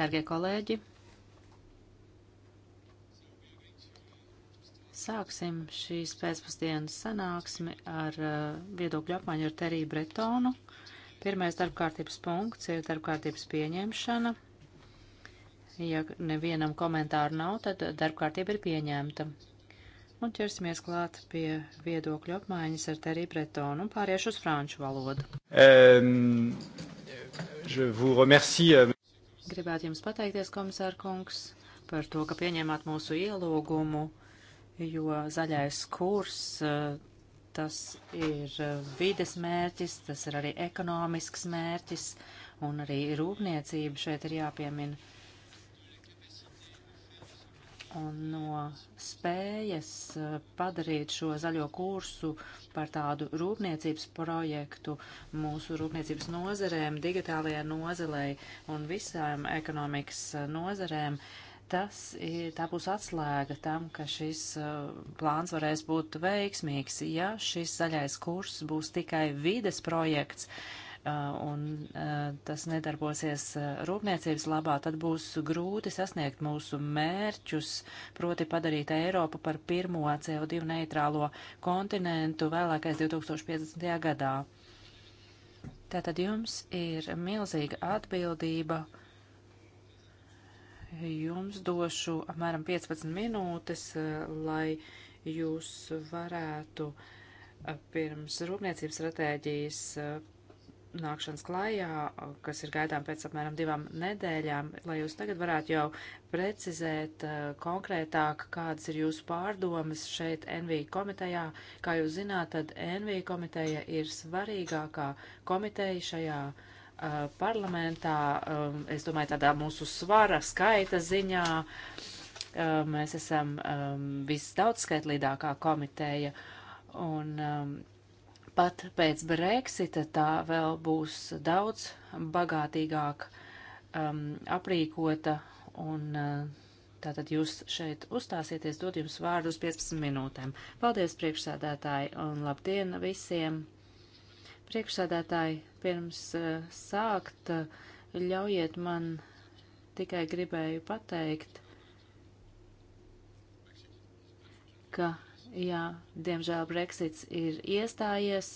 Darbie kolēģi, sāksim šīs pēcpusdienas sanāksmi ar uh, viedokļu apmaiņu ar Teriju Bretonu. Pirmais darbkārtības punkts ir darbkārtības pieņemšana. Ja nevienam komentāru nav, tad darbkārtība ir pieņemta un ķersimies klāt pie viedokļu apmaiņas ar Teriju Bretonu un pāriešu uz franču valodu. Um, remercie, euh, Gribētu jums pateikties, komisār kungs, par to, ka pieņēmāt mūsu ielūgumu, jo zaļais kurs, eh, tas ir eh, vides mērķis, tas ir arī ekonomisks mērķis, un arī rūpniecība šeit ir jāpiemina un no spējas eh, padarīt šo zaļo kursu par tādu rūpniecības projektu mūsu rūpniecības nozerēm, digitālajai nozerei un visām ekonomikas eh, nozerēm. Tas ir, tā būs atslēga tam, ka šis eh, plāns varēs būt veiksmīgs, ja šis zaļais kurs būs tikai vides projekts un tas nedarbosies rūpniecības labā, tad būs grūti sasniegt mūsu mērķus, proti padarīt Eiropu par pirmo CO2 neitrālo kontinentu vēlākais 2050. gadā. Tātad jums ir milzīga atbildība. Jums došu apmēram 15 minūtes, lai jūs varētu pirms rūpniecības stratēģijas nākšanas klājā, kas ir gaidām pēc apmēram divām nedēļām, lai jūs tagad varētu jau precizēt uh, konkrētāk, kādas ir jūsu pārdomas šeit NV komitejā. Kā jūs zināt, tad NV komiteja ir svarīgākā komiteja šajā uh, parlamentā, um, es domāju, tādā mūsu svara skaita ziņā. Uh, mēs esam um, visdaudzskaitlīgākā komiteja, un um, Pat pēc Brexita tā vēl būs daudz bagātīgāk um, aprīkota un uh, Tātad jūs šeit uzstāsieties, dod jums vārdu uz 15 minūtēm. Paldies, priekšsēdētāji, un labdien visiem! Priekšsēdētāji, pirms uh, sākt, uh, ļaujiet man tikai gribēju pateikt, ka Jā, diemžēl Brexits ir iestājies.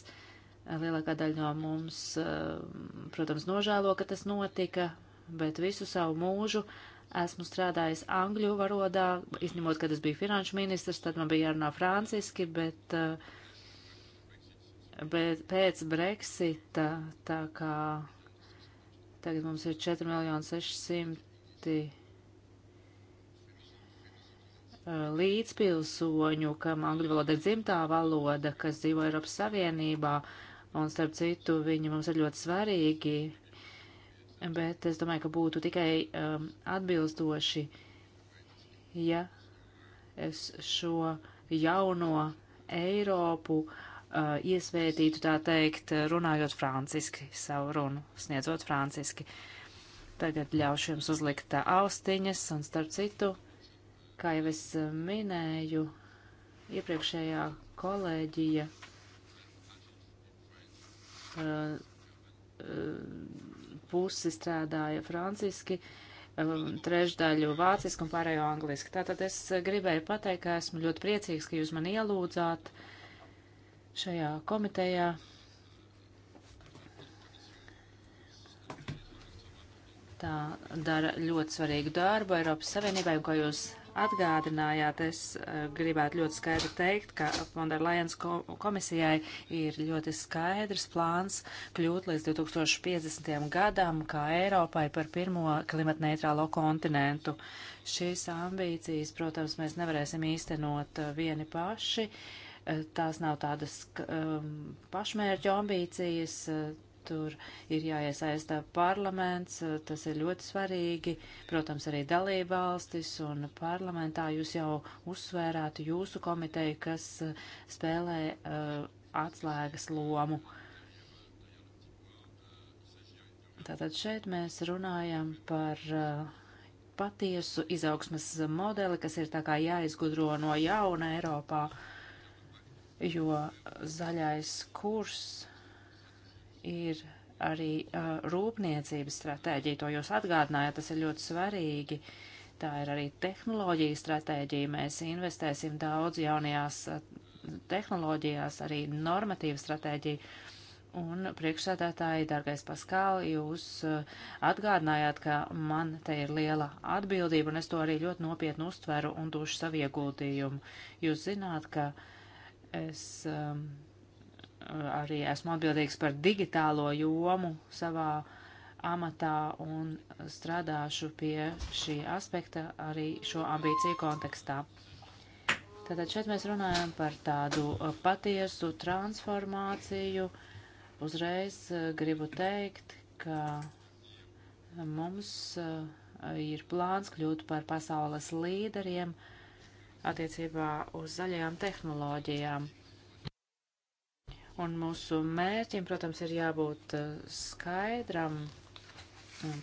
Lielākā daļa no mums, eh, protams, nožēlo, ka tas notika, bet visu savu mūžu esmu strādājis angļu valodā, izņemot, kad es biju finanšu ministrs, tad man bija jārunā franciski, bet, eh, bet pēc Brexita, tā kā tagad mums ir 4 miljoni 600 Uh, līdzpilsoņu, kam angļu valoda ir dzimtā valoda, kas dzīvo Eiropas Savienībā, un starp citu viņi mums ir ļoti svarīgi, bet es domāju, ka būtu tikai um, atbilstoši, ja es šo jauno Eiropu uh, iesvētītu, tā teikt, runājot franciski, savu runu sniedzot franciski. Tagad ļaušu jums uzlikt uh, austiņas un starp citu. Kā jau es eh, minēju, iepriekšējā kolēģija eh, eh, pusi strādāja franciski, trešdaļu vāciski un pārējo angliski. Tātad es gribēju pateikt, ka esmu ļoti priecīgs, ka jūs mani ielūdzāt šajā komitejā. Tā dara ļoti svarīgu darbu Eiropas Savienībai, un kā jūs atgādinājāt, es eh, gribētu ļoti skaidri teikt, ka Fonderlajens komisijai ir ļoti skaidrs plāns kļūt līdz 2050. gadam kā Eiropai par pirmo klimatneitrālo kontinentu. Šīs ambīcijas, protams, mēs nevarēsim īstenot eh, vieni paši. Eh, tās nav tādas um, pašmērķa ambīcijas, tur ir jāiesaistā parlaments, tas ir ļoti svarīgi, protams, arī dalībvalstis un parlamentā jūs jau uzsvērāt jūsu komiteju, kas eh, spēlē uh, atslēgas lomu. Tātad šeit mēs runājam par uh, patiesu izaugsmas modeli, kas ir tā kā jāizgudro no jauna Eiropā, jo zaļais kurs ir arī uh, rūpniecības stratēģija. To jūs atgādinājāt, tas ir ļoti svarīgi. Tā ir arī tehnoloģija stratēģija. Mēs investēsim daudz jaunajās tehnoloģijās, arī normatīva stratēģija. Un priekšsēdētāji, dargais Paskāli, jūs atgādinājāt, ka man te ir liela atbildība, un es to arī ļoti nopietni uztveru un došu savu ieguldījumu. Jūs zināt, ka es. Um, arī esmu atbildīgs par digitālo jomu savā amatā un strādāšu pie šī aspekta arī šo ambīciju kontekstā. Tātad šeit mēs runājam par tādu uh, patiesu transformāciju. Uzreiz uh, gribu teikt, ka mums uh, ir plāns kļūt par pasaules līderiem attiecībā uz zaļajām tehnoloģijām. Un mūsu mērķim, protams, ir jābūt eh, skaidram.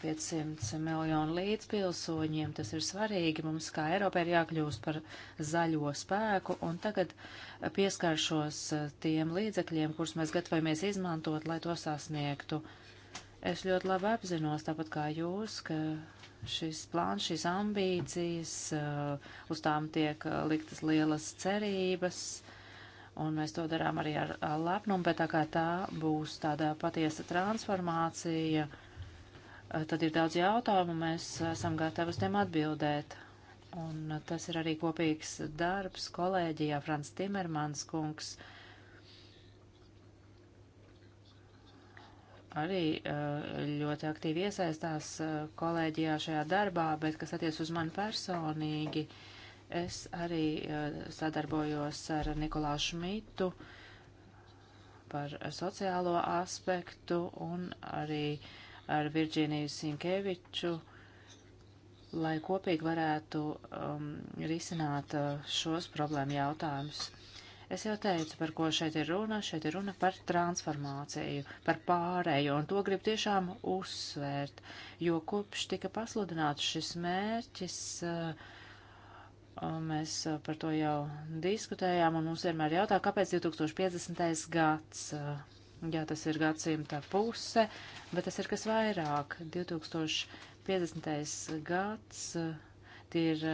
500 miljonu līdzpilsoņiem tas ir svarīgi. Mums kā Eiropai ir jākļūst par zaļo spēku, un tagad pieskaršos eh, tiem līdzekļiem, kurus mēs gatavojamies izmantot, lai to sasniegtu. Es ļoti labi apzinos, tāpat kā jūs, ka šis plāns, šīs ambīcijas, eh, uz tām tiek liktas lielas cerības. Uh, un mēs to darām arī ar lepnumu, bet tā kā tā būs tāda patiesa transformācija, eh, tad ir daudz jautājumu, un mēs esam gatavi uz tiem atbildēt. Un eh, tas ir arī kopīgs darbs kolēģijā Frans Timermans kungs. Arī eh, ļoti aktīvi iesaistās kolēģijā šajā darbā, bet kas attiec uz mani personīgi, uh, Es arī eh, sadarbojos ar Nikolāšu Mītu par sociālo aspektu un arī ar Virģīniju Sinkeviču, lai kopīgi varētu um, risināt eh, šos problēmu jautājumus. Es jau teicu, par ko šeit ir runa. Šeit ir runa par transformāciju, par pārēju, un to grib tiešām uzsvērt, jo kopš tika pasludināts šis mērķis, uh, Mēs uh, par to jau diskutējām, un mums vienmēr jautā, kāpēc 2050. gads? Uh, jā, tas ir gadsimta puse, bet tas ir kas vairāk. 2050. gads uh, tie ir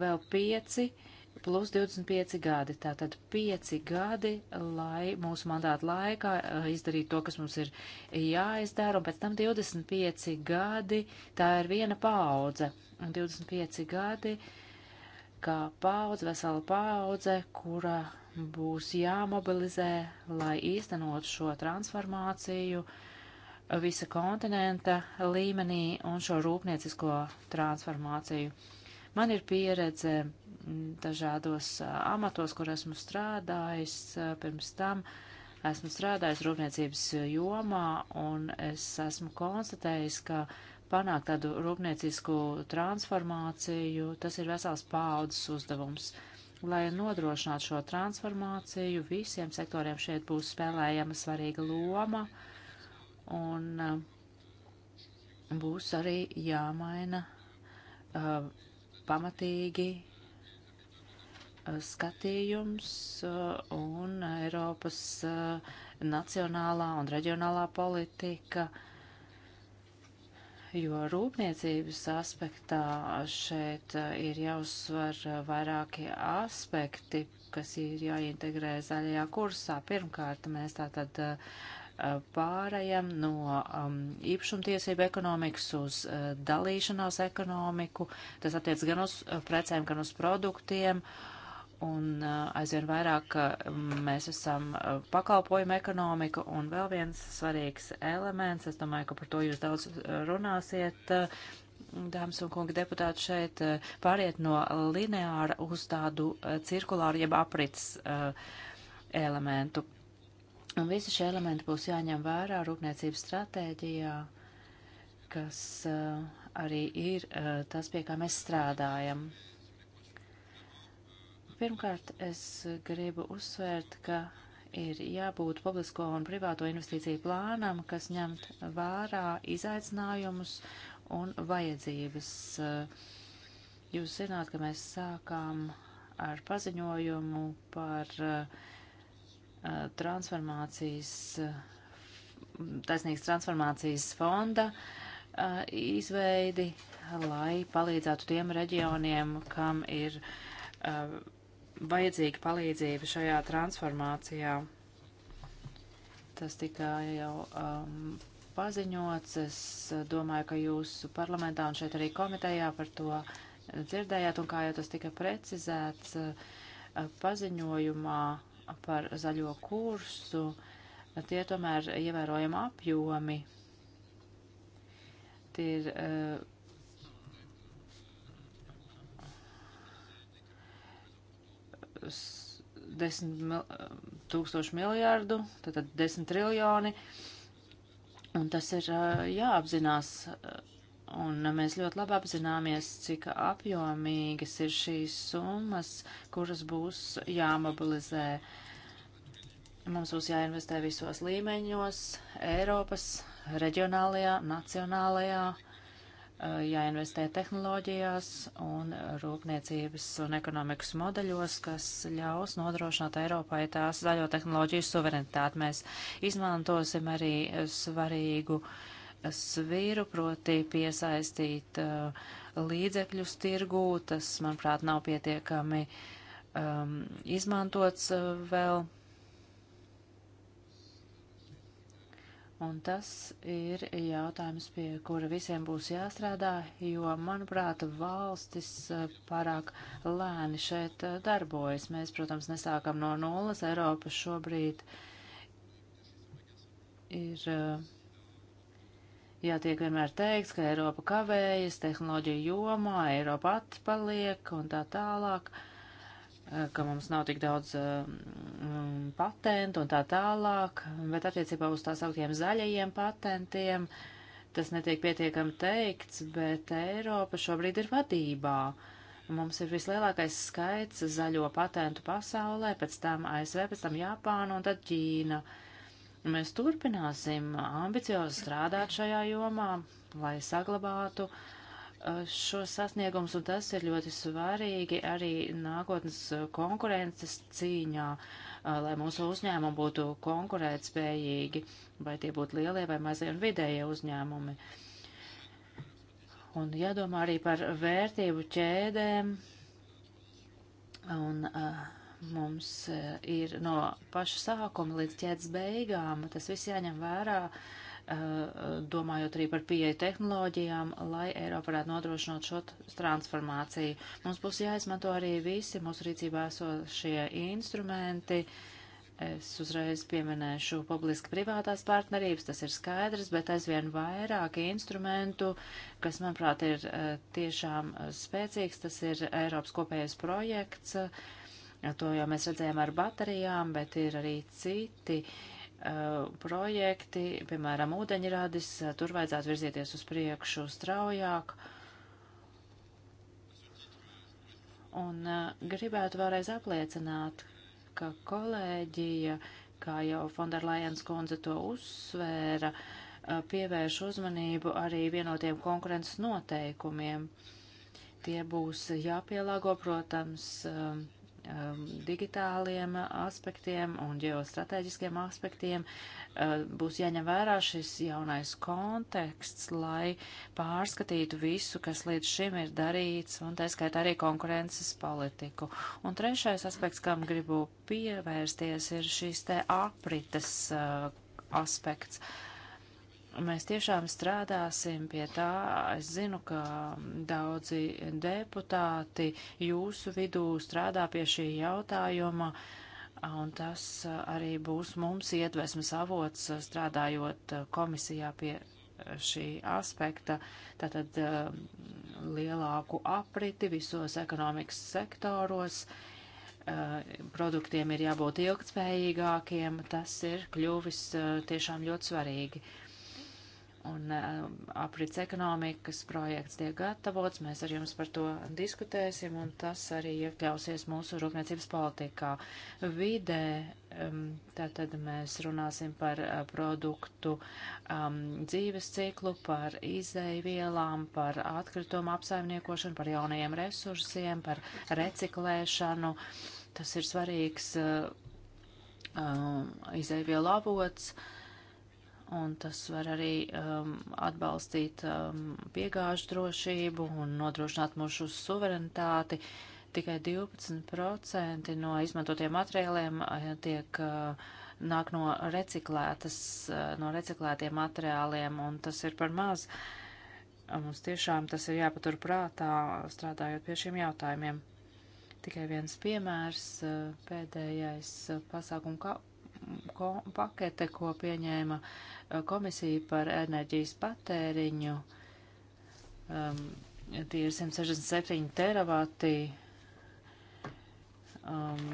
vēl pieci plus 25 gadi. Tātad pieci gadi, lai mūsu mandāta laikā izdarītu to, kas mums ir jāizdara, un pēc tam 25 gadi, tā ir viena paudze. Un 25 gadi kā paudze, vesela paudze, kura būs jāmobilizē, lai īstenot šo transformāciju visa kontinenta līmenī un šo rūpniecisko transformāciju. Man ir pieredze dažādos amatos, kur esmu strādājis pirms tam. Esmu strādājis rūpniecības jomā un es esmu konstatējis, ka uh, panākt tādu rūpniecisku transformāciju, tas ir vesels paaudzes uzdevums. Lai nodrošinātu šo transformāciju, visiem sektoriem šeit būs spēlējama svarīga loma un uh, būs arī jāmaina uh, pamatīgi uh, skatījums uh, un Eiropas uh, nacionālā un reģionālā politika uh, jo rūpniecības aspektā šeit eh, ir jāuzsver eh, vairāki aspekti, kas ir jāintegrē zaļajā kursā. Pirmkārt, mēs tātad eh, pārējam no um, īpašumtiesību ekonomikas uz uh, dalīšanās ekonomiku. Tas attiec gan uz precēm, gan uz produktiem. Uh, Un uh, aizvien vairāk um, mēs esam uh, pakalpojumu ekonomiku, un vēl viens svarīgs elements, es domāju, ka par to jūs daudz uh, runāsiet, dāmas un kungi deputāti šeit, pāriet no lineāra uz tādu cirkulāru jeb aprits elementu. Un visi šie elementi būs jāņem vērā rūpniecības stratēģijā, kas arī ir tas, pie kā mēs strādājam. Pirmkārt, es gribu uzsvērt, ka ir jābūt publisko un privāto investīciju plānam, kas ņemt vērā izaicinājumus un vajadzības. Jūs zināt, ka mēs sākām ar paziņojumu par uh, transformācijas, taisnīgas transformācijas fonda uh, izveidi, lai palīdzētu tiem reģioniem, kam ir uh, vajadzīga palīdzība šajā transformācijā. Tas tika jau um, paziņots. Es domāju, ka jūsu parlamentā un šeit arī komitejā par to dzirdējāt, un kā jau tas tika precizēts uh, paziņojumā par zaļo kursu, tie tomēr ievērojami apjomi. Tie ir uh, 10 mil, tūkstoši miljārdu, tātad 10 triljoni, un tas ir jāapzinās, un mēs ļoti labi apzināmies, cik apjomīgas ir šīs summas, kuras būs jāmobilizē. Mums būs jāinvestē visos līmeņos, Eiropas, reģionālajā, nacionālajā, uh, jāinvestē tehnoloģijās un rūpniecības un ekonomikas modeļos, kas ļaus nodrošināt Eiropai tās zaļo tehnoloģiju suverenitāti. Mēs izmantosim arī svarīgu svīru, proti piesaistīt uh, līdzekļus tirgū. Tas, manuprāt, nav pietiekami um, izmantots uh, vēl Un tas ir jautājums, pie kura visiem būs jāstrādā, jo, manuprāt, valstis eh, pārāk lēni šeit eh, darbojas. Mēs, protams, nesākam no nulles. Eiropa šobrīd ir. Eh, jā, tiek vienmēr teikts, ka Eiropa kavējas tehnoloģiju jomā, Eiropa atpaliek un tā tālāk. Uh, Eh, ka mums nav tik daudz um, patentu un tā tālāk, bet attiecībā uz tās augtiem zaļajiem patentiem tas netiek pietiekami teikts, bet Eiropa šobrīd ir vadībā. Mums ir vislielākais skaits zaļo patentu pasaulē, pēc tam ASV, pēc tam Japāna un tad Ķīna. Mēs turpināsim ambiciozi strādāt šajā jomā, lai saglabātu uh, Uh, šos sasniegumus, un tas ir ļoti svarīgi arī nākotnes konkurences cīņā, uh, lai mūsu uzņēmumi būtu konkurētspējīgi, vai tie būtu lielie vai mazie un vidējie uzņēmumi. Un jādomā arī par vērtību ķēdēm, un uh, mums uh, ir no paša sākuma līdz ķēdes beigām, tas viss jāņem vērā. Uh, Eh, domājot arī par pieeju tehnoloģijām, lai Eiropa varētu nodrošināt šo transformāciju. Mums būs jāizmanto arī visi mūsu rīcībā esošie instrumenti. Es uzreiz pieminēšu publiski privātās partnerības, tas ir skaidrs, bet aizvien vairāk instrumentu, kas, manuprāt, ir eh, tiešām eh, spēcīgs, tas ir Eiropas kopējais projekts. To jau mēs redzējām ar baterijām, bet ir arī citi uh, Uh, projekti, piemēram, ūdeņradis, uh, tur vajadzētu virzieties uz priekšu straujāk. Un uh, gribētu vēlreiz apliecināt, ka kolēģija, kā jau Fonderlajens kundze to uzsvēra, pievērš uzmanību arī vienotiem konkurences noteikumiem. Tie būs jāpielāgo, protams, uh, Um, digitāliem aspektiem un ģeostrateģiskiem aspektiem uh, būs jāņem vērā šis jaunais konteksts, lai pārskatītu visu, kas līdz šim ir darīts, un tā skaitā arī konkurences politiku. Un trešais aspekts, kam gribu pievērsties, ir šīs te aprites uh, aspekts. Uh, Mēs tiešām strādāsim pie tā. Es zinu, ka daudzi deputāti jūsu vidū strādā pie šī jautājuma, un tas arī būs mums iedvesmas avots strādājot komisijā pie šī aspekta. Tātad um, lielāku apriti visos ekonomikas sektoros uh, produktiem ir jābūt ilgtspējīgākiem, tas ir kļuvis uh, tiešām ļoti svarīgi un um, aprits ekonomikas projekts tiek gatavots, mēs ar jums par to diskutēsim, un tas arī iekļausies mūsu rūpniecības politikā. Vidē, um, tātad mēs runāsim par uh, produktu um, dzīves ciklu, par izēvielām, par atkritumu apsaimniekošanu, par jaunajiem resursiem, par reciklēšanu. Tas ir svarīgs uh, um, izēvielu avots. Uh, un tas var arī um, atbalstīt um, piegāžu drošību un nodrošināt mūsu suverenitāti. Tikai 12% no izmantotiem materiāliem eh, tiek uh, nāk no, reciklētas, uh, no reciklētiem materiāliem, un tas ir par maz. Mums tiešām tas ir jāpatur prātā, strādājot pie šiem jautājumiem. Tikai viens piemērs, uh, pēdējais pasākumu ko, pakete, ko pieņēma eh, komisija par enerģijas patēriņu. Um, tie ir 167 teravāti. Um,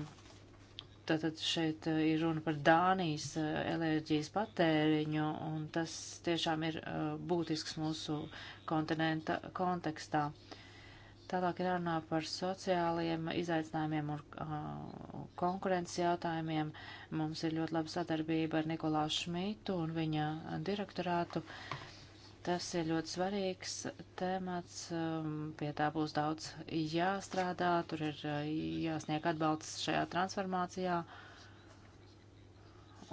tātad šeit eh, ir runa par Dānijas eh, enerģijas patēriņu, un tas tiešām ir būtisks mūsu kontinenta kontekstā. Uh, Tālāk ir jārunā par sociālajiem izaicinājumiem un uh, konkurences jautājumiem. Mums ir ļoti laba sadarbība ar Nikolāu Šmītu un viņa direktorātu. Tas ir ļoti svarīgs temats, um, pie tā būs daudz jāstrādā, tur ir uh, jāsnieg atbalsts šajā transformācijā.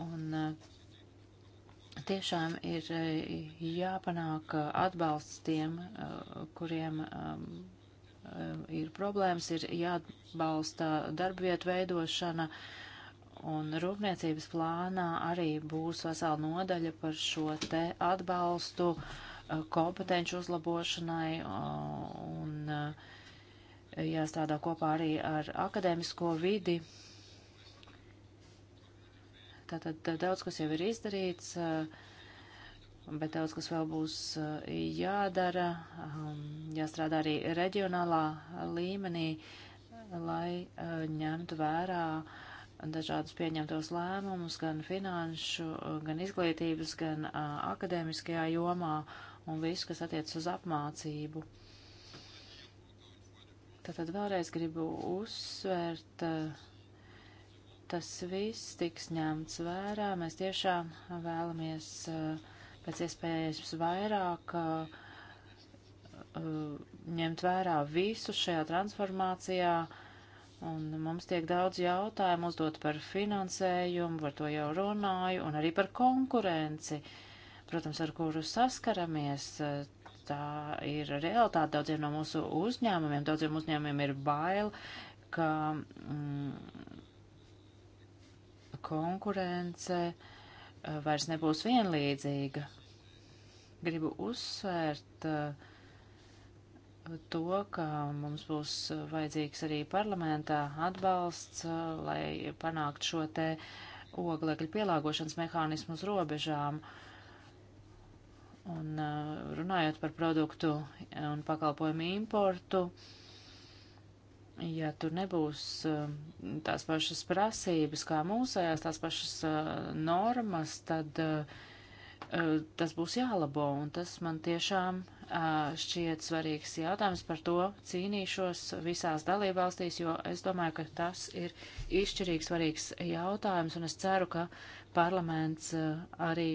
Un uh, tiešām ir uh, jāpanāk uh, atbalsts tiem, kuriem um, Um, ir problēmas, ir jāatbalsta darbvietu veidošana, un rūpniecības plānā arī būs vesela nodaļa par šo te atbalstu uh, kompetenci uzlabošanai uh, un uh, jāstrādā kopā arī ar akadēmisko vidi. Tātad daudz, kas jau ir izdarīts, uh, bet daudz kas vēl būs eh, jādara, um, jāstrādā arī reģionālā līmenī, lai eh, ņemtu vērā dažādus pieņemtos lēmumus gan finanšu, eh, gan izglītības, gan akadēmiskajā jomā un visu, kas attiec uz apmācību. Tātad vēlreiz gribu uzsvērt, tas viss tiks ņemts vērā. Mēs tiešām vēlamies uh, pēc iespējas vairāk uh, uh, ņemt vērā visus šajā transformācijā. Un mums tiek daudz jautājumu uzdot par finansējumu, par to jau runāju, un arī par konkurenci, protams, ar kuru saskaramies. Tā ir realitāte daudziem no mūsu uzņēmumiem. Daudziem uzņēmumiem ir bail, ka mm, konkurence uh, vairs nebūs vienlīdzīga. Gribu uzsvērt to, ka mums būs vajadzīgs arī parlamentā atbalsts, lai panāktu šo te oglekļa pielāgošanas mehānismu uz robežām. Un uh, runājot par produktu un pakalpojumu importu, uh, ja tur nebūs eh, tās pašas prasības kā mūsējās, tās pašas eh, normas, tad eh, tas būs jālabo. Un tas man tiešām šķiet svarīgs jautājums. Par to cīnīšos visās dalībvalstīs, jo es domāju, ka tas ir izšķirīgs svarīgs jautājums. Un es ceru, ka parlaments arī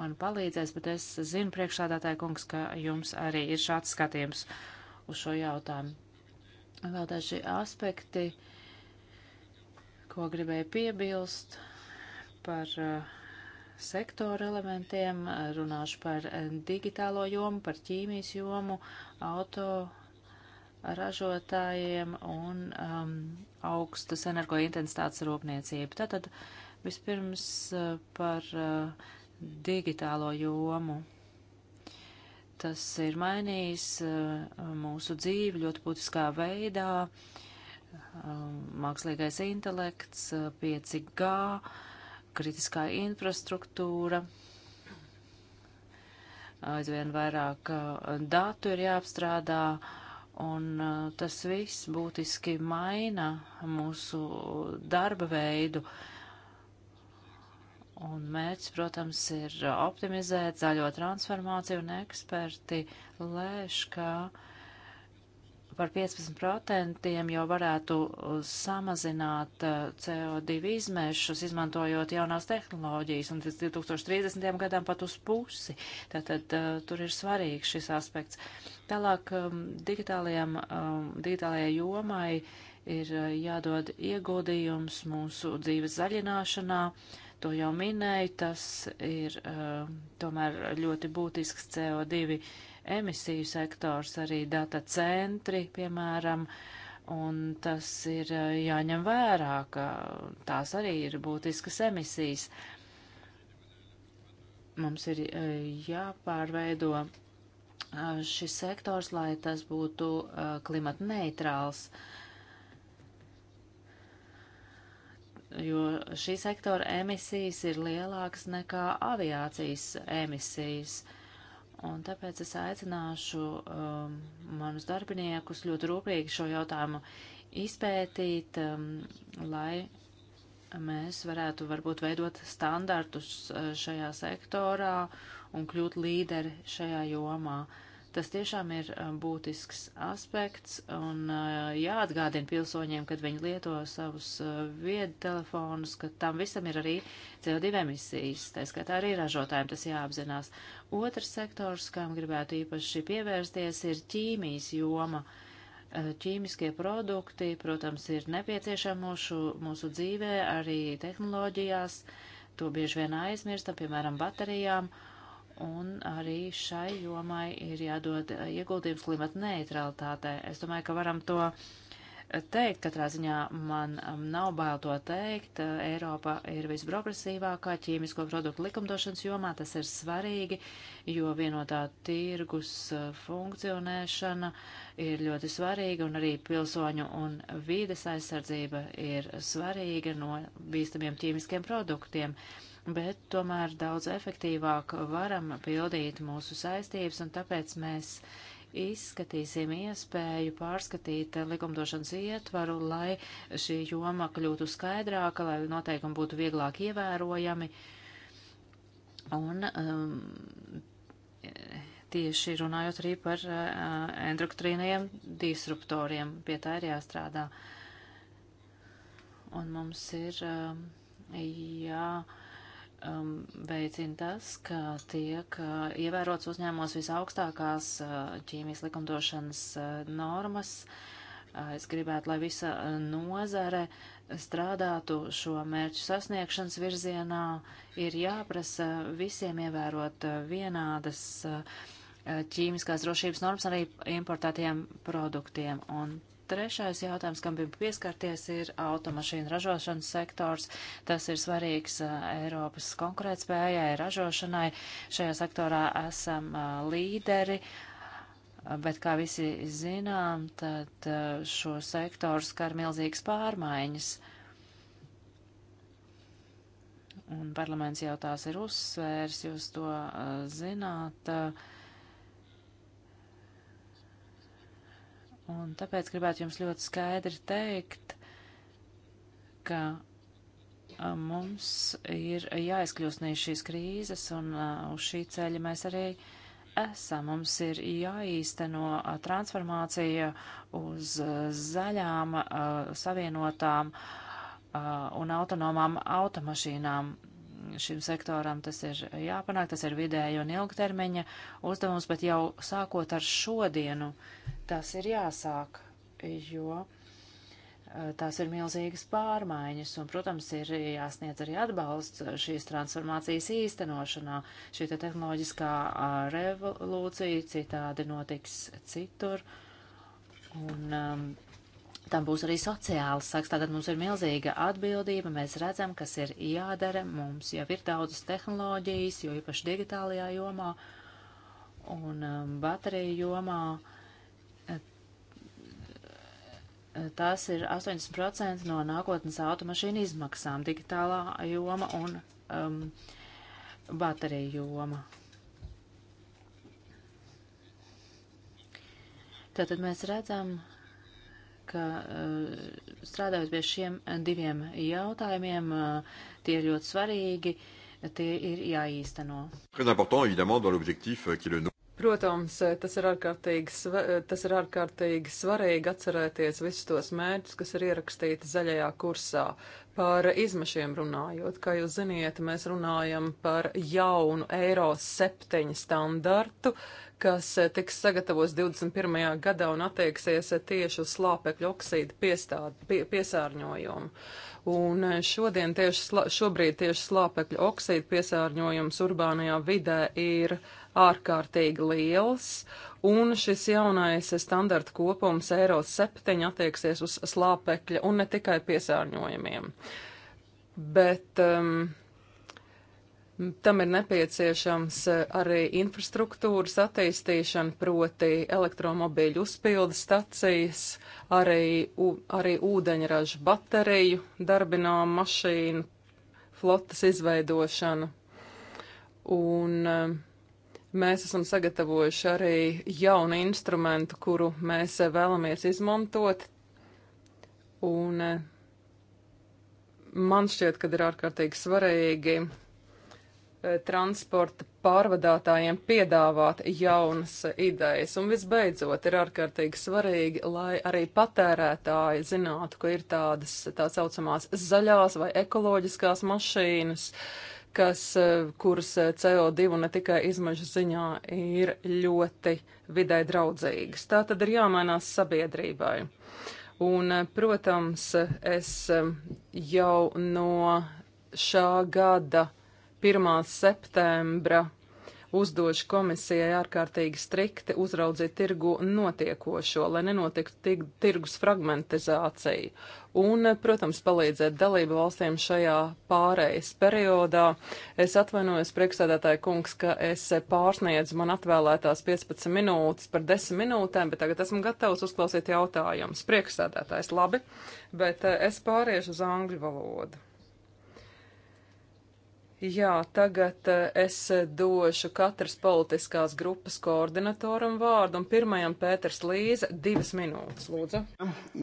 man palīdzēs, bet es zinu priekšādātāju kungs, ka jums arī ir šāds skatījums uz šo jautājumu. Vēl daži aspekti, ko gribēju piebilst par eh, sektoru elementiem. Runāšu par eh, digitālo jomu, par ķīmijas jomu, auto ražotājiem un um, augstas energointensitātes rūpniecību. Tātad vispirms eh, par uh, digitālo jomu. Tas ir mainījis uh, mūsu dzīvi ļoti būtiskā veidā. Um, mākslīgais intelekts, 5G, uh, kritiskā infrastruktūra. Aizvien vairāk uh, datu ir jāapstrādā, un tas viss būtiski maina mūsu darba veidu. Uh, Un mērķis, protams, ir optimizēt zaļo transformāciju, un eksperti lēš, ka par 15% jau varētu samazināt uh, CO2 izmešus, izmantojot jaunās tehnoloģijas, un līdz 2030. gadam pat uz pusi. Tātad uh, tur ir svarīgs šis aspekts. Tālāk um, um, digitālajai jomai ir uh, jādod ieguldījums mūsu dzīves zaļināšanā to jau minēju, tas ir uh, tomēr ļoti būtisks CO2 emisiju sektors, arī data centri, piemēram, un tas ir uh, jāņem vērā, ka tās arī ir būtiskas emisijas. Mums ir uh, jāpārveido uh, šis sektors, lai tas būtu uh, klimat neitrāls. Uh, jo šī sektora emisijas ir lielākas nekā aviācijas emisijas. Un tāpēc es aicināšu um, manus darbiniekus ļoti rūpīgi šo jautājumu izpētīt, um, lai mēs varētu varbūt veidot standartus uh, šajā sektorā un kļūt līderi šajā jomā. Uh, Tas tiešām ir um, būtisks aspekts un uh, jāatgādina pilsoņiem, kad viņi lieto savus uh, viedtelefonus, ka tam visam ir arī CO2 emisijas, tā skaitā arī ražotājiem tas jāapzinās. Otrs sektors, kam gribētu īpaši pievērsties, ir ķīmijas joma. Uh, ķīmiskie produkti, protams, ir nepieciešami mūsu, mūsu dzīvē, arī tehnoloģijās. To bieži vien aizmirstam, piemēram, baterijām. Uh, un arī šai jomai ir jādod eh, ieguldījums klimata neutralitātē. Es domāju, ka varam to eh, teikt. Katrā ziņā man mm, nav bail to teikt. Eh, Eiropa ir visprogresīvākā ķīmisko produktu likumdošanas jomā. Tas ir svarīgi, jo vienotā tirgus funkcionēšana ir ļoti svarīga un arī pilsoņu un vīdes aizsardzība ir svarīga no bīstamiem ķīmiskiem produktiem. Uh, bet tomēr daudz efektīvāk varam pildīt mūsu saistības, un tāpēc mēs izskatīsim iespēju pārskatīt likumdošanas ietvaru, lai šī joma kļūtu skaidrāka, lai noteikumi būtu vieglāk ievērojami. Un um, tieši runājot arī par uh, endoktrīniem disruptoriem, pie tā ir jāstrādā. Un mums ir uh, jā. Uh, um, veicina tas, ka tiek uh, ievērots uzņēmumos visaugstākās uh, ķīmijas likumdošanas uh, normas. Uh, es gribētu, lai visa uh, nozare strādātu šo mērķu sasniegšanas virzienā. Ir jāprasa visiem ievērot uh, vienādas uh, uh ķīmiskās drošības normas arī importētiem produktiem. Un Trešais jautājums, kam bija pieskarties, ir automašīnu ražošanas sektors. Tas ir svarīgs uh, Eiropas konkurētspējai, ražošanai. Šajā sektorā esam uh, līderi. Uh, bet, kā visi zinām, tad šo sektoru skar milzīgas pārmaiņas. Un parlaments jau tās ir uzsvērs, jūs to zināt. Uh, Un tāpēc gribētu jums ļoti skaidri teikt, ka mums ir jāizkļūst no šīs krīzes, un uz šī ceļa mēs arī esam. Mums ir jāīsteno transformācija uz zaļām, savienotām un autonomām automašīnām šim sektoram tas ir jāpanāk, tas ir vidēja un ilgtermiņa uzdevums, bet jau sākot ar šodienu tas ir jāsāk, jo e, tās ir milzīgas pārmaiņas un, protams, ir jāsniedz arī atbalsts šīs transformācijas īstenošanā. Šī te tehnoloģiskā revolūcija citādi notiks citur. Un, um, tam būs arī sociāls saks. Tātad mums ir milzīga atbildība, mēs redzam, kas ir jādara, mums jau ir daudzas tehnoloģijas, jo īpaši digitālajā jomā un um, bateriju jomā. Tās ir 80% no nākotnes automašīnu izmaksām - digitālā joma un um, bateriju joma. Tātad mēs redzam, uh, ka eh, strādājot pie šiem diviem jautājumiem, eh, tie ir ļoti svarīgi, tie ir jāīsteno. Très important, évidemment, dans l'objectif eh, qui est le Protams, eh, tas ir ārkārtīgi, eh, tas ir ārkārtīgi svarīgi atcerēties visus tos mērķus, kas ir ierakstīti zaļajā kursā. Par izmešiem runājot, kā jūs ziniet, mēs runājam par jaunu Eiro 7 standartu, kas eh, tiks sagatavos 21. gadā un attieksies tieši uz slāpekļu oksīdu piestād, pie, piesārņojumu. Un šodien tieši, šobrīd tieši slāpekļu oksīdu piesārņojums urbānajā vidē ir ārkārtīgi liels, un šis jaunais standarta kopums Eiro 7 attieksies uz slāpekļa un ne tikai piesārņojumiem. Bet um, tam ir nepieciešams uh, arī infrastruktūras attīstīšana, proti elektromobīļu uzpildes stacijas, arī, u, arī ūdeņraža bateriju darbināmu mašīnu flotas izveidošanu. Un um, Mēs esam sagatavojuši arī jaunu instrumentu, kuru mēs vēlamies izmantot. Un eh, man šķiet, ka ir ārkārtīgi svarīgi eh, transporta pārvadātājiem piedāvāt jaunas idejas. Un visbeidzot, ir ārkārtīgi svarīgi, lai arī patērētāji zinātu, ka ir tādas tā saucamās zaļās vai ekoloģiskās mašīnas. Uh, kas, e, kuras e, CO2 ne tikai izmešu ziņā ir ļoti vidē draudzīgas. Tā tad ir jāmainās sabiedrībai. Un, e, protams, es jau no šā gada 1. septembra uzdošu komisijai ārkārtīgi strikti uzraudzīt tirgu notiekošo, lai nenotiktu tirgus fragmentizācija. Un, protams, palīdzēt dalību valstīm šajā pārejas periodā. Es atvainojos priekšsēdētāju kungs, ka es pārsniedzu man atvēlētās 15 minūtes par 10 minūtēm, bet tagad esmu gatavs uzklausīt jautājumus. Priekšsēdētājs labi, bet eh, es pāriešu uz angļu valodu. Jā, tagad eh, es došu katras politiskās grupas koordinatoram vārdu un pirmajam Pēters Līze divas minūtes, lūdzu.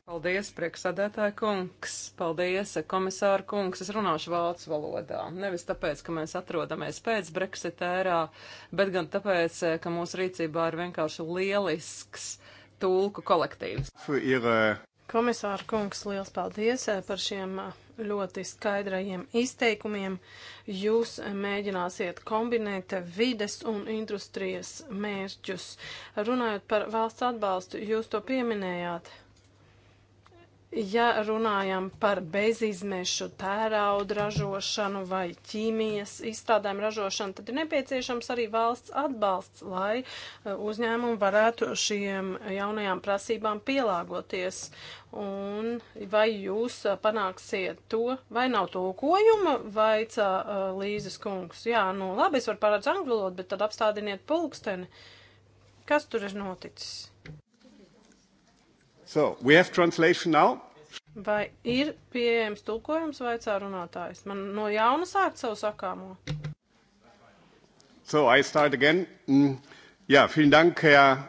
Paldies, prieksādētāja kungs, paldies, komisāra kungs. Es runāšu vācu valodā. Nevis tāpēc, ka mēs atrodamies pēc Brexit ērā, bet gan tāpēc, eh, ka mūsu rīcībā ir vienkārši lielisks tulku kolektīvs. Komisāra kungs, liels paldies eh, par šiem ļoti skaidrajiem izteikumiem jūs mēģināsiet kombinēt vides un industrijas mērķus. Runājot par valsts atbalstu, jūs to pieminējāt. Ja runājam par bezizmešu tērauda ražošanu vai ķīmijas izstrādājumu ražošanu, tad ir nepieciešams arī valsts atbalsts, lai e, uzņēmumi varētu šiem jaunajām prasībām pielāgoties. Un vai jūs e, panāksiet to, vai nav tulkojuma, vaicā e, Līzes kungs. Jā, nu labi, es varu parādz angļu valodu, bet tad apstādiniet pulksteni. Kas tur ir noticis? So we have translation now. Vai ir pieejams tulkojums vai cārunātājs? Man no jauna sākt savu sakāmo. So, I start again. Mm. Jā, yeah, vielen dank, Herr.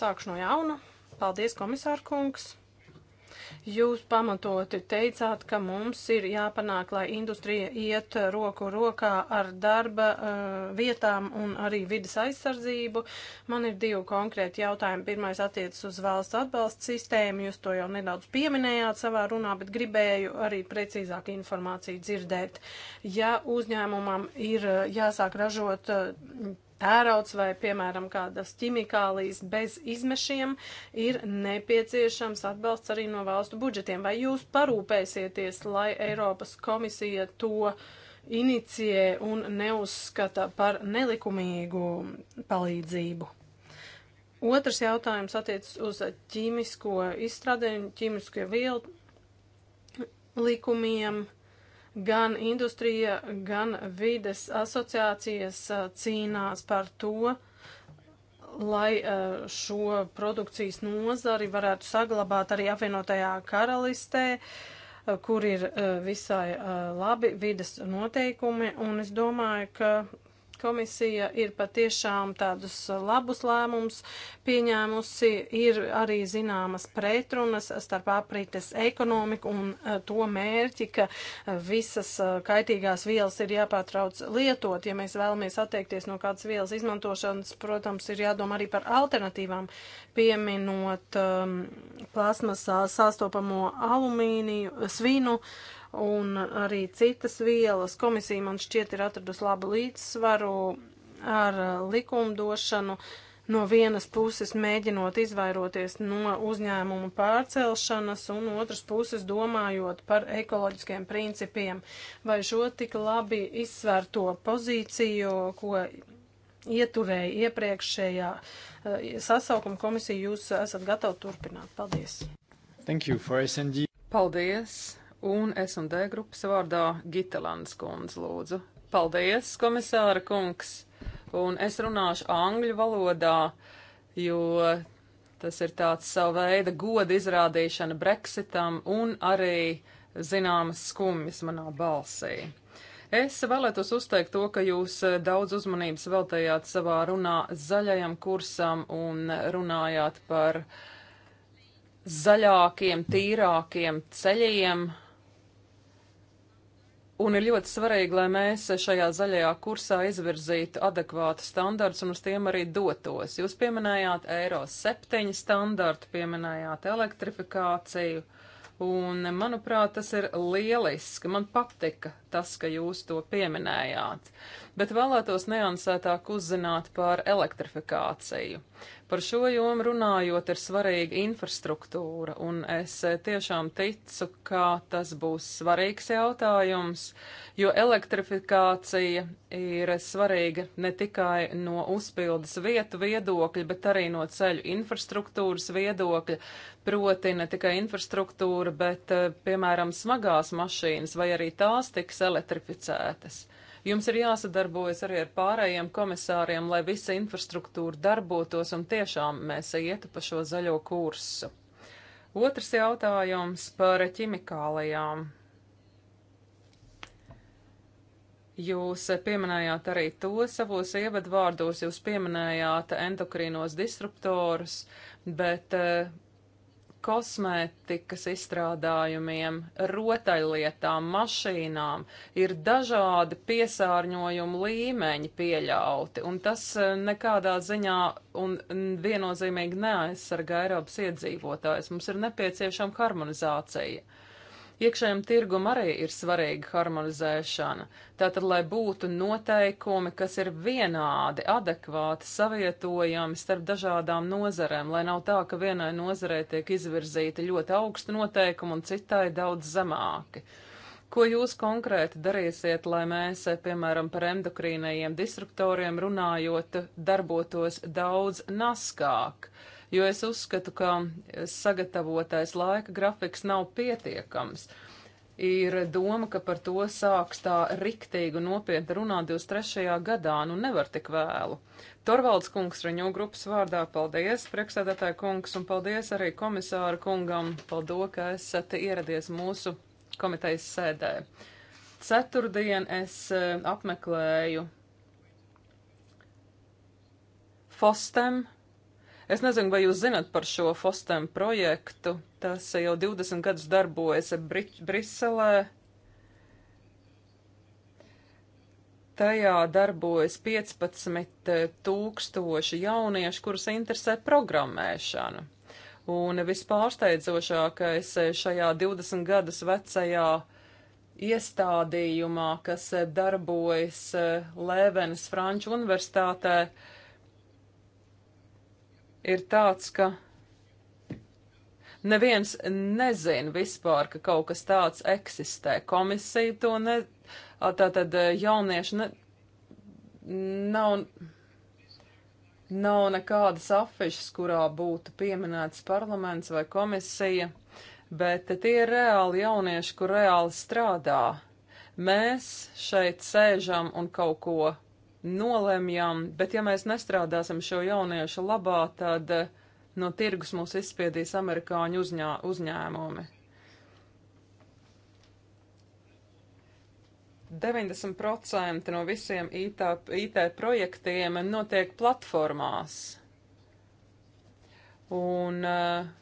Sākšu no jauna. Paldies, komisārkungs. Jūs pamatoti teicāt, ka mums ir jāpanāk, lai industrija iet roku rokā ar darba uh, vietām un arī vidas aizsardzību. Man ir divi konkrēti jautājumi. Pirmais attiecas uz valsts atbalsta sistēmu. Jūs to jau nedaudz pieminējāt savā runā, bet gribēju arī precīzāk informāciju dzirdēt. Ja uzņēmumam ir eh, jāsāk ražot uh, ērauds vai, piemēram, kādas ķimikālijas bez izmešiem, ir nepieciešams atbalsts arī no valstu budžetiem. Vai jūs parūpēsieties, lai Eiropas komisija to inicijē un neuzskata par nelikumīgu palīdzību? Otrs jautājums attiecas uz ķīmisko izstrādējumu, ķīmisko vielu likumiem. Uh, Gan industrija, gan vides asociācijas uh, cīnās par to, lai uh, šo produkcijas nozari varētu saglabāt arī apvienotajā karalistē, uh, kur ir visai labi vides noteikumi, un es domāju, ka komisija ir patiešām tādus labus lēmumus pieņēmusi, ir arī zināmas pretrunas starp aprites ekonomiku un eh, to mērķi, ka eh, visas eh, kaitīgās vielas ir jāpārtrauc lietot. Ja mēs vēlamies atteikties no kādas vielas izmantošanas, protams, ir jādomā arī par alternatīvām, pieminot um, plasmas sastopamo alumīniju, svinu. Uh, un arī citas vielas. Komisija man šķiet ir atradusi labu līdzsvaru ar likumdošanu. No vienas puses mēģinot izvairoties no uzņēmumu pārcelšanas, un otras puses domājot par ekoloģiskiem principiem. Vai šo tik labi izsvērto pozīciju, ko ieturēja iepriekšējā eh, sasaukuma komisija, jūs esat gatavi turpināt. Paldies! Thank you for SND. Paldies! un S&D grupas vārdā Gitelandes kundze lūdzu. Paldies, komisāra kungs! Un es runāšu angļu valodā, jo tas ir tāds savu veidu goda izrādīšana Brexitam un arī zināmas skumjas manā balsī. Es vēlētos uzteikt to, ka jūs daudz uzmanības veltējāt savā runā zaļajam kursam un runājāt par zaļākiem, tīrākiem ceļiem, Un ir ļoti svarīgi, lai mēs šajā zaļajā kursā izvirzītu adekvātu standartus un uz tiem arī dotos. Jūs pieminējāt Eiro 7 standartu, pieminējāt elektrifikāciju, un, manuprāt, tas ir lieliski. Man patika tas, ka jūs to pieminējāt bet vēlētos neansētāk uzzināt par elektrifikāciju. Par šo jomu runājot ir svarīga infrastruktūra, un es tiešām ticu, ka tas būs svarīgs jautājums, jo elektrifikācija ir svarīga ne tikai no uzpildes vietu viedokļa, bet arī no ceļu infrastruktūras viedokļa, proti ne tikai infrastruktūra, bet, piemēram, smagās mašīnas vai arī tās tiks elektrificētas. Jums ir jāsadarbojas arī ar pārējiem komisāriem, lai visa infrastruktūra darbotos un tiešām mēs ietu pa šo zaļo kursu. Otrs jautājums par ķimikālajām. Jūs pieminējāt arī to savos ievadvārdos, jūs pieminējāt endokrīnos disruptorus, bet eh, kosmētikas izstrādājumiem, rotaļlietām, mašīnām ir dažādi piesārņojumu līmeņi pieļauti, un tas e, nekādā ziņā un viennozīmīgi neaizsarga Eiropas iedzīvotājs. Mums ir nepieciešama harmonizācija. Iekšējam tirgum arī ir svarīga harmonizēšana. Tātad, lai būtu noteikumi, kas ir vienādi, adekvāti, savietojami starp dažādām nozarēm, lai nav tā, ka vienai nozarei tiek izvirzīti ļoti augsti noteikumi un citai daudz zemāki. Ko jūs konkrēti darīsiet, lai mēs, piemēram, par endokrīnajiem disruptoriem runājot, darbotos daudz naskāk? jo es uzskatu, ka sagatavotais laika grafiks nav pietiekams. Ir doma, ka par to sāks tā riktīgi un nopietni runāt 23. gadā, nu nevar tik vēlu. Torvalds kungs Riņo grupas vārdā, paldies, priekšsēdētāja kungs, un paldies arī komisāra kungam, paldo, ka esat ieradies mūsu komitejas sēdē. Ceturtdien es eh, apmeklēju Fostem Es nezinu, vai jūs zinat par šo FOSTEM projektu. Tas jau 20 gadus darbojas Bri Briselē. Tajā darbojas 15 eh, tūkstoši jauniešu, kurus interesē programmēšana. Un vispārsteidzošākais eh, šajā 20 gadus vecajā iestādījumā, kas eh, darbojas Lēvenes Franču universitātē, uh, ir tāds, ka neviens nezina vispār, ka kaut kas tāds eksistē. Komisija to ne, tātad e, jaunieši ne, nav, nav nekādas afišas, kurā būtu pieminēts parlaments vai komisija, bet tie ir reāli jaunieši, kur reāli strādā. Mēs šeit sēžam un kaut ko nolemjam, bet ja mēs nestrādāsim šo jauniešu labā, tad eh, no tirgus mūs izspiedīs amerikāņu uzņā, uzņēmumi. 90% no visiem IT, IT projektiem notiek platformās. Un uh,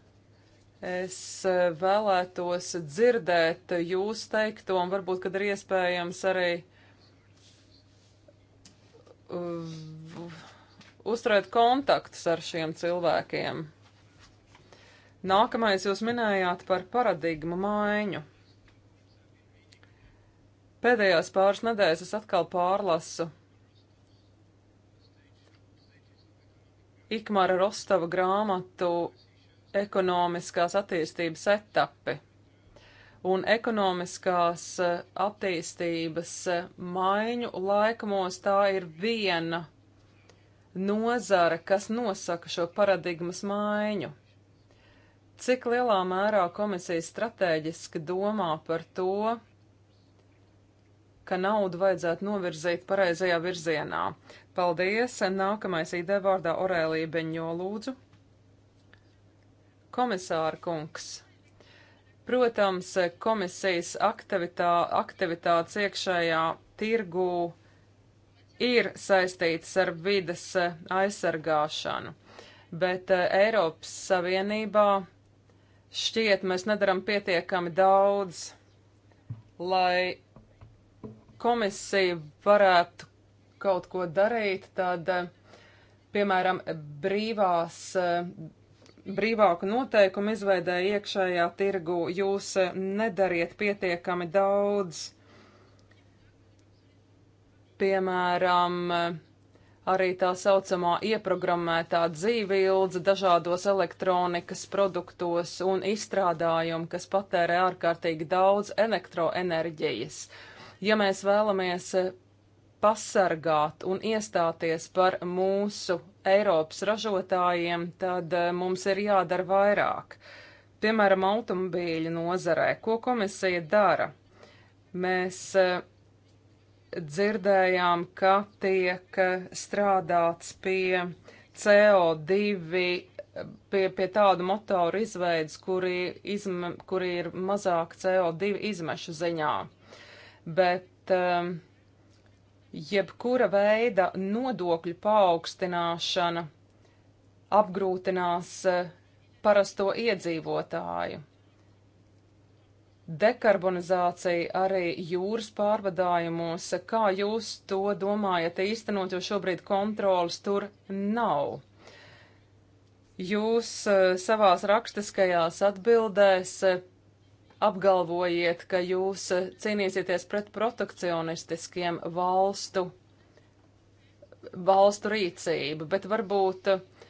Es eh, vēlētos dzirdēt jūs teikto, un varbūt, kad ir iespējams arī uh, uzturēt kontaktus ar šiem cilvēkiem. Nākamais jūs minējāt par paradigmu maiņu. Pēdējās pāris nedēļas es atkal pārlasu Ikmara Rostava grāmatu ekonomiskās attīstības etapi un ekonomiskās eh, attīstības eh, maiņu laikmos tā ir viena nozara, kas nosaka šo paradigmas maiņu. Cik lielā mērā komisija strateģiski domā par to, ka naudu vajadzētu novirzīt pareizajā virzienā? Paldies! Nākamais ID vārdā Orēlija Beņo lūdzu. Komisāra kungs! Protams, komisijas aktivitā, aktivitātes iekšējā tirgū ir saistītas ar vidas aizsargāšanu, bet eh, Eiropas Savienībā šķiet mēs nedaram pietiekami daudz, lai komisija varētu kaut ko darīt, tad, eh, piemēram, brīvās eh, brīvāku noteikumu izveidēja iekšējā tirgu, jūs e, nedariet pietiekami daudz. Piemēram, e, arī tā saucamā ieprogrammētā dzīve ilga dažādos elektronikas produktos un izstrādājumu, kas patērē ārkārtīgi daudz elektroenerģijas. Ja mēs vēlamies e, pasargāt un iestāties par mūsu Eiropas ražotājiem, tad eh, mums ir jādara vairāk. Piemēram, automobīļu nozarē. Ko komisija dara? Mēs eh, dzirdējām, ka tiek eh, strādāts pie CO2 pie, pie tādu motoru izveidas, kuri, izme, kuri ir mazāk CO2 izmešu ziņā. Bet um, jebkura veida nodokļu paaugstināšana apgrūtinās eh, parasto iedzīvotāju. Dekarbonizācija arī jūras pārvadājumos, eh, kā jūs to domājat īstenot, jo šobrīd kontrolas tur nav. Jūs eh, savās rakstiskajās atbildēs apgalvojiet, ka jūs eh, cīnīsieties pret protekcionistiskiem valstu, valstu rīcību, bet varbūt, eh,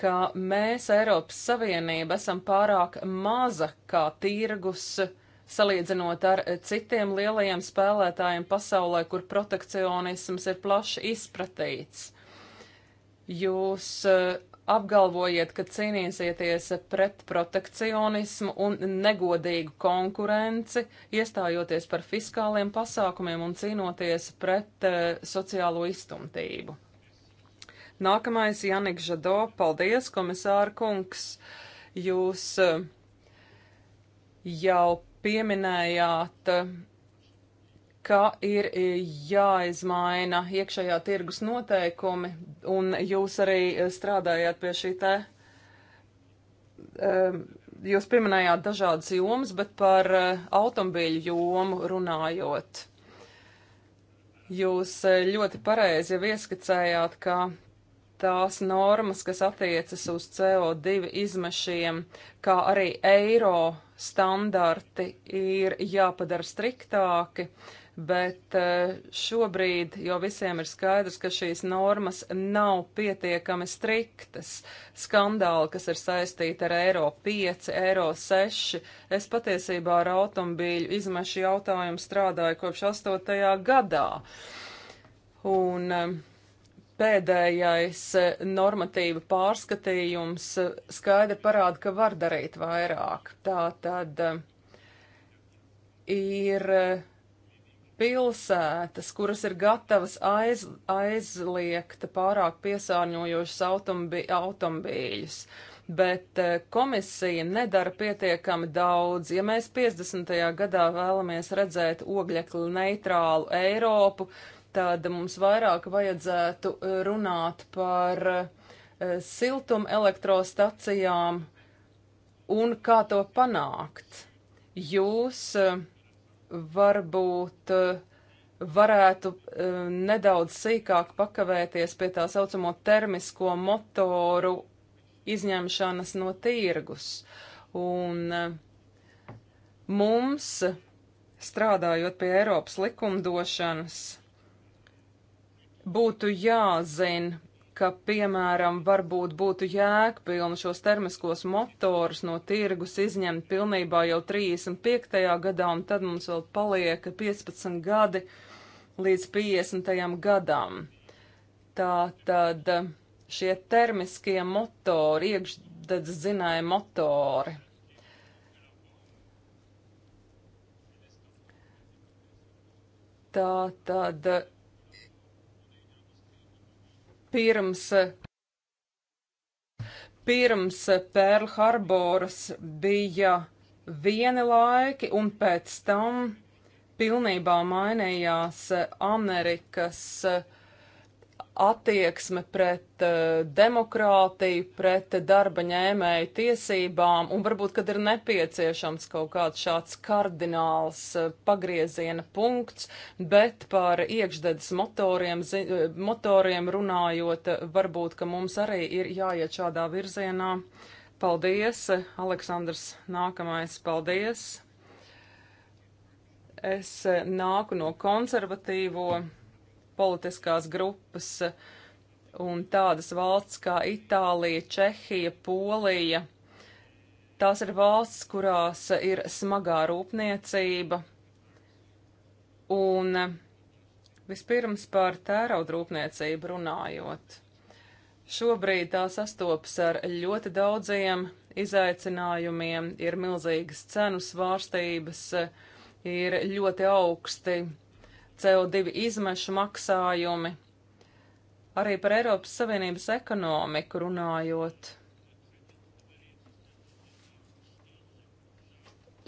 ka mēs Eiropas Savienība esam pārāk maza kā tirgus salīdzinot ar eh, citiem lielajiem spēlētājiem pasaulē, kur protekcionisms ir plaši izpratīts. Jūs apgalvojiet, ka cīnīsieties pret protekcionismu un negodīgu konkurenci, iestājoties par fiskāliem pasākumiem un cīnoties pret uh, sociālo iztumtību. Nākamais Janik Žado, paldies, komisāra kungs, jūs uh, jau pieminējāt uh, ka ir e, jāizmaina iekšējā tirgus noteikumi, un jūs arī e, strādājāt pie šī te. E, jūs pieminējāt dažādas jomas, bet par automobīļu jomu runājot. Jūs ļoti pareizi jau ieskicējāt, ka tās normas, kas attiecas uz CO2 izmešiem, kā arī eiro standarti, ir jāpadara striktāki. Uh, bet eh, šobrīd jau visiem ir skaidrs, ka šīs normas nav pietiekami striktas. Skandāli, kas ir saistīti ar eiro 5, eiro 6, es patiesībā ar automobīļu izmešu jautājumu strādāju kopš 8. gadā. Un, eh, Pēdējais eh, normatīva pārskatījums skaidri parāda, ka var darīt vairāk. Tā tad ir uh, pilsētas, kuras ir gatavas aiz, aizliegt pārāk piesārņojošus automobi, automobīļus. Bet eh, komisija nedara pietiekami daudz. Ja mēs 50. gadā vēlamies redzēt oglekli neitrālu Eiropu, tad mums vairāk vajadzētu eh, runāt par eh, siltum elektrostacijām un kā to panākt. Jūs uh, varbūt eh, varētu eh, nedaudz sīkāk pakavēties pie tā saucamo termisko motoru izņemšanas no tirgus. Un eh, mums, strādājot pie Eiropas likumdošanas, būtu jāzina ka, piemēram, varbūt būtu jēgpilni šos termiskos motorus no tirgus izņemt pilnībā jau 35. gadā, un tad mums vēl paliek 15 gadi līdz 50. gadam. Tā tad šie termiskie motori, iekšdedz zināja motori. Tā tad pirms, pirms Pērl Harboras bija vieni laiki, un pēc tam pilnībā mainījās Amerikas uh, attieksme pret uh, demokrātiju, pret darba ņēmēju tiesībām, un varbūt, kad ir nepieciešams kaut kāds šāds kardināls uh, pagrieziena punkts, bet par iekšdedes motoriem, zi, motoriem runājot, eh, varbūt, ka mums arī ir jāiet šādā virzienā. Paldies, Aleksandrs, nākamais, paldies. Es nāku no konservatīvo politiskās grupas un tādas valsts kā Itālija, Čehija, Polija. Tās ir valsts, kurās ir smagā rūpniecība. Un eh, vispirms par tērauda rūpniecību runājot. Šobrīd tā sastopas ar ļoti daudziem izaicinājumiem, ir milzīgas cenu svārstības, ir ļoti augsti CO2 izmešu maksājumi, arī par Eiropas Savienības ekonomiku runājot.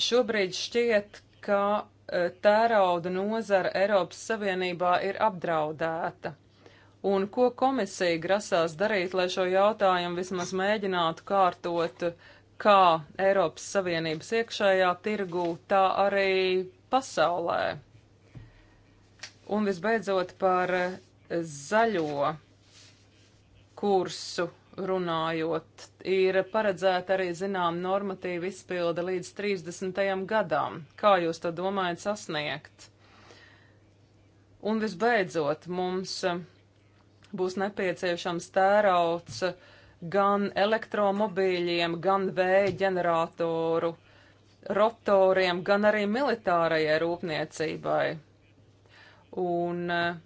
Šobrīd šķiet, ka e, tērauda nozara Eiropas Savienībā ir apdraudēta. Un ko komisija grasās darīt, lai šo jautājumu vismaz mēģinātu kārtot kā Eiropas Savienības iekšējā tirgū, tā arī pasaulē? Un visbeidzot par eh, zaļo kursu runājot, ir paredzēta arī zinām normatīva izpilda līdz 30. gadam. Kā jūs to domājat sasniegt? Un visbeidzot, mums eh, būs nepieciešams tērauts gan elektromobīļiem, gan vēja ģeneratoru rotoriem, gan arī militārajai rūpniecībai. Un eh,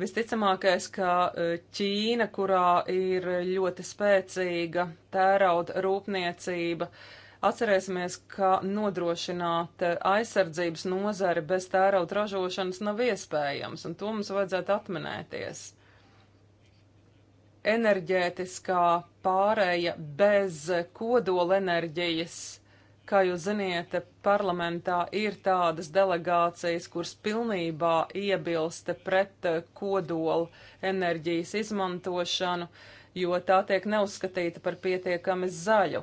visticamākais, ka eh, Ķīna, kurā ir ļoti spēcīga tērauda rūpniecība, atcerēsimies, ka nodrošināt eh, aizsardzības nozari bez tērauda ražošanas nav iespējams, un to mums vajadzētu atminēties. Enerģētiskā pārēja bez kodolenerģijas enerģijas Kā jūs ziniet, parlamentā ir tādas delegācijas, kuras pilnībā iebilsta pret eh, kodolu enerģijas izmantošanu, jo tā tiek neuzskatīta par pietiekami zaļu.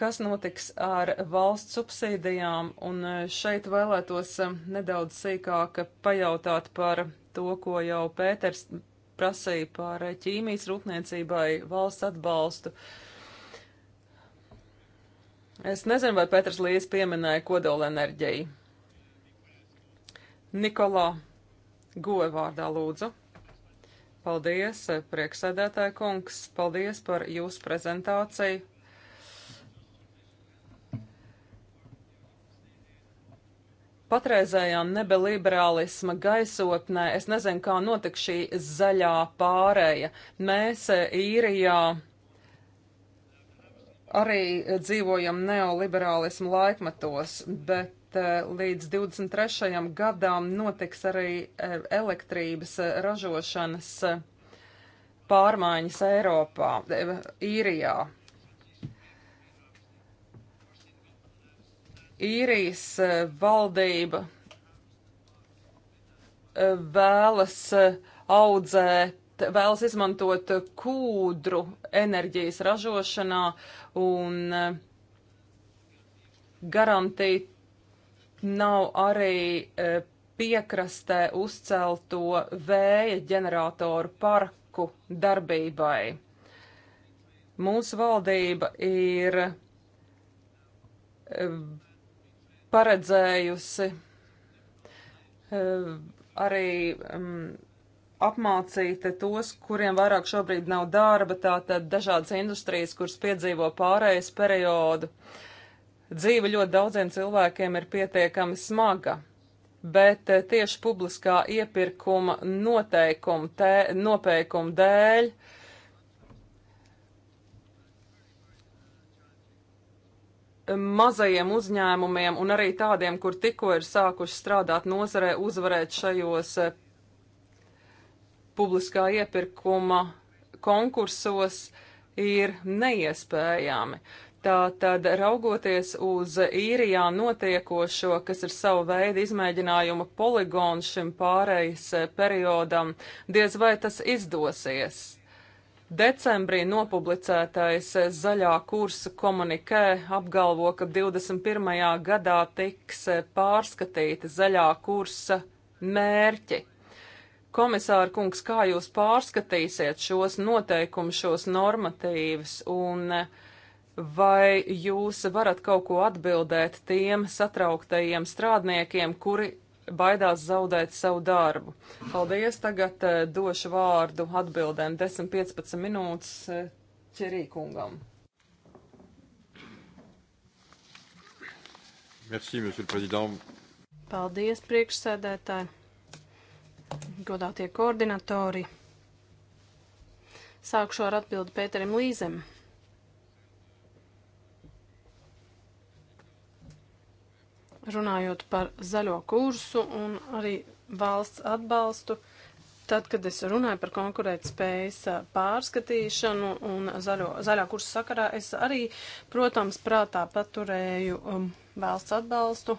Kas notiks ar valsts subsīdijām? Un eh, šeit vēlētos eh, nedaudz sīkāk pajautāt par to, ko jau Pēters prasīja par ķīmijas rūpniecībai valsts atbalstu. Uh, Es nezinu, vai Pēters Līs pieminēja kodolenerģiju. Nikolā Goja vārdā lūdzu. Paldies, eh, prieksēdētāja kungs, paldies par jūsu prezentāciju. patreizējā nebeliberālisma gaisotnē, es nezinu, kā notika šī zaļā pārēja. Mēs eh, īrijā arī eh, dzīvojam neoliberālismu laikmatos, bet eh, līdz 23. gadām notiks arī eh, elektrības ražošanas pārmaiņas Eiropā, Īrijā. Īrijas valdība vēlas audzēt vēlas izmantot kūdru enerģijas ražošanā un eh, garantīt nav arī eh, piekrastē uzcelto vēja ģeneratoru parku darbībai. Mūsu valdība ir eh, paredzējusi arī mm, apmācīt tos, kuriem vairāk šobrīd nav darba, tātad dažādas industrijas, kuras piedzīvo pārējais periodu. Dzīve ļoti daudziem cilvēkiem ir pietiekami smaga, bet eh, tieši publiskā iepirkuma noteikumu, tē, nopeikumu dēļ mazajiem uzņēmumiem un arī tādiem, kur tikko ir sākuši strādāt nozarē, uzvarēt šajos eh, publiskā iepirkuma konkursos ir neiespējami. Tātad, raugoties uz īrijā notiekošo, kas ir savu veidu izmēģinājuma poligons šim pārejas periodam, diez vai tas izdosies. Decembrī nopublicētais zaļā kursa komunikē apgalvo, ka 21. gadā tiks pārskatīti zaļā kursa mērķi. Komisāra kungs, kā jūs pārskatīsiet šos noteikumus, šos normatīvus, un eh, vai jūs varat kaut ko atbildēt tiem satrauktajiem strādniekiem, kuri baidās zaudēt savu darbu? Paldies, tagad eh, došu vārdu atbildēm 10-15 minūtes eh, Čerīkungam. Merci, Paldies, priekšsēdētāji! godātie koordinatori. Sākšu ar atbildi Pēterim Līzem. Runājot par zaļo kursu un arī valsts atbalstu, tad, kad es runāju par konkurētspējas pārskatīšanu un zaļo, zaļā kursa sakarā, es arī, protams, prātā paturēju um, valsts atbalstu.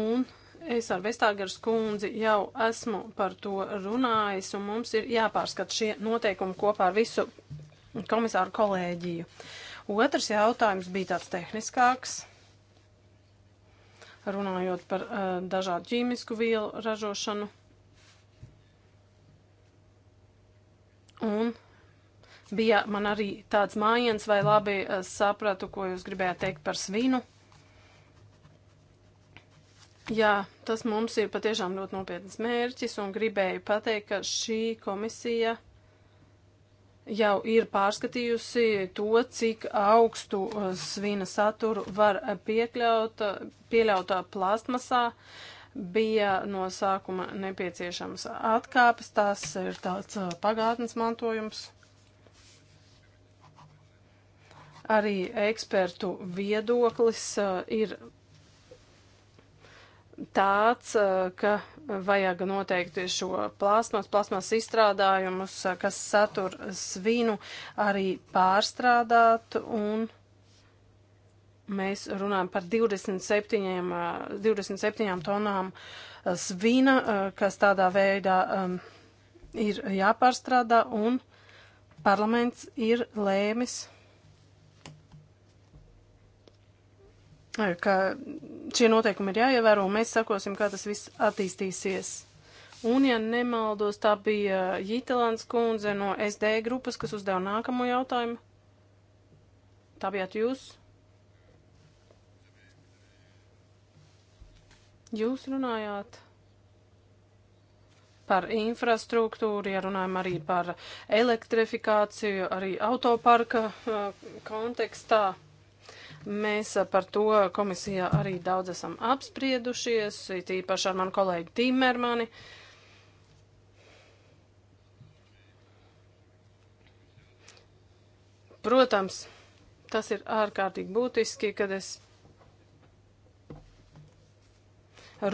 Un Es ar Vestāgaras kundzi jau esmu par to runājis, un mums ir jāpārskat šie noteikumi kopā ar visu komisāru kolēģiju. Otrs jautājums bija tāds tehniskāks, runājot par uh, dažādu ķīmisku vielu ražošanu. Un bija man arī tāds mājiens, vai labi eh, sapratu, ko jūs gribējāt teikt par svinu. Jā, tas mums ir patiešām ļoti nopietnas mērķis un gribēju pateikt, ka šī komisija jau ir pārskatījusi to, cik augstu uh, svina saturu var piekļaut, pieļautā plastmasā. Bija no sākuma nepieciešams atkāpes, tas ir tāds uh, pagātnes mantojums. Arī ekspertu viedoklis uh, ir tāds, ka vajag noteikti šo plasmas, plasmas izstrādājumus, kas satur svinu, arī pārstrādāt un mēs runājam par 27, 27 tonām svina, kas tādā veidā um, ir jāpārstrādā un parlaments ir lēmis. ka šie noteikumi ir jāievēro, un mēs sakosim, kā tas viss attīstīsies. Un, ja nemaldos, tā bija Jītelāns kundze no SD grupas, kas uzdeva nākamo jautājumu. Tā bijāt jūs? Jūs runājāt par infrastruktūru, ja runājam arī par elektrifikāciju, arī autoparka uh, kontekstā. Mēs par to komisijā arī daudz esam apspriedušies, it īpaši ar manu kolēģi Timermani. Protams, tas ir ārkārtīgi būtiski, kad es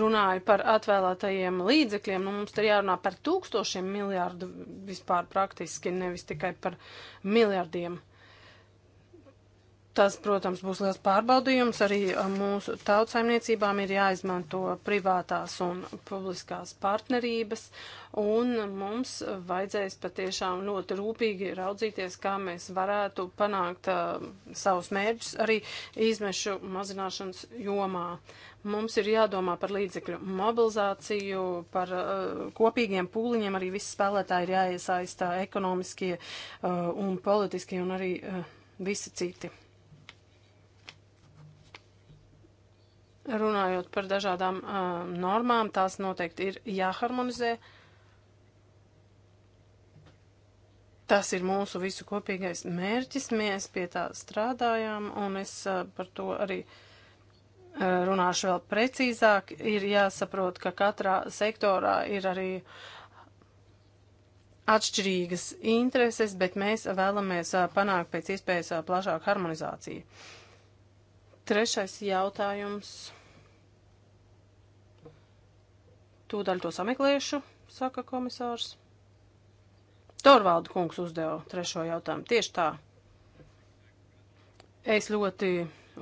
runāju par atvēlētajiem līdzekļiem, nu mums tur jārunā par tūkstošiem miljārdu vispār praktiski, nevis tikai par miljardiem. Uh, Tas, protams, būs liels pārbaudījums. Arī uh, mūsu tautsaimniecībām ir jāizmanto privātās un publiskās partnerības, un mums vajadzēs patiešām ļoti rūpīgi raudzīties, kā mēs varētu panākt uh, savus mērķus arī izmešu mazināšanas jomā. Mums ir jādomā par līdzekļu mobilizāciju, par uh, kopīgiem pūliņiem, arī visi spēlētāji ir jāiesaistā ekonomiskie uh, un politiskie un arī uh, visi citi. Runājot par dažādām uh, normām, tās noteikti ir jāharmonizē. Tas ir mūsu visu kopīgais mērķis, mēs pie tā strādājām, un es uh, par to arī uh, runāšu vēl precīzāk. Ir jāsaprot, ka katrā sektorā ir arī uh, atšķirīgas intereses, bet mēs vēlamies panākt pēc iespējas plašāku harmonizāciju. Trešais jautājums. Tūdaļ to sameklēšu, saka komisārs. Torvalda kungs uzdeva trešo jautājumu. Tieši tā. Es ļoti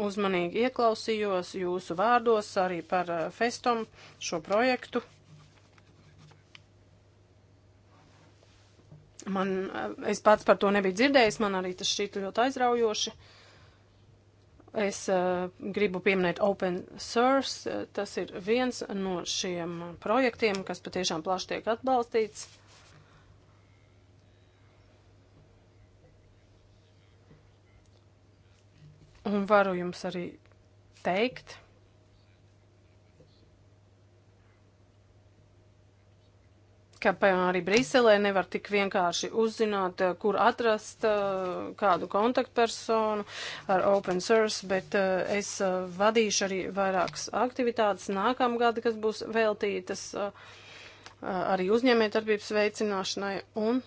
uzmanīgi ieklausījos jūsu vārdos arī par eh, Festom šo projektu. Man, eh, es pats par to nebiju dzirdējis, man arī tas šķiet ļoti aizraujoši. Uh, Es uh, gribu pieminēt Open Source. Eh, tas ir viens no šiem projektiem, kas patiešām plaši tiek atbalstīts. Un varu jums arī teikt, ka arī Briselē nevar tik vienkārši uzzināt, eh, kur atrast eh, kādu kontaktpersonu ar open source, bet eh, es vadīšu arī vairākas aktivitātes nākamgad, kas būs veltītas arī uzņēmējdarbības veicināšanai un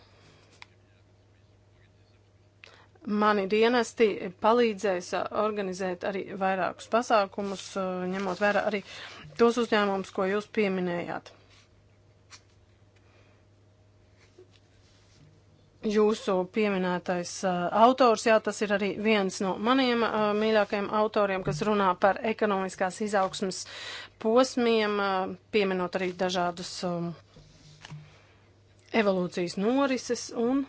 Mani dienesti palīdzēs organizēt arī vairākus pasākumus, ņemot vērā arī tos uzņēmumus, ko jūs pieminējāt. jūsu pieminētais uh, autors, jā, tas ir arī viens no maniem uh, mīļākajiem autoriem, kas runā par ekonomiskās izaugsmas posmiem, uh, pieminot arī dažādus um, evolūcijas norises un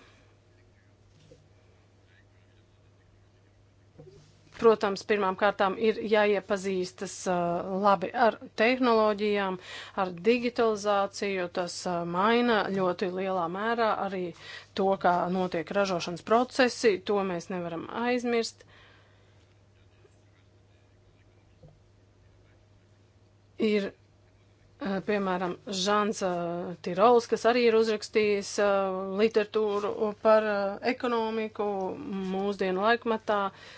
Protams, pirmām kārtām ir jāiepazīstas uh, labi ar tehnoloģijām, ar digitalizāciju. Tas uh, maina ļoti lielā mērā arī to, kā notiek ražošanas procesi. To mēs nevaram aizmirst. Ir uh, piemēram, Žants uh, Tirols, kas arī ir uzrakstījis uh, literatūru par uh, ekonomiku mūsdienu laikmatā. Uh,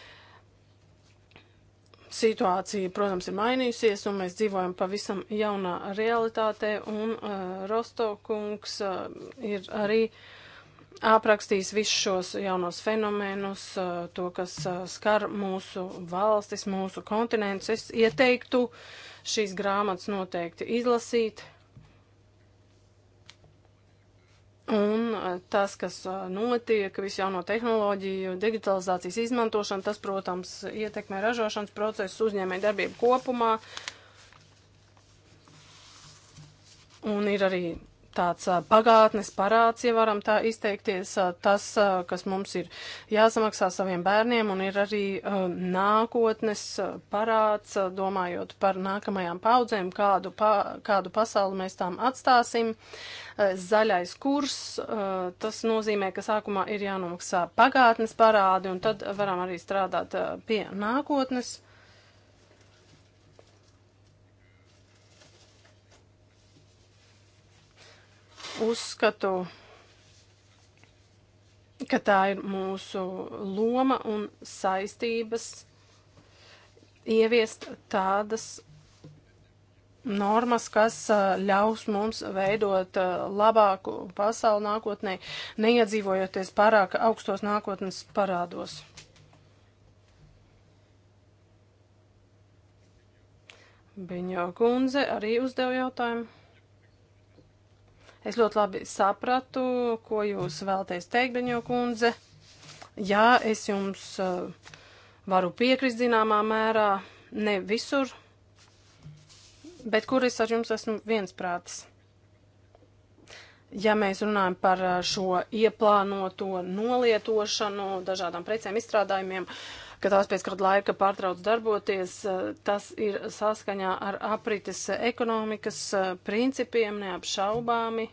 situācija, protams, ir mainījusies, un mēs dzīvojam pavisam jaunā realitātē, un uh, Rostokungs uh, ir arī aprakstījis visus šos jaunos fenomenus, uh, to, kas uh, skar mūsu valstis, mūsu kontinentus. Es ieteiktu šīs grāmatas noteikti izlasīt, Un tas, kas notiek, visu jauno tehnoloģiju, digitalizācijas izmantošana, tas, protams, ietekmē ražošanas procesu, uzņēmē darbību kopumā. Un ir arī tāds pagātnes parāds, ja varam tā izteikties, tas, kas mums ir jāsamaksā saviem bērniem, un ir arī nākotnes parāds, domājot par nākamajām paudzēm, kādu, pa, kādu pasauli mēs tām atstāsim. Zaļais kurs, tas nozīmē, ka sākumā ir jānomaksā pagātnes parādi, un tad varam arī strādāt pie nākotnes. uzskatu, ka tā ir mūsu loma un saistības ieviest tādas normas, kas ļaus mums veidot labāku pasauli nākotnē, neiedzīvojoties pārāk augstos nākotnes parādos. Biņo kundze arī uzdeva jautājumu. Es ļoti labi sapratu, ko jūs vēlaties teikt, Beņo kundze. Jā, es jums uh, varu piekrist zināmā mērā, ne visur, bet kur es ar jums esmu viensprātis. Ja mēs runājam par eh, šo ieplānoto nolietošanu dažādām precēm izstrādājumiem, uh, ka tās pēc kāda laika pārtrauc darboties, eh, tas ir saskaņā ar aprites ekonomikas eh, principiem neapšaubāmi.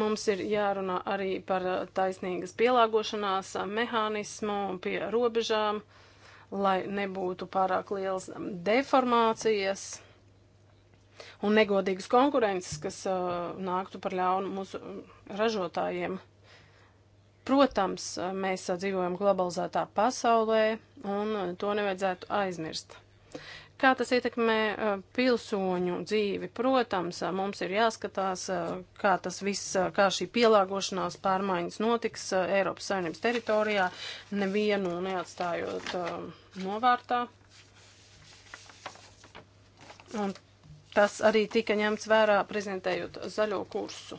Mums ir jārunā arī par eh, taisnīgas pielāgošanās mehānismu pie robežām, lai nebūtu pārāk liels mm, deformācijas un negodīgas konkurences, kas uh, nāktu par ļaunu mūsu mm, ražotājiem. Protams, mēs dzīvojam globalizētā pasaulē, un to nevajadzētu aizmirst. Kā tas ietekmē eh, pilsoņu dzīvi? Protams, eh, mums ir jāskatās, eh, kā tas viss, kā šī pielāgošanās pārmaiņas notiks Eiropas saimnības teritorijā, nevienu neatstājot novārtā. Un tas arī tika ņemts vērā prezentējot zaļo kursu.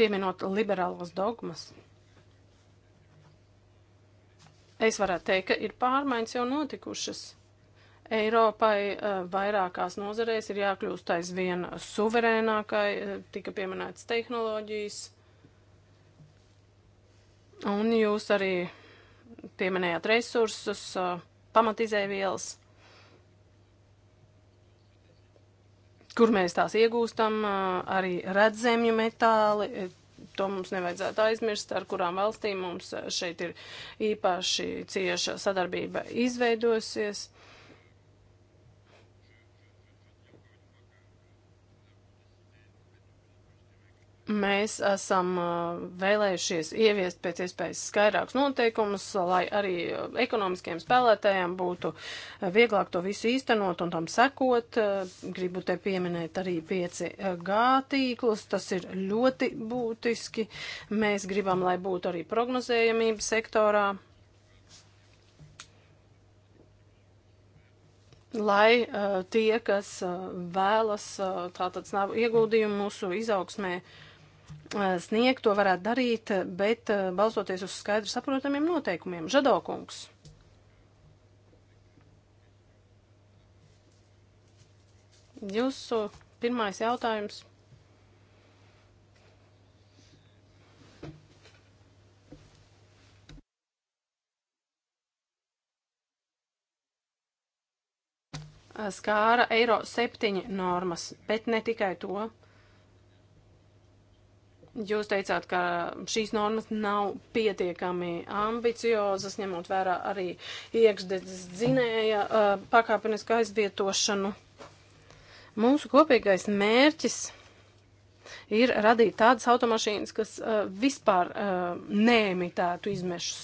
pieminot liberālos dogmas. Es varētu teikt, ka ir pārmaiņas jau notikušas. Eiropai eh, vairākās nozarēs ir jākļūst aizvien suverēnākai, eh, tika pieminētas tehnoloģijas. Un jūs arī pieminējāt resursus, eh, pamatizēvielas. kur mēs tās iegūstam, arī redzemju metāli, to mums nevajadzētu aizmirst, ar kurām valstīm mums šeit ir īpaši cieša sadarbība izveidosies. mēs esam uh, vēlējušies ieviest pēc iespējas skaidrākus noteikumus, lai arī uh, ekonomiskiem spēlētājiem būtu uh, vieglāk to visu īstenot un tam sekot. Gribu te pieminēt arī 5G tīklus, tas ir ļoti būtiski. Mēs gribam, lai būtu arī prognozējamība sektorā. Lai uh, tie, kas uh, vēlas uh, tātad snavu ieguldījumu mūsu izaugsmē, uh, Eh, sniegt, to varētu darīt, bet eh, balstoties uz skaidri saprotamiem noteikumiem. Žadokungs. Jūsu pirmais jautājums. Eh, skāra Eiro 7 normas, bet ne tikai to. Jūs teicāt, ka šīs normas nav pietiekami ambiciozas, ņemot vērā arī iekšdedzes dzinēja uh, pakāpenisku aizvietošanu. Mūsu kopīgais mērķis ir radīt tādas automašīnas, kas uh, vispār uh, neemitētu izmešus.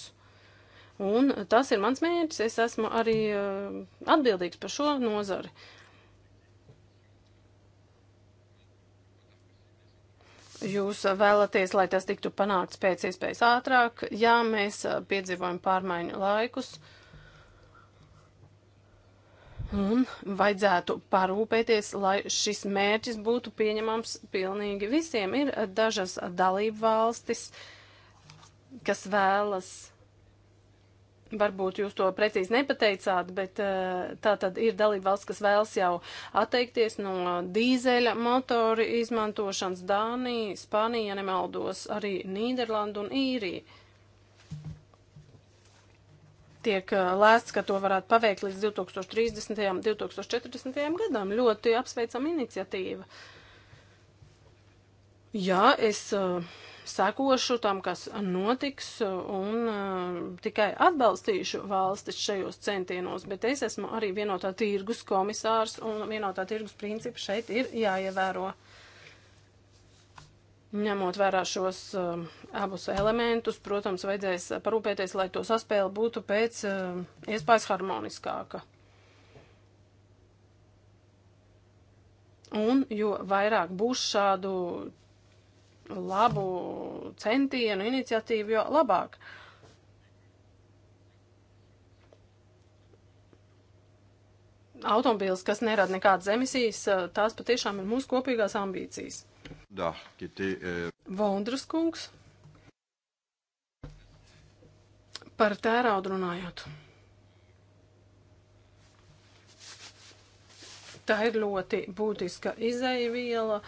Un tas ir mans mērķis. Es esmu arī uh, atbildīgs par šo nozari. Uh, Jūs vēlaties, lai tas tiktu panākts pēc iespējas ātrāk. Jā, mēs piedzīvojam pārmaiņu laikus. Un vajadzētu parūpēties, lai šis mērķis būtu pieņemams pilnīgi visiem. Ir dažas dalību valstis, kas vēlas Varbūt jūs to precīzi nepateicāt, bet eh, tā tad ir dalība valsts, kas vēlas jau atteikties no dīzeļa motori izmantošanas Dānija, Spānija, ja nemaldos, arī Nīderlanda un Īrija. Tiek eh, lēsts, ka to varētu paveikt līdz 2030. un 2040. gadam. Ļoti apsveicam iniciatīva. Jā, es. Uh, sekošu tam, kas notiks, un uh, tikai atbalstīšu valstis šajos centienos, bet es esmu arī vienotā tirgus komisārs, un vienotā tirgus principi šeit ir jāievēro. Ņemot vērā šos uh, abus elementus, protams, vajadzēs parūpēties, lai to saspēle būtu pēc uh, iespējas harmoniskāka. Un jo vairāk būs šādu labu centienu, iniciatīvu, jo labāk. Automobīls, kas nerada nekādas emisijas, tās patiešām ir mūsu kopīgās ambīcijas. Da, kiti, e... Vondras kungs. Par tēraudu runājot. Tā ir ļoti būtiska izēviela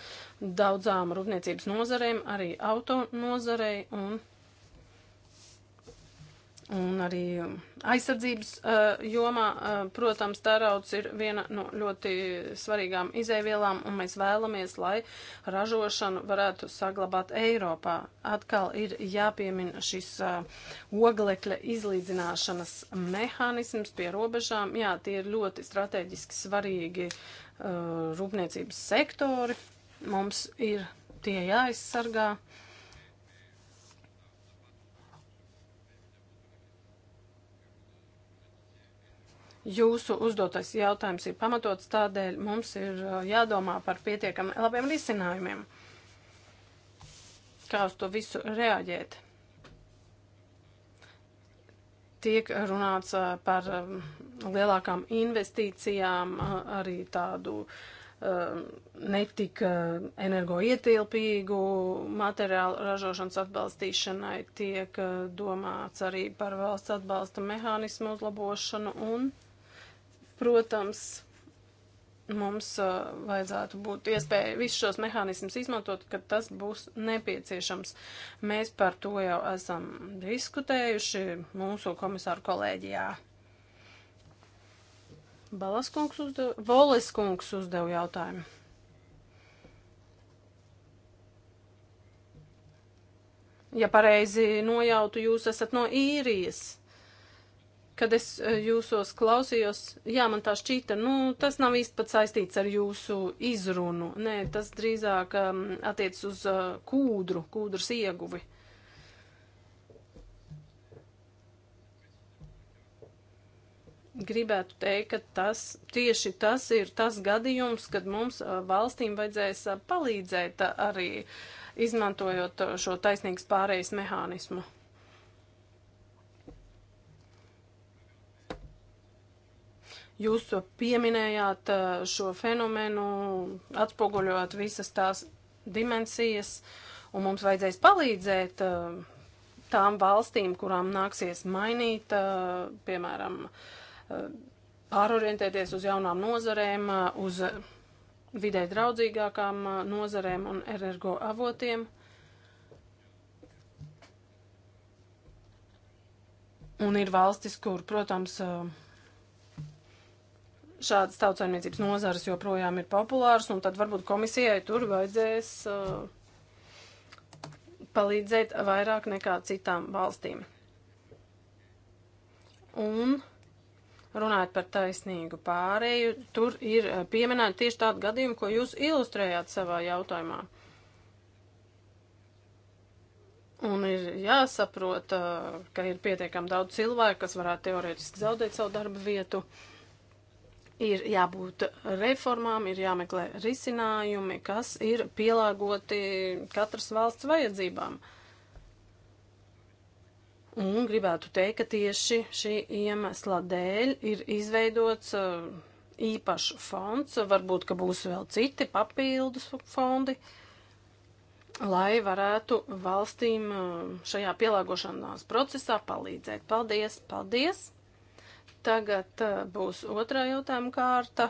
daudzām rūpniecības nozarēm, arī auto nozarei un Un arī um, aizsardzības uh, jomā, uh, protams, tērauds ir viena no ļoti svarīgām izēvielām, un mēs vēlamies, lai ražošanu varētu saglabāt Eiropā. Atkal ir jāpiemina šis uh, oglekļa izlīdzināšanas mehānisms pie robežām. Jā, tie ir ļoti strateģiski svarīgi uh, rūpniecības sektori. Mums ir tie jāaizsargā. Uh, Jūsu uzdotais jautājums ir pamatots tādēļ, mums ir uh, jādomā par pietiekami labiem risinājumiem. Kā uz to visu reaģēt? Tiek runāts uh, par um, lielākām investīcijām, uh, arī tādu um, uh, netika energoietilpīgu materiālu ražošanas atbalstīšanai, tiek domāts arī par valsts atbalsta mehānismu uzlabošanu un Protams, mums uh, vajadzētu būt iespēja visus šos mehānismus izmantot, kad tas būs nepieciešams. Mēs par to jau esam diskutējuši mūsu komisāru kolēģijā. Balaskungs uzdev, Voleskungs uzdev jautājumu. Ja pareizi nojautu, jūs esat no īrijas kad es e, jūsos klausījos, jā, man tā šķīta, nu, tas nav īsti pat saistīts ar jūsu izrunu. Nē, tas drīzāk um, attiec uz uh, kūdru, kūdras ieguvi. Gribētu teikt, ka tas, tieši tas ir tas gadījums, kad mums uh, valstīm vajadzēs uh, palīdzēt uh, arī izmantojot šo taisnīgas pārējas mehānismu. Jūs pieminējāt uh, šo fenomenu, atspoguļojot visas tās dimensijas, un mums vajadzēs palīdzēt uh, tām valstīm, kurām nāksies mainīt, uh, piemēram, pārorientēties uz jaunām nozarēm, uz vidē draudzīgākām nozarēm un energo avotiem. Un ir valstis, kur, protams, uh, šādas tautsaimniecības nozares joprojām ir populāras, un tad varbūt komisijai tur vajadzēs uh, palīdzēt vairāk nekā citām valstīm. Un runājot par taisnīgu pārēju, tur ir uh, pieminēta tieši tāda gadījuma, ko jūs ilustrējāt savā jautājumā. Un ir jāsaprot, uh, ka ir pietiekami daudz cilvēku, kas varētu teorētiski zaudēt savu darba vietu. Uh, ir jābūt reformām, ir jāmeklē risinājumi, kas ir pielāgoti katras valsts vajadzībām. Un gribētu teikt, ka tieši šī iemesla dēļ ir izveidots uh, īpašs fonds, varbūt, ka būs vēl citi papildus fondi, lai varētu valstīm uh, šajā pielāgošanās procesā palīdzēt. Paldies! Paldies! Tagad uh, būs otrā jautājuma kārta.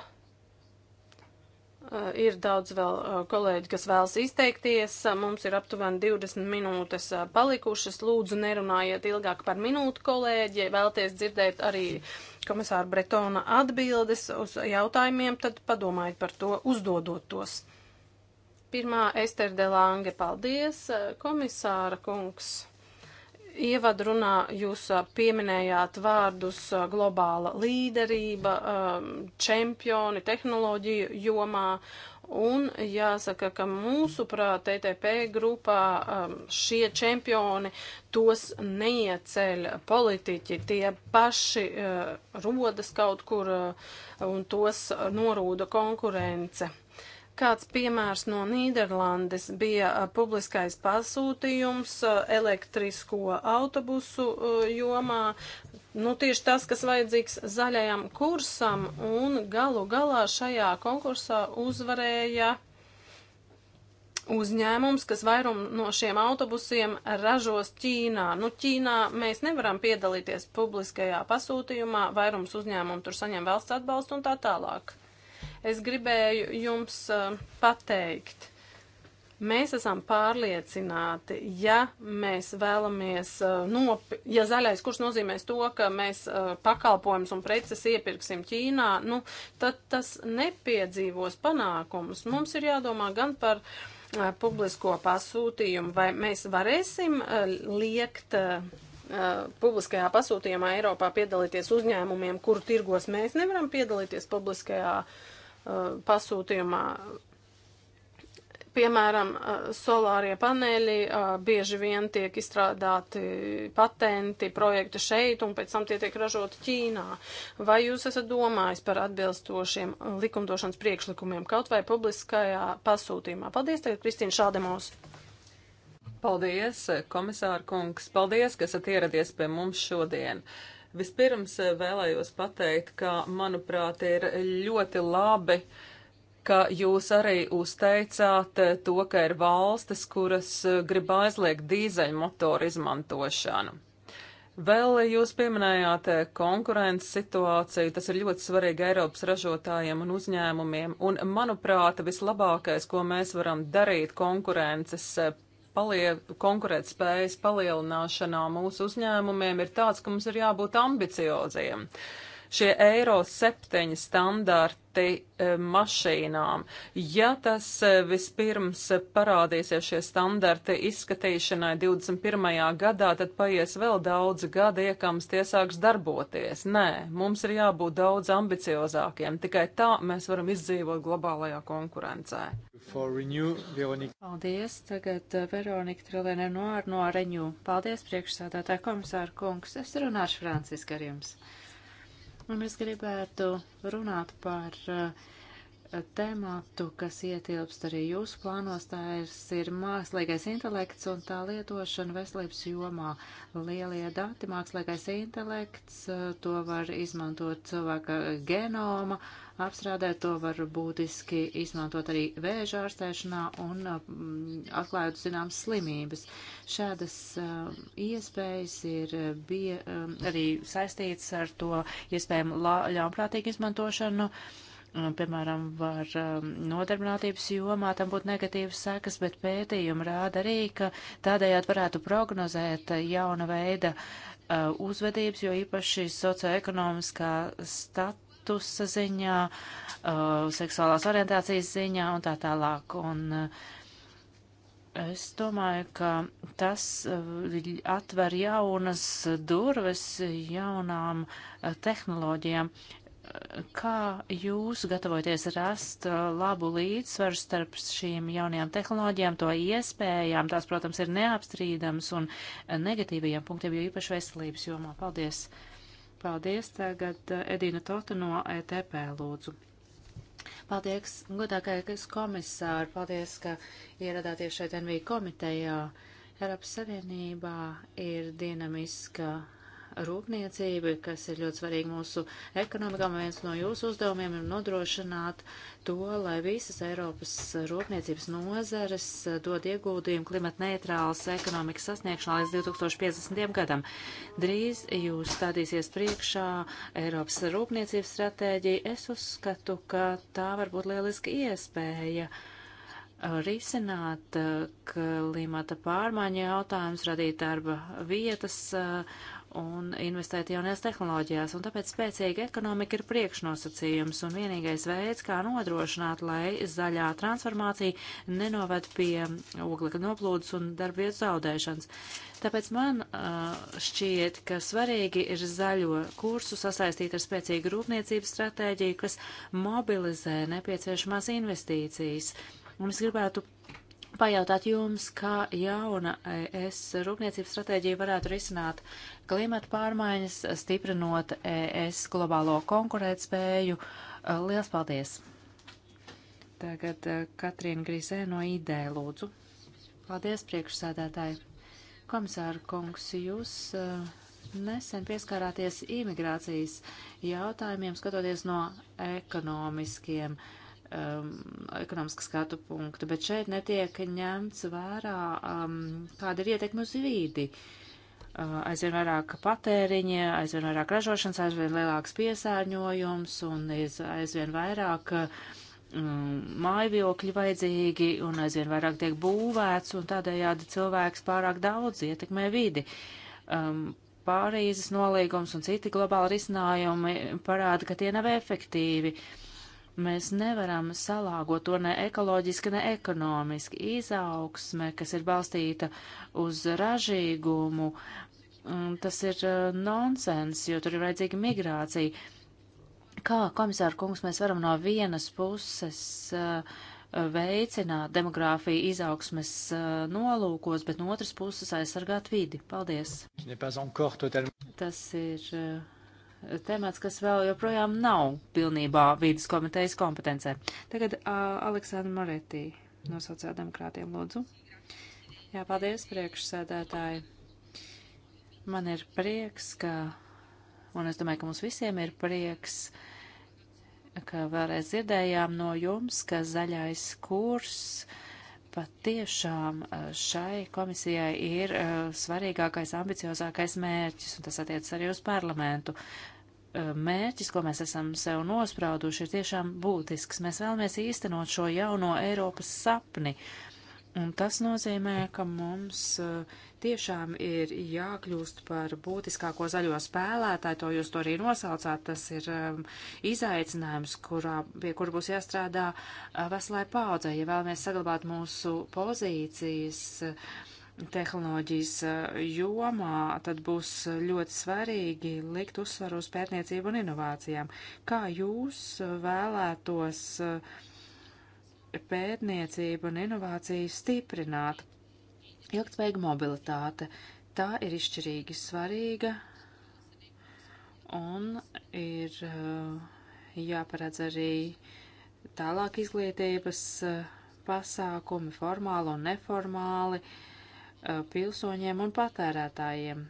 Uh, ir daudz vēl uh, kolēģi, kas vēlas izteikties. Uh, mums ir aptuveni 20 minūtes uh, palikušas. Lūdzu, nerunājiet ilgāk par minūtu, kolēģi. Ja vēlties dzirdēt arī komisāra Bretona atbildes uz jautājumiem, tad padomājiet par to, uzdodot tos. Pirmā Ester Delange, paldies, komisāra kungs. Ievadrunā jūs pieminējāt vārdus globāla līderība, čempioni tehnoloģiju jomā, un jāsaka, ka mūsuprāt, TTP grupā šie čempioni tos neieceļ politiķi, tie paši rodas kaut kur un tos norūda konkurence. Kāds piemērs no Nīderlandes bija publiskais pasūtījums elektrisko autobusu jomā. Nu, tieši tas, kas vajadzīgs zaļajam kursam, un galu galā šajā konkursā uzvarēja uzņēmums, kas vairumu no šiem autobusiem ražos Ķīnā. Nu, Ķīnā mēs nevaram piedalīties publiskajā pasūtījumā, vairums uzņēmumu tur saņem valsts atbalstu un tā tālāk es gribēju jums eh, pateikt. Mēs esam pārliecināti, ja mēs vēlamies, eh, nop... ja zaļais kurs nozīmēs to, ka mēs eh, pakalpojums un preces iepirksim Ķīnā, nu, tad tas nepiedzīvos panākumus. Mums ir jādomā gan par publisko pasūtījumu, vai mēs varēsim liekt publiskajā pasūtījumā Eiropā piedalīties uzņēmumiem, kuru tirgos mēs nevaram piedalīties publiskajā pasūtījumā Uh, pasūtījumā piemēram, uh, solārie paneļi uh, bieži vien tiek izstrādāti patenti, projekti šeit, un pēc tam tie tiek ražoti Ķīnā. Vai jūs esat domājis par atbilstošiem likumdošanas priekšlikumiem kaut vai publiskajā pasūtījumā? Paldies, tagad Kristīna Šādemos. Paldies, komisāra kungs. Paldies, ka esat ieradies pie mums šodien. Uh, Vispirms eh, vēlējos pateikt, ka, manuprāt, ir ļoti labi, ka jūs arī uzteicāt eh, to, ka ir valstis, kuras eh, grib aizliegt dīzeļmotoru izmantošanu. Vēl jūs pieminējāt konkurences situāciju, tas ir ļoti svarīgi Eiropas ražotājiem un uzņēmumiem, un, manuprāt, vislabākais, ko mēs varam darīt konkurences palie, konkurētspējas palielināšanā mūsu uzņēmumiem ir tāds, ka mums ir jābūt ambicioziem šie eiro septiņi standarti e, mašīnām. Ja tas e, vispirms parādīsies šie standarti izskatīšanai 21. gadā, tad paies vēl daudz gadi, iekams tie sāks darboties. Nē, mums ir jābūt daudz ambiciozākiem. Tikai tā mēs varam izdzīvot globālajā konkurencē. Renew, Paldies, tagad e, Veronika Trilēne no Arno Reņū. Paldies, priekšsādātāja komisāra kungs. Es runāšu franciski ar jums. Uh, Un es gribētu runāt par uh, tematu, kas ietilpst arī jūsu plānos, tā ir, ir mākslīgais intelekts un tā lietošana veselības jomā. Lielie dati, mākslīgais intelekts, eh, to var izmantot cilvēka genoma apstrādē, to var būtiski izmantot arī vēža ārstēšanā un mm, atklājot zināmas slimības. Šādas eh, iespējas ir eh, bija eh, arī saistītas ar to iespējamu ļaunprātīgu izmantošanu piemēram, var nodarbinātības jomā tam būtu negatīvas sekas, bet pētījumi rāda arī, ka tādējādi varētu prognozēt jauna veida uzvedības, jo īpaši socioekonomiskā stat statusa ziņā, uh, seksuālās orientācijas ziņā un tā tālāk. Un uh, es domāju, ka tas uh, atver jaunas durvis jaunām uh, tehnoloģijām. Uh, kā jūs gatavojaties rast uh, labu līdzsvaru starp šīm jaunajām tehnoloģijām, to iespējām? Tās, protams, ir neapstrīdams un negatīvajiem punktiem, jo īpaši veselības jomā. Paldies! Uh, Paldies tagad eh, Edina Tota no ETP lūdzu. Paldies, godākais komisāri, paldies, ka ieradāties šeit NV komitejā. Eiropas Savienībā ir dinamiska rūpniecību, kas ir ļoti svarīgi mūsu ekonomikām. Viens no jūsu uzdevumiem ir nodrošināt to, lai visas Eiropas rūpniecības nozares dod ieguldījumu klimatneitrālas ekonomikas sasniegšanā līdz 2050. gadam. Drīz jūs stādīsies priekšā Eiropas rūpniecības stratēģija. Es uzskatu, ka tā var būt lieliska iespēja uh, risināt uh, klimata pārmaiņu jautājums, radīt darba vietas uh, un investēt jaunajās tehnoloģijās, un tāpēc spēcīga ekonomika ir priekšnosacījums un vienīgais veids, kā nodrošināt, lai zaļā transformācija nenoved pie oglekļa noplūdes un darbvietu zaudēšanas. Tāpēc man uh, šķiet, ka svarīgi ir zaļo kursu sasaistīt ar spēcīgu rūpniecības stratēģiju, kas mobilizē nepieciešamās investīcijas. Un es gribētu pajautāt jums, kā jauna ES rūpniecības stratēģija varētu risināt klimata pārmaiņas, stiprinot ES globālo konkurētspēju. Liels paldies! Tagad Katrīna Grisē no ID lūdzu. Paldies, priekšsēdētāji. Komisāra kungs, jūs nesen pieskārāties imigrācijas jautājumiem, skatoties no ekonomiskiem jautājumiem um, ekonomiska skatu punktu, bet šeit netiek ņemts vērā, um, kāda ir ietekme uz vīdi. Uh, aizvien vairāk patēriņa, aizvien vairāk ražošanas, aizvien lielāks piesārņojums un aizvien vairāk uh, um, mājviokļi vajadzīgi un aizvien vairāk tiek būvēts un tādējādi cilvēks pārāk daudz ietekmē vidi. Um, Pārīzes nolīgums un citi globāli risinājumi parāda, ka tie nav efektīvi. Uh, Mēs nevaram salāgot to ne ekoloģiski, ne ekonomiski. Izaugsme, kas ir balstīta uz ražīgumu, mm, tas ir eh, nonsens, jo tur ir vajadzīga migrācija. Kā komisāra kungs mēs varam no vienas puses uh, veicināt demogrāfiju izaugsmes uh, nolūkos, bet no otras puses aizsargāt vidi? Paldies! Tas ir. Uh, temats, kas vēl joprojām nav pilnībā vīdas komitejas kompetencē. Tagad uh, Aleksandra Moretī no sociāldemokrātiem lūdzu. Jā, paldies priekšsēdētāji. Man ir prieks, ka, un es domāju, ka mums visiem ir prieks, ka vēlreiz dzirdējām no jums, ka zaļais kurs uh, patiešām eh, šai komisijai ir eh, svarīgākais, ambiciozākais mērķis, un tas attiecas arī uz parlamentu. Eh, mērķis, ko mēs esam sev nosprauduši, ir tiešām būtisks. Mēs vēlamies īstenot šo jauno Eiropas sapni, uh, Un tas nozīmē, ka mums eh, tiešām ir jākļūst par būtiskāko zaļo spēlētāju, to jūs to arī nosaucāt, tas ir ehm, izaicinājums, kurā, pie kura būs jāstrādā eh, veselai paudzē, ja vēlamies saglabāt mūsu pozīcijas eh, tehnoloģijas jomā, tad būs ļoti svarīgi likt uzsvaru uz pētniecību un inovācijām. Kā jūs vēlētos uh, pētniecību un inovāciju stiprināt. Ilgtspējīga mobilitāte. Tā ir izšķirīgi svarīga un ir uh, jāparedz arī tālāk izglītības uh, pasākumi formāli un neformāli uh, pilsoņiem un patērētājiem.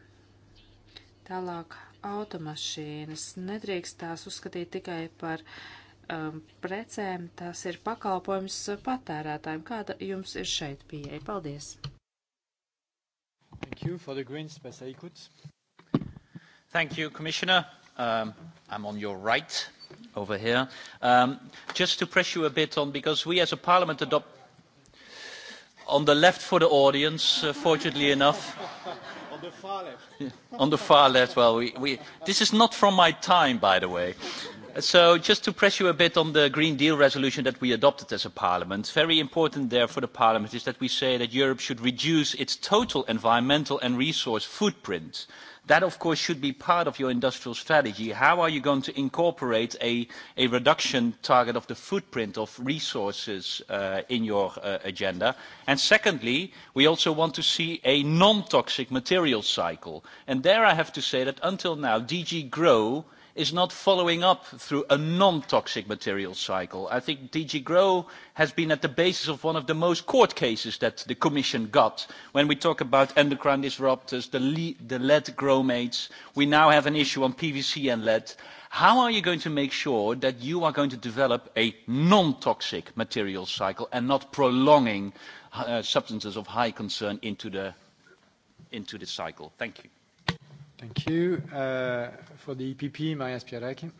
Tālāk automašīnas nedrīkst tās uzskatīt tikai par uh, um, precēm, tas ir pakalpojums patērētājiem. Kāda jums ir šeit pieeja? Paldies! Thank you for the Greens, Pesa Ikuts. Thank you, Commissioner. Um, I'm on your right over here. Um, just to press you a bit on, because we as a parliament adopt on the left for the audience, uh, fortunately enough. on the far left. on the far left. Well, we, we, this is not from my time, by the way. So just to press you a bit on the Green Deal resolution that we adopted as a parliament, very important there for the parliament is that we say that Europe should reduce its total environmental and resource footprint. That, of course, should be part of your industrial strategy. How are you going to incorporate a, a reduction target of the footprint of resources uh, in your uh, agenda? And secondly, we also want to see a non-toxic material cycle. And there I have to say that until now, DG GROW uh, is not following up through a non-toxic material cycle. I think DG GROW has been at the basis of one of the most court cases that the Commission got. When we talk about endocrine disruptors, the, lead, the lead gromates, we now have an issue on PVC and lead. How are you going to make sure that you are going to develop a non-toxic material cycle and not prolonging uh, substances of high concern into the, into the cycle? Thank you. Thank you. Uh, for the EPP, Maria Spiaracchi.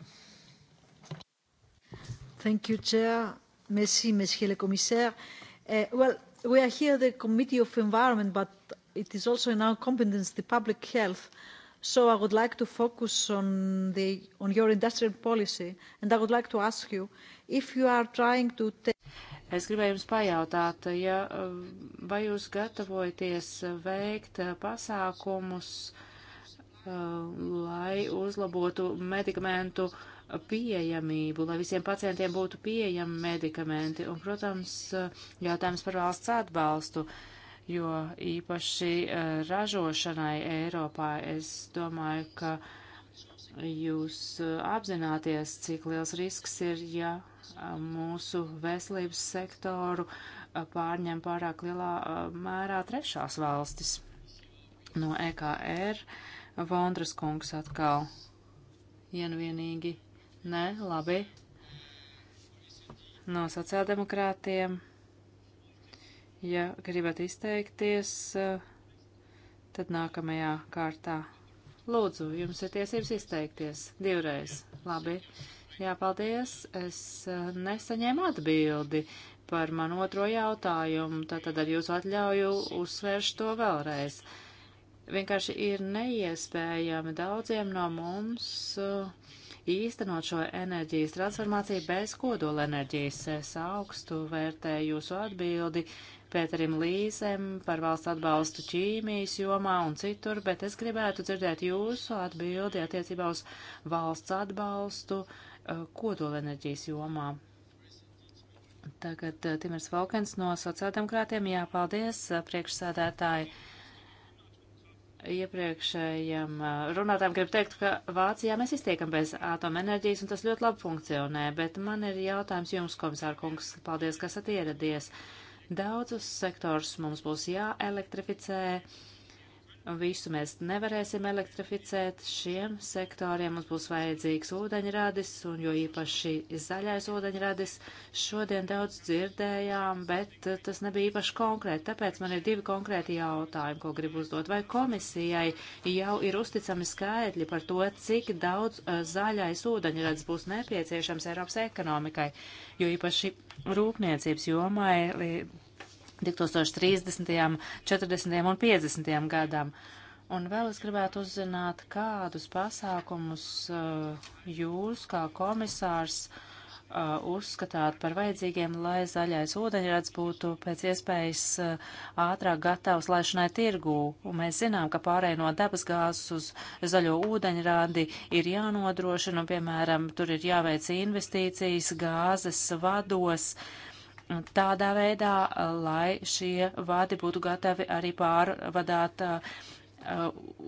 Thank you, Chair. Merci, Monsieur le Commissaire. Uh, well, we are here the Committee of Environment, but it is also in our competence, the public health. So I would like to focus on, the, on your industrial policy, and I would like to ask you if you are trying to take... Es gribēju jums pajautāt, ja, um, vai jūs gatavojaties veikt uh, pasākumus uh, lai uzlabotu medikamentu pieejamību, lai visiem pacientiem būtu pieejami medikamenti. Un, protams, jautājums par valsts atbalstu, jo īpaši eh, ražošanai Eiropā es domāju, ka jūs eh, apzināties, cik liels risks ir, ja eh, mūsu veselības sektoru pārņem pārāk lielā mērā trešās valstis no EKR. Uh, Vondras kungs atkal. Vien vienīgi. Nē, labi. No sociāldemokrātiem. Ja gribat izteikties, tad nākamajā kārtā. Lūdzu, jums ir tiesības izteikties divreiz. Labi. Jā, paldies. Es eh, nesaņēmu atbildi par manu otro jautājumu, tātad ar jūsu atļauju uzsvēršu to vēlreiz. Uh, vienkārši ir neiespējami daudziem no mums uh, īstenot šo enerģijas transformāciju bez kodola enerģijas. Es augstu vērtēju jūsu atbildi Pēterim Līsem par valsts atbalstu ķīmijas jomā un citur, bet es gribētu dzirdēt jūsu atbildi attiecībā uz valsts atbalstu uh, kodola enerģijas jomā. Tagad uh, Timers Valkens no sociāldemokrātiem. Jā, paldies, priekšsādētāji iepriekšējiem eh, runātājiem gribu teikt, ka Vācijā mēs iztiekam bez atomenerģijas, un tas ļoti labi funkcionē, bet man ir jautājums jums, komisārkungs, paldies, ka esat ieradies. Daudzus sektors mums būs jāelektrificē. Uh, Visu mēs nevarēsim elektrificēt. Šiem sektoriem mums būs vajadzīgs ūdeņradis, un jo īpaši zaļais ūdeņradis šodien daudz dzirdējām, bet eh, tas nebija īpaši konkrēti. Tāpēc man ir divi konkrēti jautājumi, ko gribu uzdot. Vai komisijai jau ir uzticami skaitļi par to, cik daudz eh, zaļais ūdeņradis būs nepieciešams Eiropas ekonomikai, jo īpaši rūpniecības jomai 2030., 40. un 50. gadam. Un vēl es gribētu uzzināt, kādus pasākumus eh, jūs, kā komisārs, eh, uzskatāt par vajadzīgiem, lai zaļais ūdeņrads būtu pēc iespējas eh, ātrāk gatavs laišanai tirgū. Un mēs zinām, ka pārēj no dabasgāzes uz zaļo ūdeņradi ir jānodrošina, un, piemēram, tur ir jāveic investīcijas gāzes vados. Uh, tādā veidā, eh, lai šie vādi būtu gatavi arī pārvadāt uh,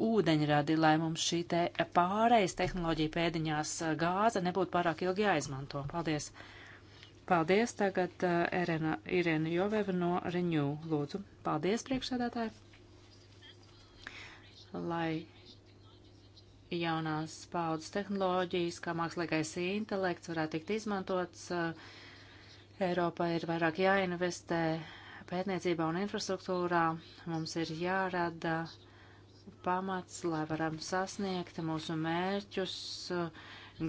ūdeņradi, lai mums šī te pārējais tehnoloģija pēdiņās eh, gāze nebūtu pārāk ilgi jāizmanto. Paldies! Paldies tagad uh, Erena, Irena Joveva no Renew. Lūdzu, paldies priekšsēdētāji! Lai jaunās paudzes tehnoloģijas, kā mākslīgais intelekts varētu tikt izmantots uh, Eiropā ir vairāk jāinvestē pētniecībā un infrastruktūrā. Mums ir jārada pamats, lai varam sasniegt mūsu mērķus,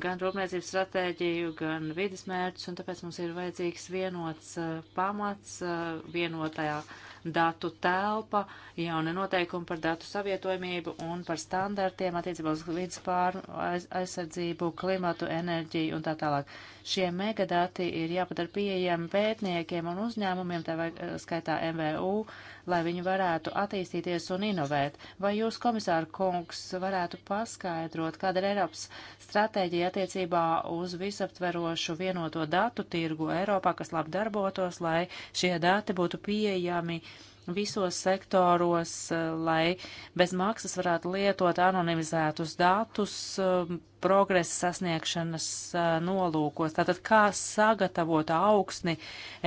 gan rūpniecības stratēģiju, gan vidas mērķus, un tāpēc mums ir vajadzīgs vienots uh, pamats, uh, vienotajā datu telpa, jauni noteikumi par datu savietojamību un par standartiem attiecībā uz vidas pār aizsardzību, klimatu, enerģiju un tā tālāk. Šie megadati ir jāpadara pieejami pētniekiem un uzņēmumiem, tā vajag, eh, skaitā MVU, lai viņi varētu attīstīties un inovēt. Vai jūs, komisāra kungs, varētu paskaidrot, kāda ir Eiropas stratēģija attiecībā uz visaptverošu vienoto datu tirgu Eiropā, kas labi darbotos, lai šie dati būtu pieejami? visos sektoros, eh, lai bez maksas varētu lietot anonimizētus datus eh, progresa sasniegšanas eh, nolūkos. Tātad kā sagatavot augsni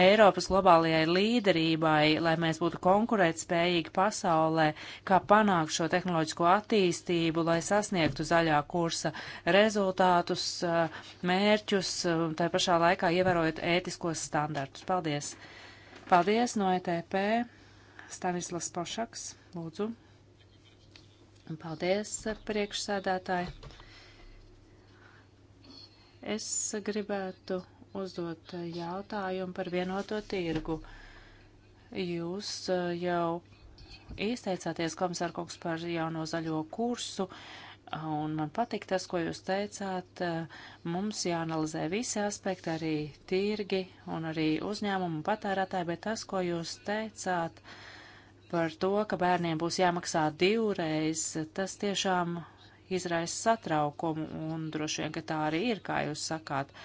Eiropas globālajai līderībai, lai mēs būtu konkurētspējīgi pasaulē, kā panākt šo tehnoloģisko attīstību, lai sasniegtu zaļā kursa rezultātus, mērķus, tā pašā laikā ievērojot ētiskos standartus. Paldies! Paldies no ETP! Stavislas Pošaks, lūdzu. Un paldies, priekšsēdētāji. Es gribētu uzdot jautājumu par vienoto tirgu. Jūs jau izteicāties, komisār kungs, par jauno zaļo kursu, un man patīk tas, ko jūs teicāt. Mums jāanalizē visi aspekti, arī tirgi un arī uzņēmumu patērētāji, bet tas, ko jūs teicāt, uh, par to, ka bērniem būs jāmaksā divreiz, tas tiešām izraisa satraukumu, un droši vien, ka tā arī ir, kā jūs sakāt.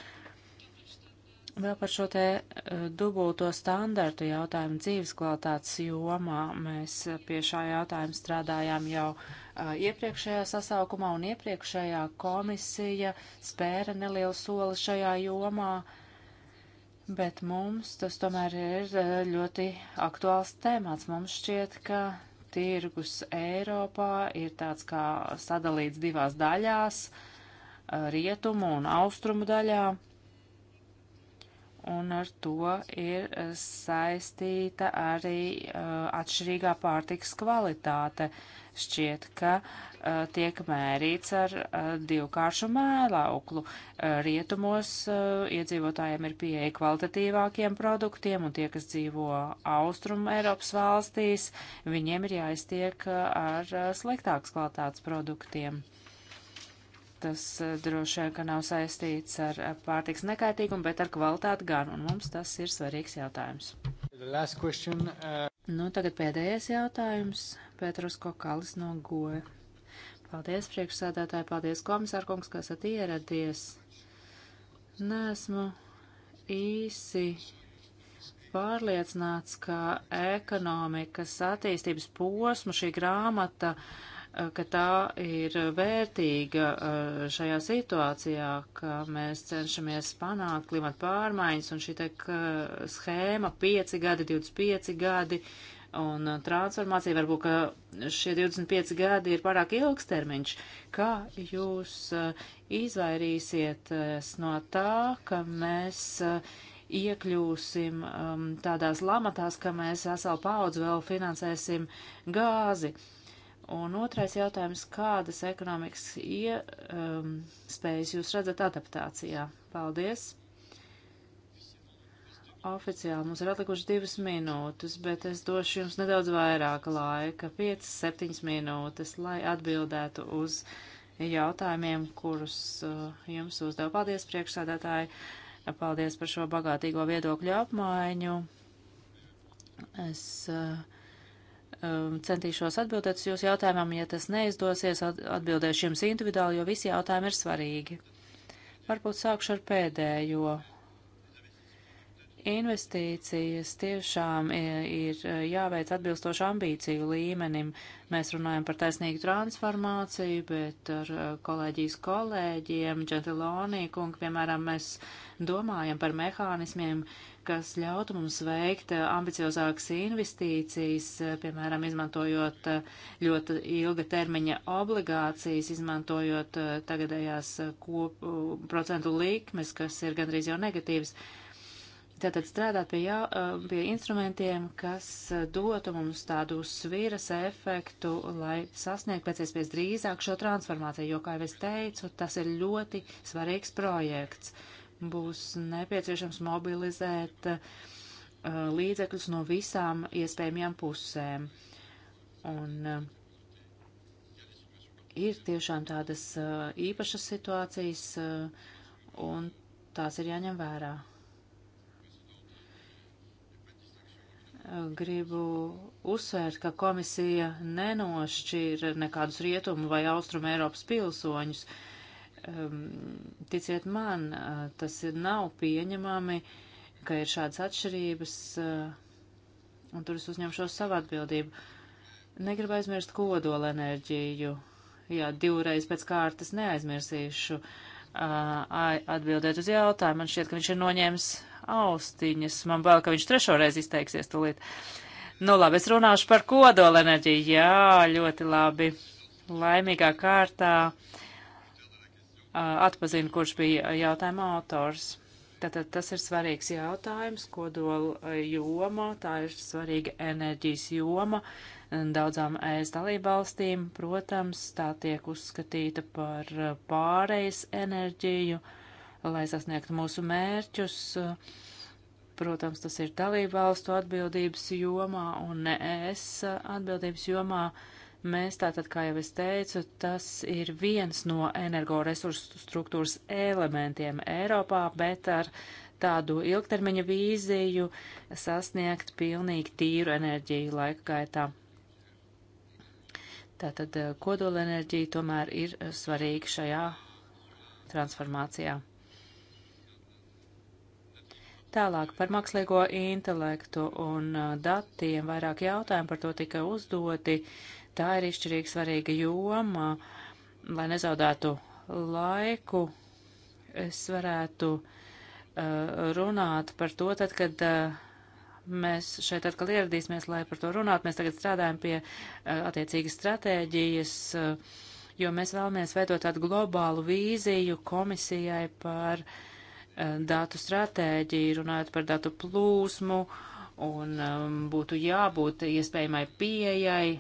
Vēl par šo te e, dubulto standartu jautājumu dzīves kvalitātes jomā mēs pie šā jautājuma strādājām jau e, iepriekšējā sasaukumā, un iepriekšējā komisija spēra nelielu soli šajā jomā. Uh, bet mums tas tomēr ir e, ļoti aktuāls tēmats. Mums šķiet, ka tirgus Eiropā ir tāds kā sadalīts divās daļās e, - rietumu un austrumu daļā un ar to ir eh, saistīta arī uh, atšķirīgā pārtiks kvalitāte. Šķiet, ka uh, tiek mērīts ar uh, divkāršu mēlauklu. Rietumos iedzīvotājiem ir pieeja kvalitatīvākiem produktiem, un tie, kas dzīvo austrumu Eiropas valstīs, viņiem ir jāiztiek ar sliktākas kvalitātes produktiem. Tas eh, droši vien, ka nav saistīts ar eh, pārtiks nekaitīgumu, bet ar kvalitāti gan, un mums tas ir svarīgs jautājums. Question, uh... Nu, tagad pēdējais jautājums. Pēters Kokalis no Goja. Paldies, priekšsēdētāji, paldies, komisārkungs, ka esat ieradies. Nesmu īsi pārliecināts, ka ekonomikas attīstības posmu šī grāmata uh, Eh, ka tā ir vērtīga eh, šajā situācijā, ka mēs cenšamies panākt klimata pārmaiņas un šī te schēma 5 gadi, 25 gadi un eh, transformācija, varbūt, ka šie 25 gadi ir pārāk ilgs termiņš. Kā jūs izvairīsieties no tā, ka mēs iekļūsim um, tādās lamatās, ka mēs veselu paudzi vēl finansēsim gāzi? Uh, Un otrais jautājums, kādas ekonomikas iespējas um, jūs redzat adaptācijā? Paldies! Oficiāli mums ir atlikuši divas minūtes, bet es došu jums nedaudz vairāk laika, 5-7 minūtes, lai atbildētu uz jautājumiem, kurus uh, jums uzdev. Paldies, priekšsādātāji! Paldies par šo bagātīgo viedokļu apmaiņu! Es uh, Um, centīšos atbildēt uz jūsu jautājumam. Ja tas neizdosies, atbildēšu jums individuāli, jo visi jautājumi ir svarīgi. Varbūt sākšu ar pēdējo Investīcijas tiešām e, ir e, jāveic atbilstoši ambīciju līmenim. Mēs runājam par taisnīgu transformāciju, bet ar e, kolēģijas kolēģiem, Džentilonī kungu, piemēram, mēs domājam par mehānismiem, kas ļautu mums veikt ambiciozākas investīcijas, piemēram, izmantojot ļoti ilga termiņa obligācijas, izmantojot tagadējās kop, procentu likmes, kas ir gandrīz jau negatīvas. Uh, Tātad strādāt pie, jā, eh, pie instrumentiem, kas eh, dotu mums tādu svīras efektu, lai sasniegtu pēc iespējas drīzāk šo transformāciju, jo, kā jau es teicu, tas ir ļoti svarīgs projekts. Būs nepieciešams mobilizēt uh, līdzekļus no visām iespējamajām pusēm. Un, uh, ir tiešām tādas uh, īpašas situācijas, un tās ir jāņem vērā. Gribu uzsvērt, ka komisija nenošķir nekādus rietumu vai austrumu Eiropas pilsoņus. Ehm, ticiet man, eh, tas nav pieņemami, ka ir šādas atšķirības, eh, un tur es uzņemšos savu atbildību. Negribu aizmirst kodolenerģiju. Jā, divreiz pēc kārtas neaizmirsīšu eh, atbildēt uz jautājumu. Man šķiet, ka viņš ir noņēmis austiņas. Man bail, ka viņš trešoreiz izteiksies tūlīt. Nu labi, es runāšu par kodolenerģiju. Jā, ļoti labi. Laimīgā kārtā atpazinu, kurš bija jautājuma autors. Tātad tas ir svarīgs jautājums, kodola joma, tā ir svarīga enerģijas joma daudzām ES dalībvalstīm. Protams, tā tiek uzskatīta par pārejas enerģiju. Uh, lai sasniegtu mūsu mērķus. Protams, tas ir dalību valstu atbildības jomā un ne es atbildības jomā. Mēs tātad, kā jau es teicu, tas ir viens no energoresursu struktūras elementiem Eiropā, bet ar tādu ilgtermiņa vīziju sasniegt pilnīgi tīru enerģiju laika gaitā. Tātad kodolenerģija tomēr ir svarīga šajā transformācijā. Tālāk par mākslīgo intelektu un datiem vairāk jautājumu par to tika uzdoti. Tā ir izšķirīgi svarīga joma, lai nezaudētu laiku. Es varētu uh, runāt par to, tad, kad uh, mēs šeit atkal ieradīsimies, lai par to runātu. Mēs tagad strādājam pie attiecīgas stratēģijas, jo mēs vēlamies veidot tādu globālu vīziju komisijai par uh, Eh, datu stratēģiju, runājot par datu plūsmu, un um, būtu jābūt iespējamai pieejai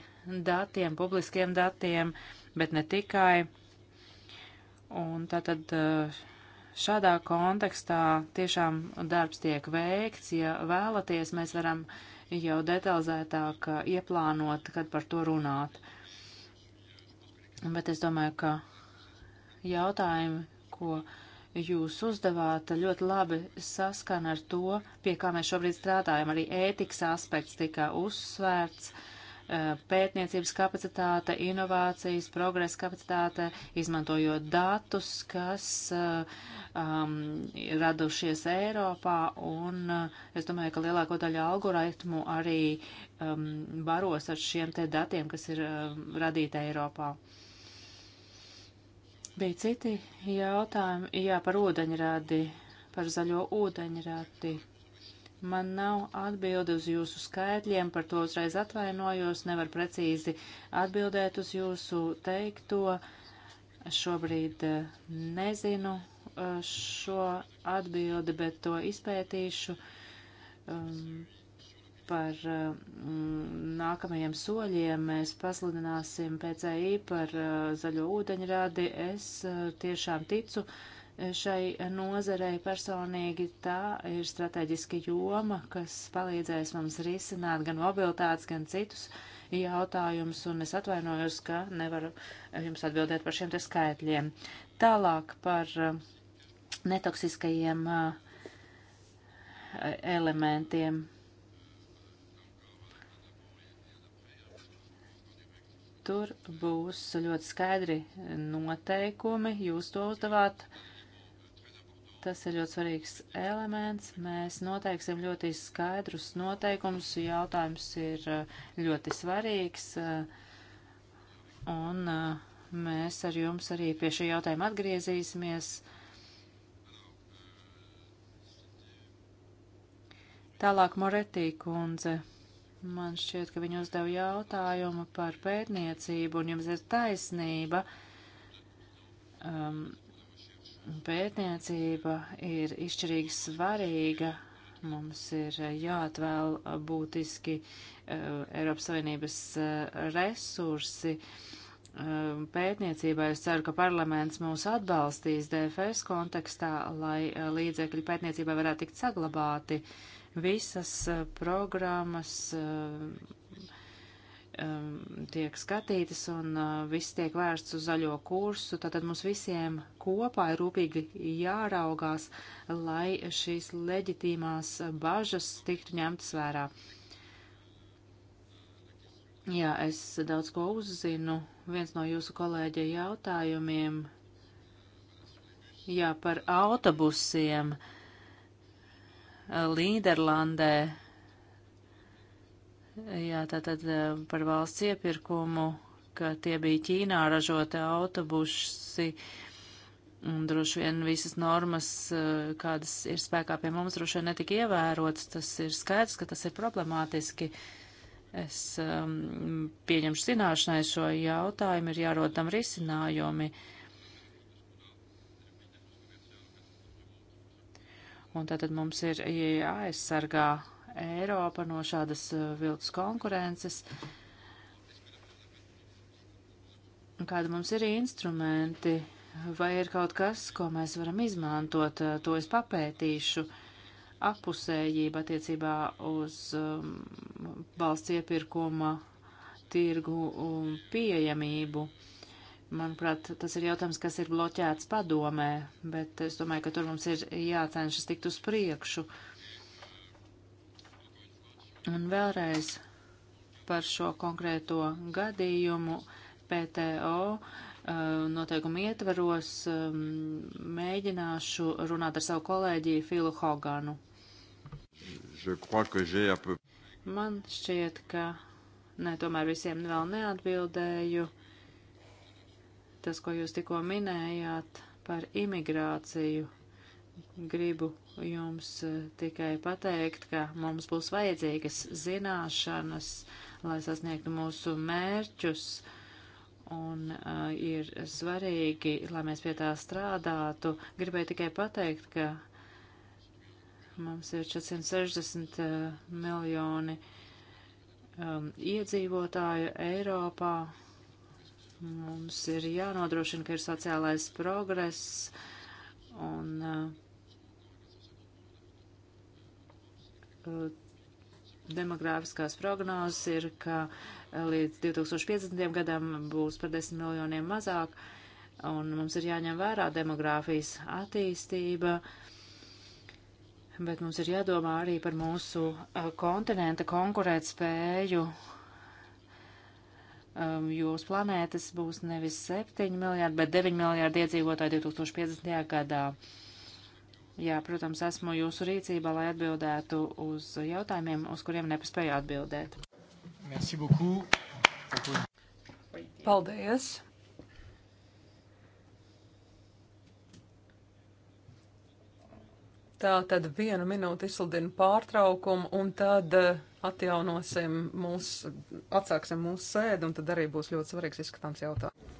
datiem, publiskiem datiem, bet ne tikai. Un tātad eh, šādā kontekstā tiešām darbs tiek veikts. Ja vēlaties, mēs varam jau detalizētāk eh, ieplānot, kad par to runāt. Bet es domāju, ka jautājumi, ko uh, jūs uzdevāt, ļoti labi saskana ar to, pie kā mēs šobrīd strādājam. Arī ētikas aspekts tika uzsvērts, eh, pētniecības kapacitāte, inovācijas, progresa kapacitāte, izmantojot datus, kas eh, um, radušies Eiropā, un eh, es domāju, ka lielāko daļu algoritmu arī um, baros ar šiem te datiem, kas ir um, radīti Eiropā. Uh, Bija citi jautājumi, jā, par ūdeņradi, par zaļo ūdeņradi. Man nav atbildi uz jūsu skaitļiem, par to uzreiz atvainojos, nevar precīzi atbildēt uz jūsu teikto. Šobrīd eh, nezinu eh, šo atbildi, bet to izpētīšu. Um, par eh, mm, nākamajiem soļiem. Mēs pasludināsim PCI par uh, zaļo ūdeņradi. Es uh, tiešām ticu šai nozarei personīgi. Tā ir strateģiska joma, kas palīdzēs mums risināt gan mobilitātes, gan citus jautājumus, un es atvainojos, ka nevaru jums atbildēt par šiem te skaitļiem. Tālāk par uh, netoksiskajiem uh, elementiem. Tur būs ļoti skaidri noteikumi, jūs to uzdevāt. Tas ir ļoti svarīgs elements. Mēs noteiksim ļoti skaidrus noteikumus. Jautājums ir eh, ļoti svarīgs. Eh, un eh, mēs ar jums arī pie šī jautājuma atgriezīsimies. Tālāk Moretī kundze. Man šķiet, ka viņi uzdeva jautājumu par pētniecību, un jums ir taisnība. Um, pētniecība ir izšķirīgi svarīga. Mums ir jāatvēl būtiski uh, Eiropas Savienības uh, resursi uh, um, pētniecībai. Es ceru, ka parlaments mūs atbalstīs DFS kontekstā, lai uh, līdzekļi pētniecībai varētu tikt saglabāti. Uh, Visas eh, programmas eh, tiek skatītas un eh, viss tiek vērsts uz zaļo kursu, tātad mums visiem kopā ir rūpīgi jāraugās, lai šīs leģitīmās bažas tiktu ņemtas vērā. Jā, es daudz ko uzzinu. Viens no jūsu kolēģa jautājumiem, jā, par autobusiem. Uh, Līderlandē. Jā, tātad eh, par valsts iepirkumu, ka tie bija Ķīnā ražoti autobusi. Un droši vien visas normas, eh, kādas ir spēkā pie mums, droši vien netika ievērotas. Tas ir skaidrs, ka tas ir problemātiski. Es um, pieņemšu zināšanai šo jautājumu, ir jārodam risinājumi. Uh, Un tātad mums ir jāaizsargā Eiropa no šādas uh, viltus konkurences. Kāda mums ir instrumenti, vai ir kaut kas, ko mēs varam izmantot, uh, to es papētīšu apusējība attiecībā uz um, valsts iepirkuma tirgu um, pieejamību. Uh, Manuprāt, tas ir jautājums, kas ir bloķēts padomē, bet es domāju, ka tur mums ir jācenšas tikt uz priekšu. Un vēlreiz par šo konkrēto gadījumu PTO uh, noteikumu ietvaros um, mēģināšu runāt ar savu kolēģi Filu Hoganu. Man šķiet, ka ne, tomēr visiem vēl neatbildēju Tas, ko jūs tikko minējāt par imigrāciju, gribu jums eh, tikai pateikt, ka mums būs vajadzīgas zināšanas, lai sasniegtu mūsu mērķus, un uh, ir svarīgi, lai mēs pie tā strādātu. Gribēju tikai pateikt, ka mums ir 460 uh, eh, miljoni um, iedzīvotāju Eiropā, Mums ir jānodrošina, ka ir sociālais progress un uh, uh demogrāfiskās prognozes ir, ka uh, līdz 2050. gadam būs par 10 miljoniem mazāk, un mums ir jāņem vērā demogrāfijas attīstība, bet mums ir jādomā arī par mūsu uh, kontinenta konkurētspēju um, jūras planētas būs nevis 7 miljārdi, bet 9 miljārdi iedzīvotāji 2050. gadā. Jā, protams, esmu jūsu rīcībā, lai atbildētu uz jautājumiem, uz kuriem nepaspēju atbildēt. Merci beaucoup. Paldies! Tā tad vienu minūti izsludinu pārtraukumu un tad uh, atjaunosim mūsu, atsāksim mūsu sēdi, un tad arī būs ļoti svarīgs izskatāms jautājums.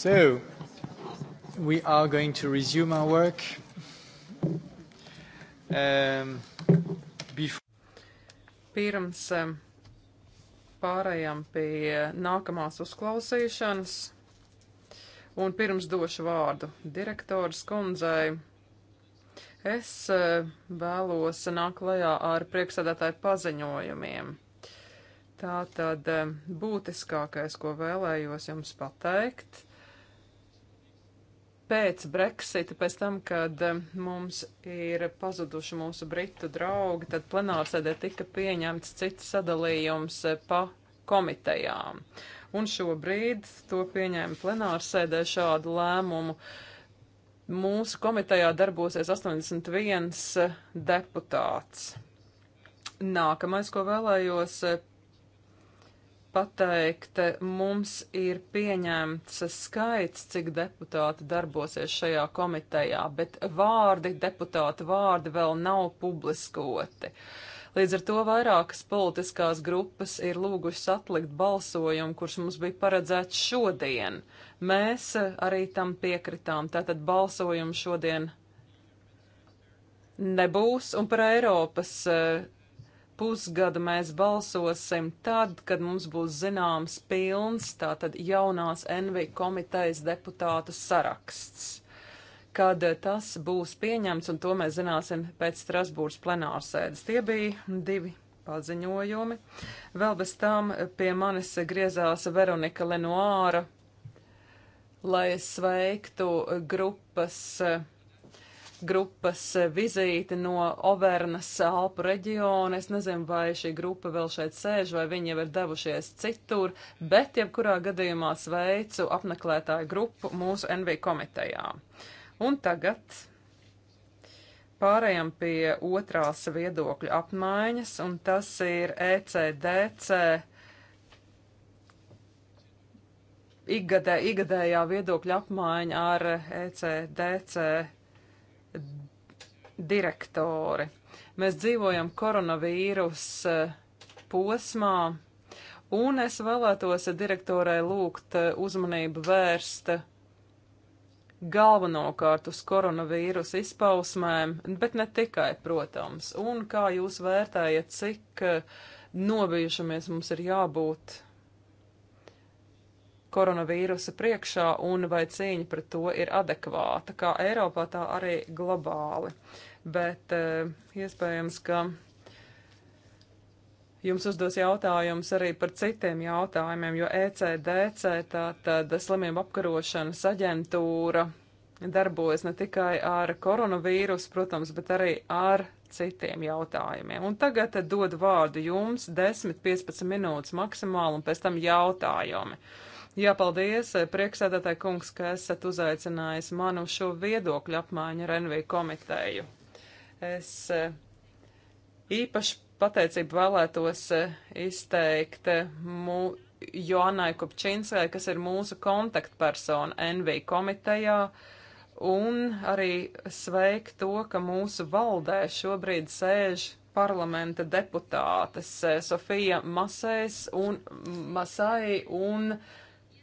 So, we are going to resume our work. Um, before... Pirms um, pārējām pie nākamās uzklausīšanas un pirms došu vārdu direktoras kundzei, es uh, vēlos nākt lejā ar priekšsēdētāju paziņojumiem. Tātad um, būtiskākais, ko vēlējos jums pateikt, pēc Brexita, pēc tam, kad eh, mums ir pazuduši mūsu britu draugi, tad plenārsēdē tika pieņemts cits sadalījums eh, pa komitejām. Un šobrīd to pieņēma plenārsēdē šādu lēmumu. Mūsu komitejā darbosies 81 eh, deputāts. Nākamais, ko vēlējos pateikt, mums ir pieņemts skaits, cik deputāti darbosies šajā komitejā, bet vārdi, deputāta vārdi vēl nav publiskoti. Līdz ar to vairākas politiskās grupas ir lūgušas atlikt balsojumu, kurš mums bija paredzēts šodien. Mēs arī tam piekritām, tātad balsojumu šodien nebūs, un par Eiropas uh, pusgada mēs balsosim tad, kad mums būs zināms pilns tātad jaunās NV komitejas deputātu saraksts. Kad tas būs pieņemts, un to mēs zināsim pēc Strasbūras plenārsēdes. Tie bija divi paziņojumi. Vēl bez tam pie manis griezās Veronika Lenoāra, lai sveiktu grupas uh, grupas vizīti no Overnas Alpu reģiona. Es nezinu, vai šī grupa vēl šeit sēž, vai viņi jau ir devušies citur, bet jebkurā gadījumā sveicu apmeklētāju grupu mūsu NV komitejā. Un tagad pārējām pie otrās viedokļa apmaiņas, un tas ir ECDC Igadē, igadējā viedokļa apmaiņa ar ECDC direktori. Mēs dzīvojam koronavīrusa eh, posmā, un es vēlētos direktorai lūgt eh, uzmanību vērst galvenokārt uz koronavīrusa izpausmēm, bet ne tikai, protams. Un kā jūs vērtējat, cik eh, nobijušamies mums ir jābūt koronavīrusa priekšā un vai cīņa pret to ir adekvāta, kā Eiropā, tā arī globāli. Bet e, iespējams, ka jums uzdos jautājums arī par citiem jautājumiem, jo ECDC, tātad slimību apkarošanas aģentūra, darbojas ne tikai ar koronavīrusu, protams, bet arī ar citiem jautājumiem. Un tagad dod vārdu jums 10-15 minūtes maksimāli un pēc tam jautājumi. Uh, Jā, paldies, eh, prieksēdētāji kungs, ka esat uzaicinājis manu šo viedokļu apmaiņu ar NV komiteju. Es eh, īpaši pateicību vēlētos eh, izteikt mū, Joannai Kupčinskai, kas ir mūsu kontaktpersona NV komitejā, un arī sveikt to, ka mūsu valdē šobrīd sēž parlamenta deputātes Sofija Masais un Masai un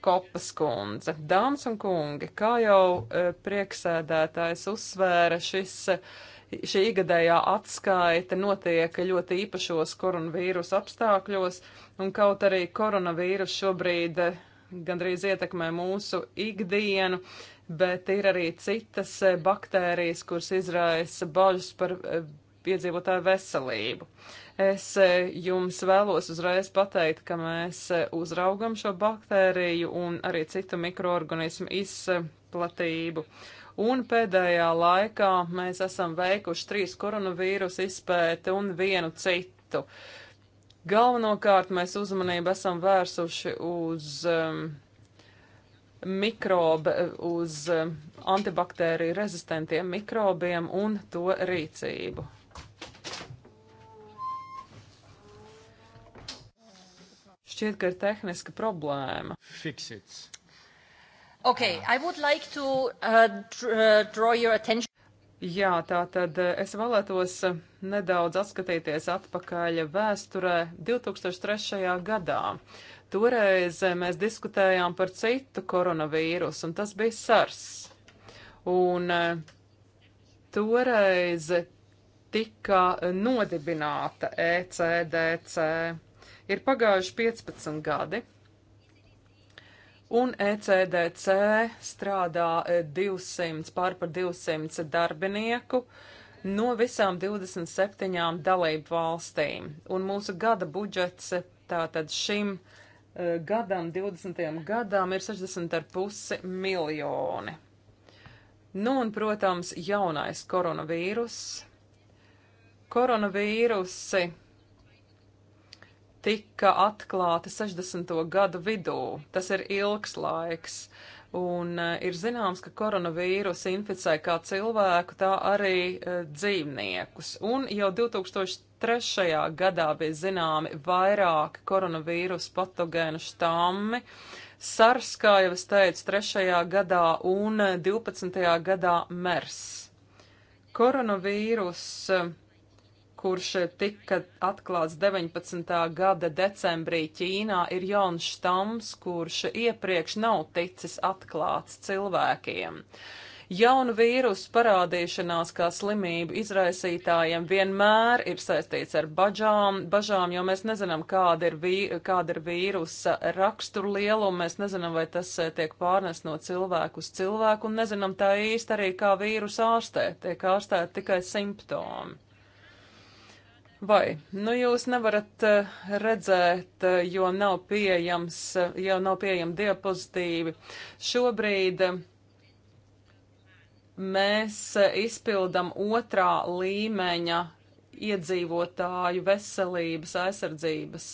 Kopas kundze. Dāmas un kungi, kā jau e, prieksēdētājs uzsvēra, šis, šī igadējā atskaita notiek ļoti īpašos koronavīrusa apstākļos, un kaut arī koronavīrus šobrīd e, gandrīz ietekmē mūsu ikdienu, bet ir arī citas e, baktērijas, kuras izraisa bažas par e, piedzīvotāju veselību. Uh, Es e, jums vēlos uzreiz pateikt, ka mēs e, uzraugam šo baktēriju un arī citu mikroorganismu izplatību. Un pēdējā laikā mēs esam veikuši trīs koronavīrusu izpēti un vienu citu. Galvenokārt mēs uzmanību esam vērsuši uz um, mikrobi, uz um, antibaktēriju rezistentiem mikrobiem un to rīcību. Šķiet, ka ir tehniska problēma. Fix it. Okay, I would like to uh, uh draw your attention. Jā, tā tad uh, es vēlētos uh, nedaudz atskatīties atpakaļ vēsturē 2003. gadā. Toreiz mēs diskutējām par citu koronavīrusu, un tas bija SARS. Un toreiz tika nodibināta ECDC. Ir pagājuši 15 gadi, un ECDC strādā 200, e, pār par 200 darbinieku no visām 27 dalību valstīm. Un mūsu gada budžets tātad šim e, gadam, 20. gadam, ir 60,5 miljoni. Nu, un, protams, jaunais koronavīrus. Koronavīrusi tika atklāti 60. gadu vidū. Tas ir ilgs laiks. Un e, ir zināms, ka koronavīrus inficē kā cilvēku, tā arī uh, dzīvniekus. Un jau 2003. gadā bija zināmi vairāki koronavīrus patogēnu štammi. SARS, kā jau es teicu, 3. gadā un 12. gadā MERS. Koronavīrus uh, kurš tika atklāts 19. gada decembrī Ķīnā, ir jauns štams, kurš iepriekš nav ticis atklāts cilvēkiem. Jaunu vīrusu parādīšanās kā slimību izraisītājiem vienmēr ir saistīts ar bažām, bažām jo mēs nezinām, kāda ir, vī, kāda ir vīrusa rakstura lieluma, mēs nezinām, vai tas eh, tiek pārnest no cilvēku uz cilvēku, un nezinām tā īsti arī, kā vīrusu ārstēt, tiek ārstēt tikai simptomi. Vai nu jūs nevarat eh, redzēt, eh, jo nav pieejams, eh, jau nav pieejami diapozitīvi. Šobrīd mēs izpildam otrā līmeņa iedzīvotāju veselības aizsardzības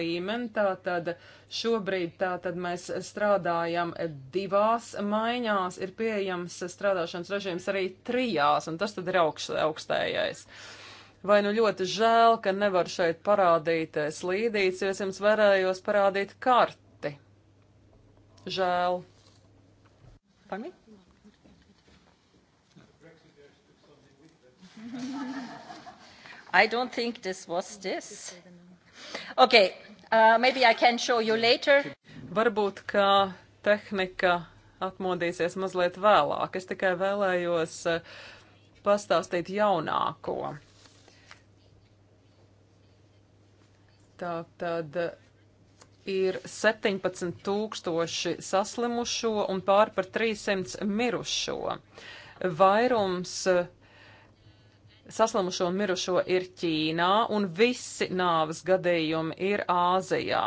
līmeni. Tātad šobrīd tātad mēs strādājam divās maiņās, ir pieejams strādāšanas režīms arī trijās, un tas tad ir augst, augstējais. Uh, Vai nu ļoti žēl, ka nevar šeit parādīt slīdīts, jo es jums varējos parādīt karti. Žēl. Pami? I don't think this was this. Okay, uh, maybe I can show you later. Varbūt, ka tehnika atmodīsies mazliet vēlāk. Es tikai vēlējos uh, pastāstīt jaunāko. Tā tad ir 17,000 saslimušo un pār par 300 mirušo. Vairums eh, saslimušo un mirušo ir Ķīnā, un visi nāves gadījumi ir Āzijā.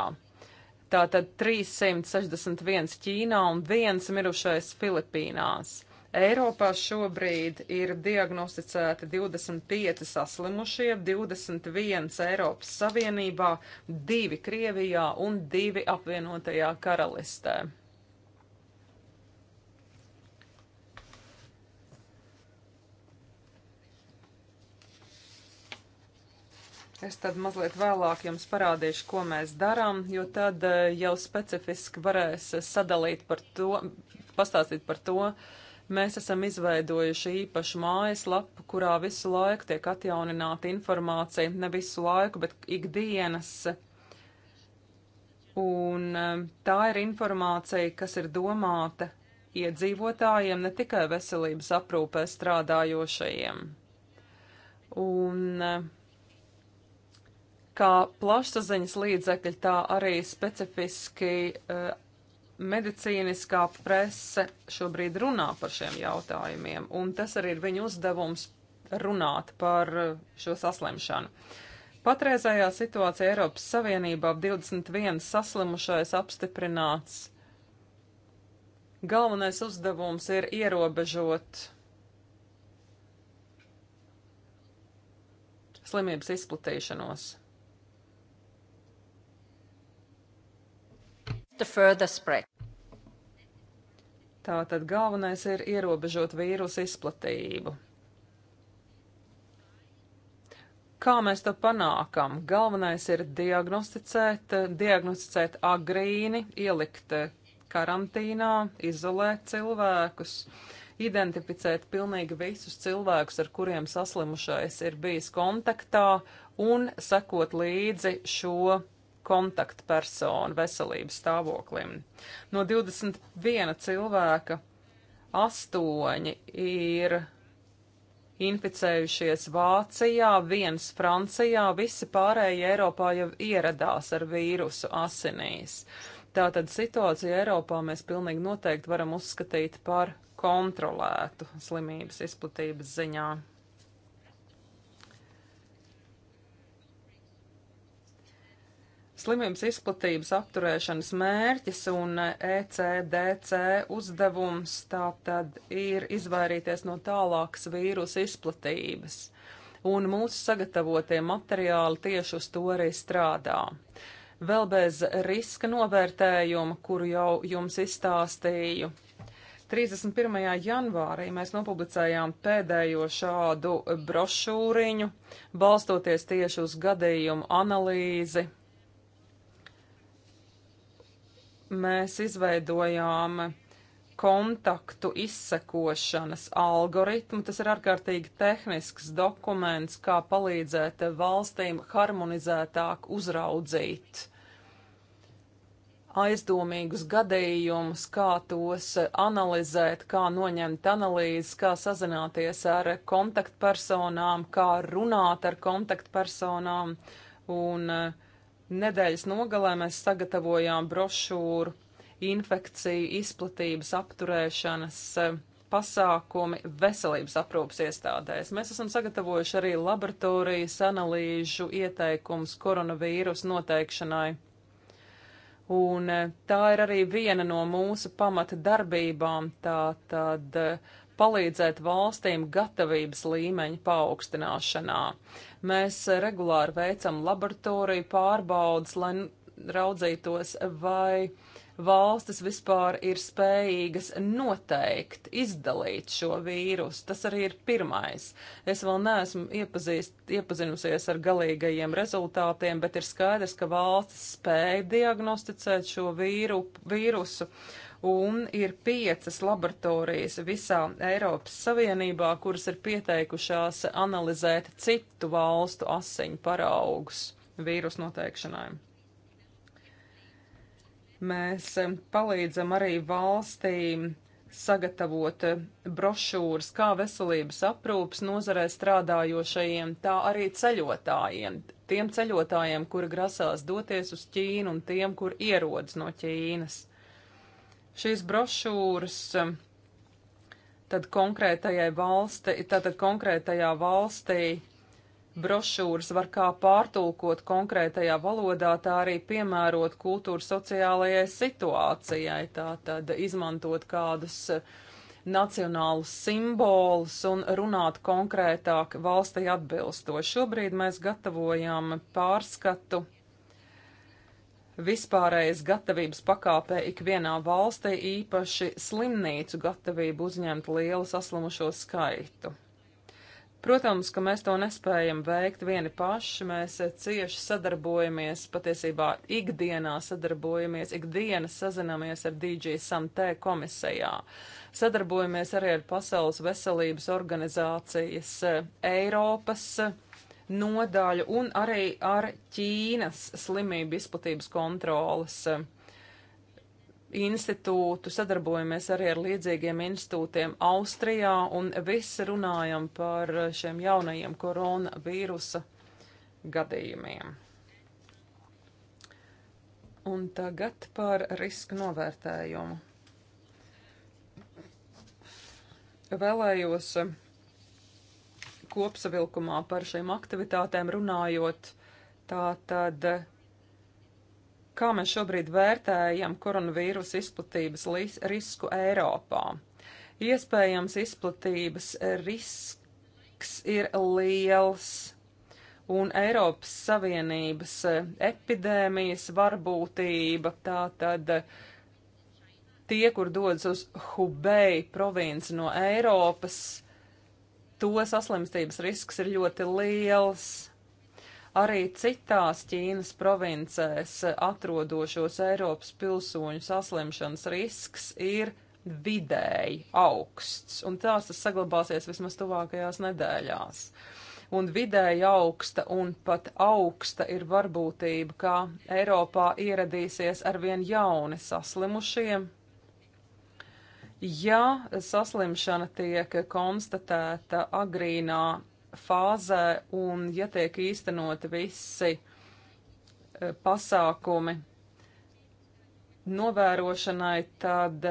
Tātad 361 Ķīnā un viens mirušais Filipīnās. Eiropā šobrīd ir diagnosticēti 25 saslimušie, 21 Eiropas Savienībā, 2 Krievijā un 2 apvienotajā karalistē. Es tad mazliet vēlāk jums parādīšu, ko mēs darām, jo tad eh, jau specifiski varēs eh, sadalīt par to, pastāstīt par to, uh, Mēs esam izveidojuši īpašu mājaslapu, kurā visu laiku tiek atjaunināta informācija, ne visu laiku, bet ikdienas. Un um, tā ir informācija, kas ir domāta iedzīvotājiem, ne tikai veselības aprūpē strādājošajiem. Un um, kā plašsaziņas līdzekļi, tā arī specifiski uh, medicīniskā prese šobrīd runā par šiem jautājumiem, un tas arī ir viņu uzdevums runāt par uh, šo saslimšanu. Patreizējā situācija Eiropas Savienībā 21 saslimušais apstiprināts. Galvenais uzdevums ir ierobežot slimības izplatīšanos. Tātad galvenais ir ierobežot vīrusu izplatību. Kā mēs to panākam? Galvenais ir diagnosticēt, diagnosticēt agrīni, ielikt eh, karantīnā, izolēt cilvēkus, identificēt pilnīgi visus cilvēkus, ar kuriem saslimušais ir bijis kontaktā un sekot līdzi šo kontaktpersonu veselības stāvoklim. No 21 cilvēka 8 ir inficējušies Vācijā, viens Francijā, visi pārējie Eiropā jau ieradās ar vīrusu asinīs. Tātad situāciju Eiropā mēs pilnīgi noteikti varam uzskatīt par kontrolētu slimības izplatības ziņā. Slimības izplatības apturēšanas mērķis un ECDC uzdevums tātad ir izvairīties no tālākas vīrusa izplatības. Un mūsu sagatavotie materiāli tieši uz to arī strādā. Vēl bez riska novērtējuma, kuru jau jums izstāstīju, 31. janvārī mēs nopublicējām pēdējo šādu brošūriņu, balstoties tieši uz gadījumu analīzi mēs izveidojām kontaktu izsekošanas algoritmu. Tas ir ārkārtīgi tehnisks dokuments, kā palīdzēt valstīm harmonizētāk uzraudzīt aizdomīgus gadījumus, kā tos analizēt, kā noņemt analīzes, kā sazināties ar kontaktpersonām, kā runāt ar kontaktpersonām un uh, Nedēļas nogalē mēs sagatavojām brošūru infekciju izplatības apturēšanas e, pasākumi veselības aprūpas iestādēs. Mēs esam sagatavojuši arī laboratorijas analīžu ieteikums koronavīrus noteikšanai. Un e, tā ir arī viena no mūsu pamata darbībām, tā tad e, palīdzēt valstīm gatavības līmeņa paaugstināšanā. Mēs regulāri veicam laboratoriju pārbaudas, lai raudzītos, vai valstis vispār ir spējīgas noteikt, izdalīt šo vīrusu. Tas arī ir pirmais. Es vēl neesmu iepazīst, iepazinusies ar galīgajiem rezultātiem, bet ir skaidrs, ka valstis spēja diagnosticēt šo vīru, vīrusu. Uh, un ir piecas laboratorijas visā Eiropas Savienībā, kuras ir pieteikušās analizēt citu valstu asiņu paraugus vīrusu noteikšanai. Mēs palīdzam arī valstīm sagatavot eh, brošūras kā veselības aprūpas nozarē strādājošajiem, tā arī ceļotājiem. Tiem ceļotājiem, kuri grasās doties uz Ķīnu un tiem, kur ierodas no Ķīnas šīs brošūras um, tad konkrētajai valstī, tātad konkrētajā valstī brošūras var kā pārtulkot konkrētajā valodā, tā arī piemērot kultūras sociālajai situācijai, tātad izmantot kādus uh, nacionālus simbolus un runāt konkrētāk valstī atbilstoši. Šobrīd mēs gatavojam pārskatu vispārējais gatavības pakāpē ikvienā valstī īpaši slimnīcu gatavību uzņemt lielu saslimušo skaitu. Protams, ka mēs to nespējam veikt vieni paši, mēs cieši sadarbojamies, patiesībā ikdienā sadarbojamies, ikdienas sazinamies ar DJ Santē komisijā. Sadarbojamies arī ar Pasaules veselības organizācijas eh, Eiropas nodaļu un arī ar Ķīnas slimību izplatības kontrolas eh, institūtu, sadarbojamies arī ar līdzīgiem institūtiem Austrijā un visi runājam par šiem jaunajiem koronavīrusa gadījumiem. Un tagad par risku novērtējumu. Vēlējos uh, kopsavilkumā par šīm aktivitātēm runājot, tā tad, kā mēs šobrīd vērtējam koronavīrus izplatības risku Eiropā? Iespējams, izplatības risks ir liels, un Eiropas Savienības epidēmijas varbūtība tā tad tie, kur dodas uz Hubei provinci no Eiropas, to saslimstības risks ir ļoti liels. Arī citās Ķīnas provincēs atrodošos Eiropas pilsoņu saslimšanas risks ir vidēji augsts, un tās tas saglabāsies vismaz tuvākajās nedēļās. Un vidēji augsta un pat augsta ir varbūtība, ka Eiropā ieradīsies arvien jauni saslimušie, Ja saslimšana tiek konstatēta agrīnā fāzē un ja tiek īstenoti visi e, pasākumi novērošanai, tad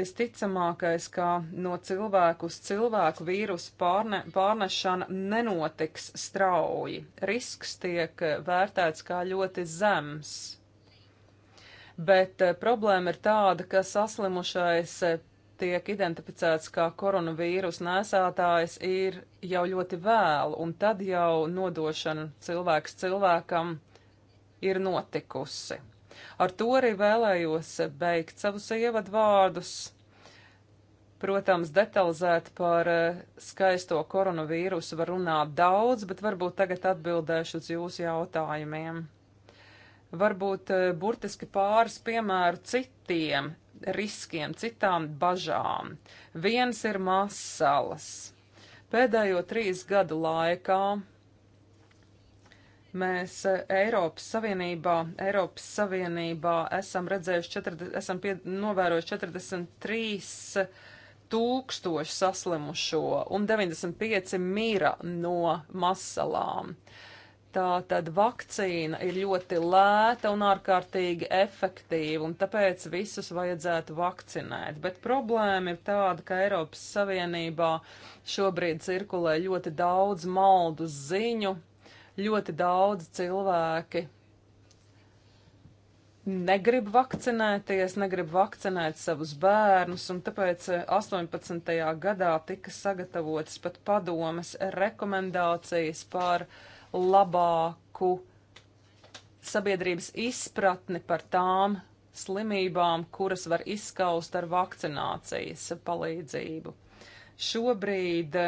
Visticamākais, ka no cilvēku uz cilvēku vīrusu pārne, pārnešana nenotiks strauji. Risks tiek vērtēts kā ļoti zems bet eh, problēma ir tāda, ka saslimušais eh, tiek identificēts kā koronavīrus nesētājs ir jau ļoti vēlu, un tad jau nodošana cilvēks cilvēkam ir notikusi. Ar to arī vēlējos eh, beigt savus ievadvārdus. Protams, detalizēt par skaisto koronavīrusu var runāt daudz, bet varbūt tagad atbildēšu uz jūsu jautājumiem varbūt eh, burtiski pāris piemēru citiem riskiem, citām bažām. Viens ir masalas. Pēdējo trīs gadu laikā mēs eh, Eiropas Savienībā, Eiropas Savienībā esam redzējuši, 40, esam pie, novērojuši 43 tūkstoši saslimušo un 95 mira no masalām. Uh, Tā tad vakcīna ir ļoti lēta un ārkārtīgi efektīva, un tāpēc visus vajadzētu vakcinēt. Bet problēma ir tāda, ka Eiropas Savienībā šobrīd cirkulē ļoti daudz maldu ziņu, ļoti daudz cilvēki negrib vakcinēties, negrib vakcinēt savus bērnus, un tāpēc 18. Eh, gadā tika sagatavotas pat padomas rekomendācijas par labāku sabiedrības izpratni par tām slimībām, kuras var izskaust ar vakcinācijas palīdzību. Šobrīd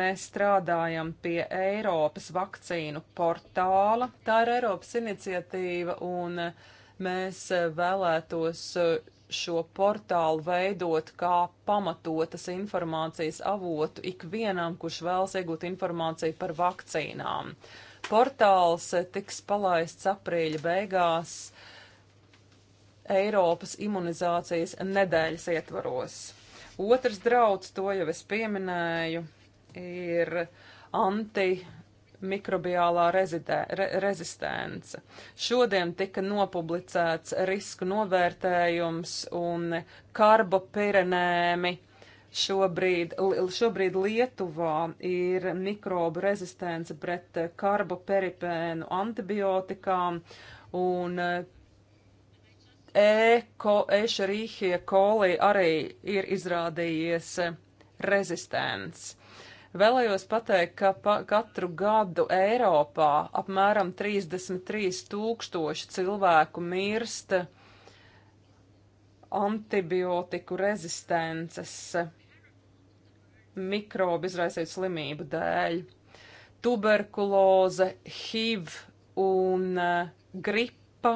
mēs strādājam pie Eiropas vakcīnu portāla. Tā ir Eiropas iniciatīva, un mēs vēlētos šo portālu veidot kā pamatotas informācijas avotu ikvienam, kurš vēlas iegūt informāciju par vakcīnām. Portāls eh, tiks palaists aprīļa beigās Eiropas imunizācijas nedēļas ietvaros. Otrs draudz, to jau es pieminēju, ir anti mikrobiālā rezidē, re, rezistence. Šodien tika nopublicēts risku novērtējums un karbopirenēmi. Šobrīd, šobrīd Lietuvā ir mikrobu rezistence pret karboperipēnu antibiotikām un E. Ko, Ešerīhie kolī arī ir izrādījies rezistents. Vēlējos pateikt, ka pa katru gadu Eiropā apmēram 33 tūkstoši cilvēku mirst antibiotiku rezistences mikrobu izraisītu slimību dēļ. Tuberkuloze, HIV un eh, gripa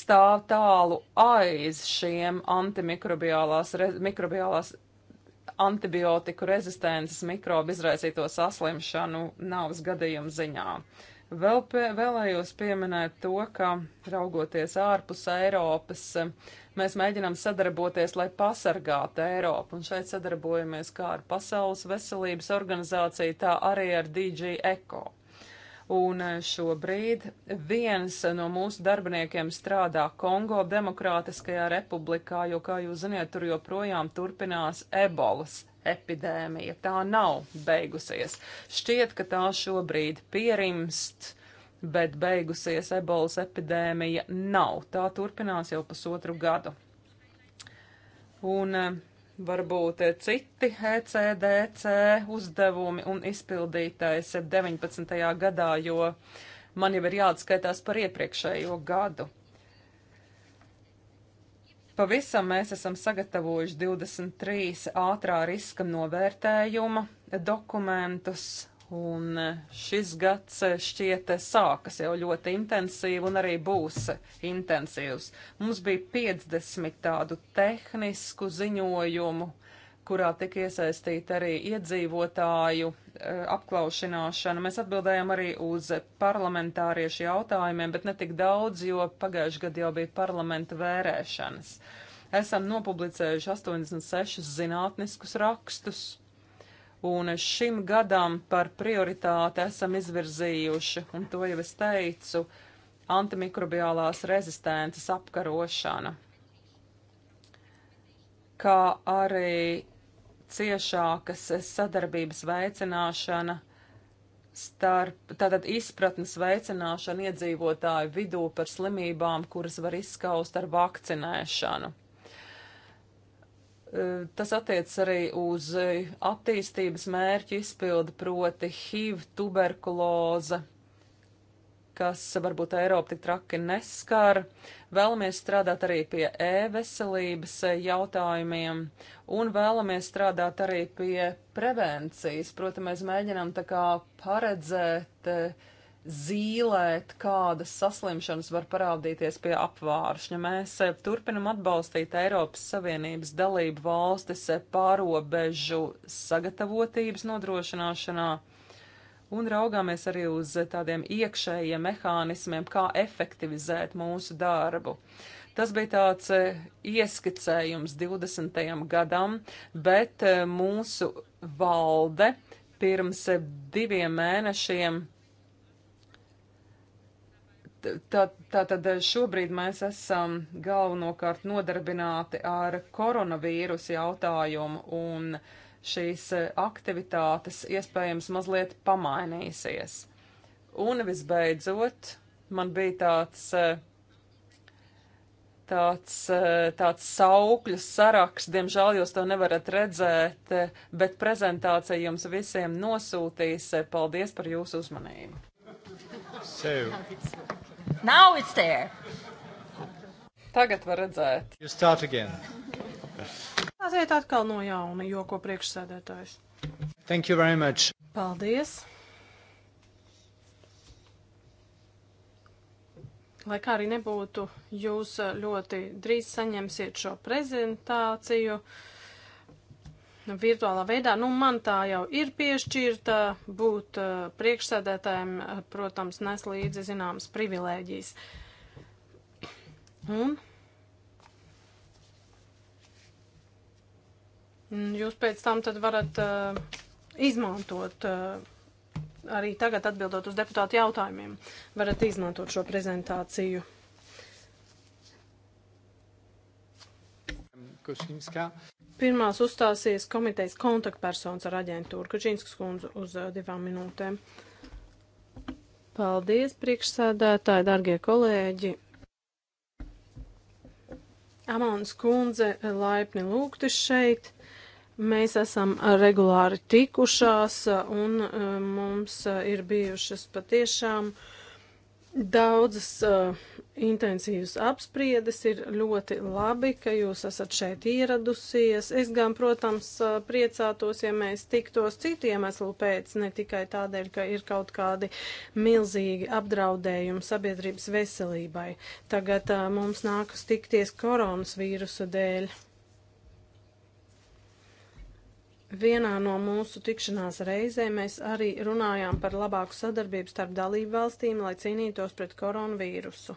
stāv tālu aiz šiem antimikrobiālās, re, mikrobiālās antibiotiku rezistences mikrobu izraisīto saslimšanu navas gadījumu ziņā. Vēl pie, vēlējos pieminēt to, ka raugoties ārpus Eiropas, mēs mēģinām sadarboties, lai pasargātu Eiropu, un šeit sadarbojamies kā ar Pasaules veselības organizāciju, tā arī ar DG Eco. Un eh, šobrīd viens no mūsu darbiniekiem strādā Kongo Demokrātiskajā republikā, jo, kā jūs ziniet, tur joprojām turpinās ebolas epidēmija. Tā nav beigusies. Šķiet, ka tā šobrīd pierimst, bet beigusies ebolas epidēmija nav. Tā turpinās jau pusotru gadu. Un eh, varbūt eh, citi ECDC uzdevumi un izpildītais 19. gadā, jo man jau ir jāatskaitās par iepriekšējo gadu. Pavisam mēs esam sagatavojuši 23 ātrā riska novērtējuma dokumentus Un e, šis gads e, šķiet e, sākas jau ļoti intensīvi un arī būs intensīvs. Mums bija 50 tādu tehnisku ziņojumu, kurā tika iesaistīta arī iedzīvotāju apklaušināšana. Mēs atbildējām arī uz parlamentāriešu jautājumiem, bet ne tik daudz, jo pagājuši gadu jau bija parlamenta vērēšanas. Esam nopublicējuši 86 zinātniskus rakstus un šim gadam par prioritāti esam izvirzījuši, un to jau es teicu, antimikrobiālās rezistences apkarošana, kā arī ciešākas sadarbības veicināšana starp, tātad izpratnes veicināšana iedzīvotāju vidū par slimībām, kuras var izskaust ar vakcinēšanu. Tas attiecas arī uz attīstības mērķu izpildi, proti HIV, tuberkuloze, kas varbūt Eiropu tik traki neskar. Vēlamies strādāt arī pie e-veselības jautājumiem un vēlamies strādāt arī pie prevencijas. Protams, mēs mēģinām tā kā paredzēt uh, zīlēt, kādas saslimšanas var parādīties pie apvāršņa. Mēs eh, turpinam atbalstīt Eiropas Savienības dalību valstis eh, pārobežu sagatavotības nodrošināšanā un raugāmies arī uz tādiem iekšējiem mehānismiem, kā efektivizēt mūsu darbu. Tas bija tāds eh, ieskicējums 20. gadam, bet mūsu valde pirms diviem mēnešiem Tātad šobrīd mēs esam galvenokārt nodarbināti ar koronavīrusu jautājumu, un šīs aktivitātes iespējams mazliet pamainīsies. Un visbeidzot, man bija tāds, tāds, tāds saukļu saraksts, diemžēl jūs to nevarat redzēt, bet prezentācija jums visiem nosūtīs. Paldies par jūsu uzmanību! So. Now it's there. Tagad var redzēt. You start again. Aiziet atkal no jauna, joko priekšsēdētājs. Thank you very much. Paldies. Lai kā arī nebūtu, jūs eh, ļoti drīz saņemsiet šo prezentāciju. Uh, Nu, virtuālā veidā. Nu, man tā jau ir piešķirta būt uh, priekšsēdētājiem, eh, protams, nes līdzi zināmas privilēģijas. Un jūs pēc tam tad varat uh, izmantot, uh, arī tagad atbildot uz deputātu jautājumiem, varat izmantot šo prezentāciju. Košinska. Pirmās uzstāsies komitejas kontaktpersonas ar aģentūru Kačīnskas kundzu uz divām minūtēm. Paldies, priekšsēdētāji, dargie kolēģi! Amons kundze laipni lūgti šeit. Mēs esam regulāri tikušās un mums ir bijušas patiešām uh, Daudzas uh, intensīvas apspriedes ir ļoti labi, ka jūs esat šeit ieradusies. Es gan, protams, uh, priecātos, ja mēs tiktos citu iemeslu pēc, ne tikai tādēļ, ka ir kaut kādi milzīgi apdraudējumi sabiedrības veselībai. Tagad uh, mums nākas tikties koronavīrusa dēļ. Vienā no mūsu tikšanās reizēm mēs arī runājām par labāku sadarbību starp dalību valstīm, lai cīnītos pret koronavīrusu.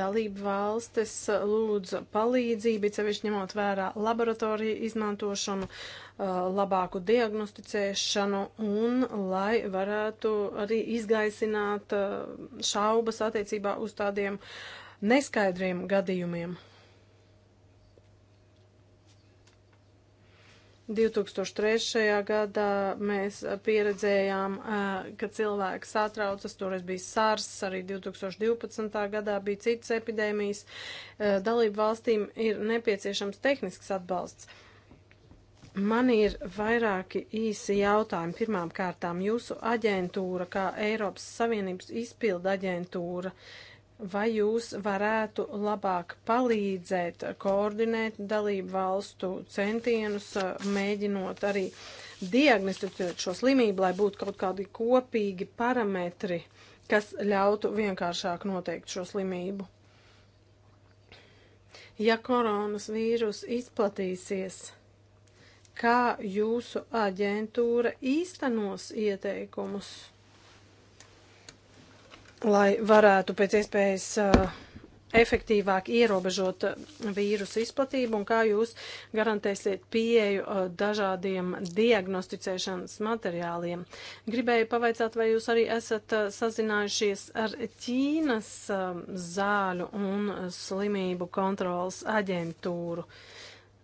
Dalību valstis lūdza palīdzību, cevišķi ņemot vērā laboratoriju izmantošanu, labāku diagnosticēšanu un lai varētu arī izgaisināt šaubas attiecībā uz tādiem neskaidriem gadījumiem. 2003. gadā mēs pieredzējām, ka cilvēki satraucas, toreiz bija SARS, arī 2012. gadā bija citas epidēmijas. Dalību valstīm ir nepieciešams tehnisks atbalsts. Man ir vairāki īsi jautājumi. Pirmām kārtām, jūsu aģentūra, kā Eiropas Savienības izpilda aģentūra, uh, Vai jūs varētu labāk palīdzēt koordinēt dalību valstu centienus, eh, mēģinot arī diagnosticēt šo slimību, lai būtu kaut kādi kopīgi parametri, kas ļautu vienkāršāk noteikt šo slimību? Ja koronas vīrus izplatīsies, kā jūsu aģentūra īstenos ieteikumus? lai varētu pēc iespējas uh, efektīvāk ierobežot uh, vīrusu izplatību un kā jūs garantēsiet pieeju uh, dažādiem diagnosticēšanas materiāliem. Gribēju pavaicāt, vai jūs arī esat uh, sazinājušies ar Ķīnas um, zāļu un slimību kontrolas aģentūru. Uh,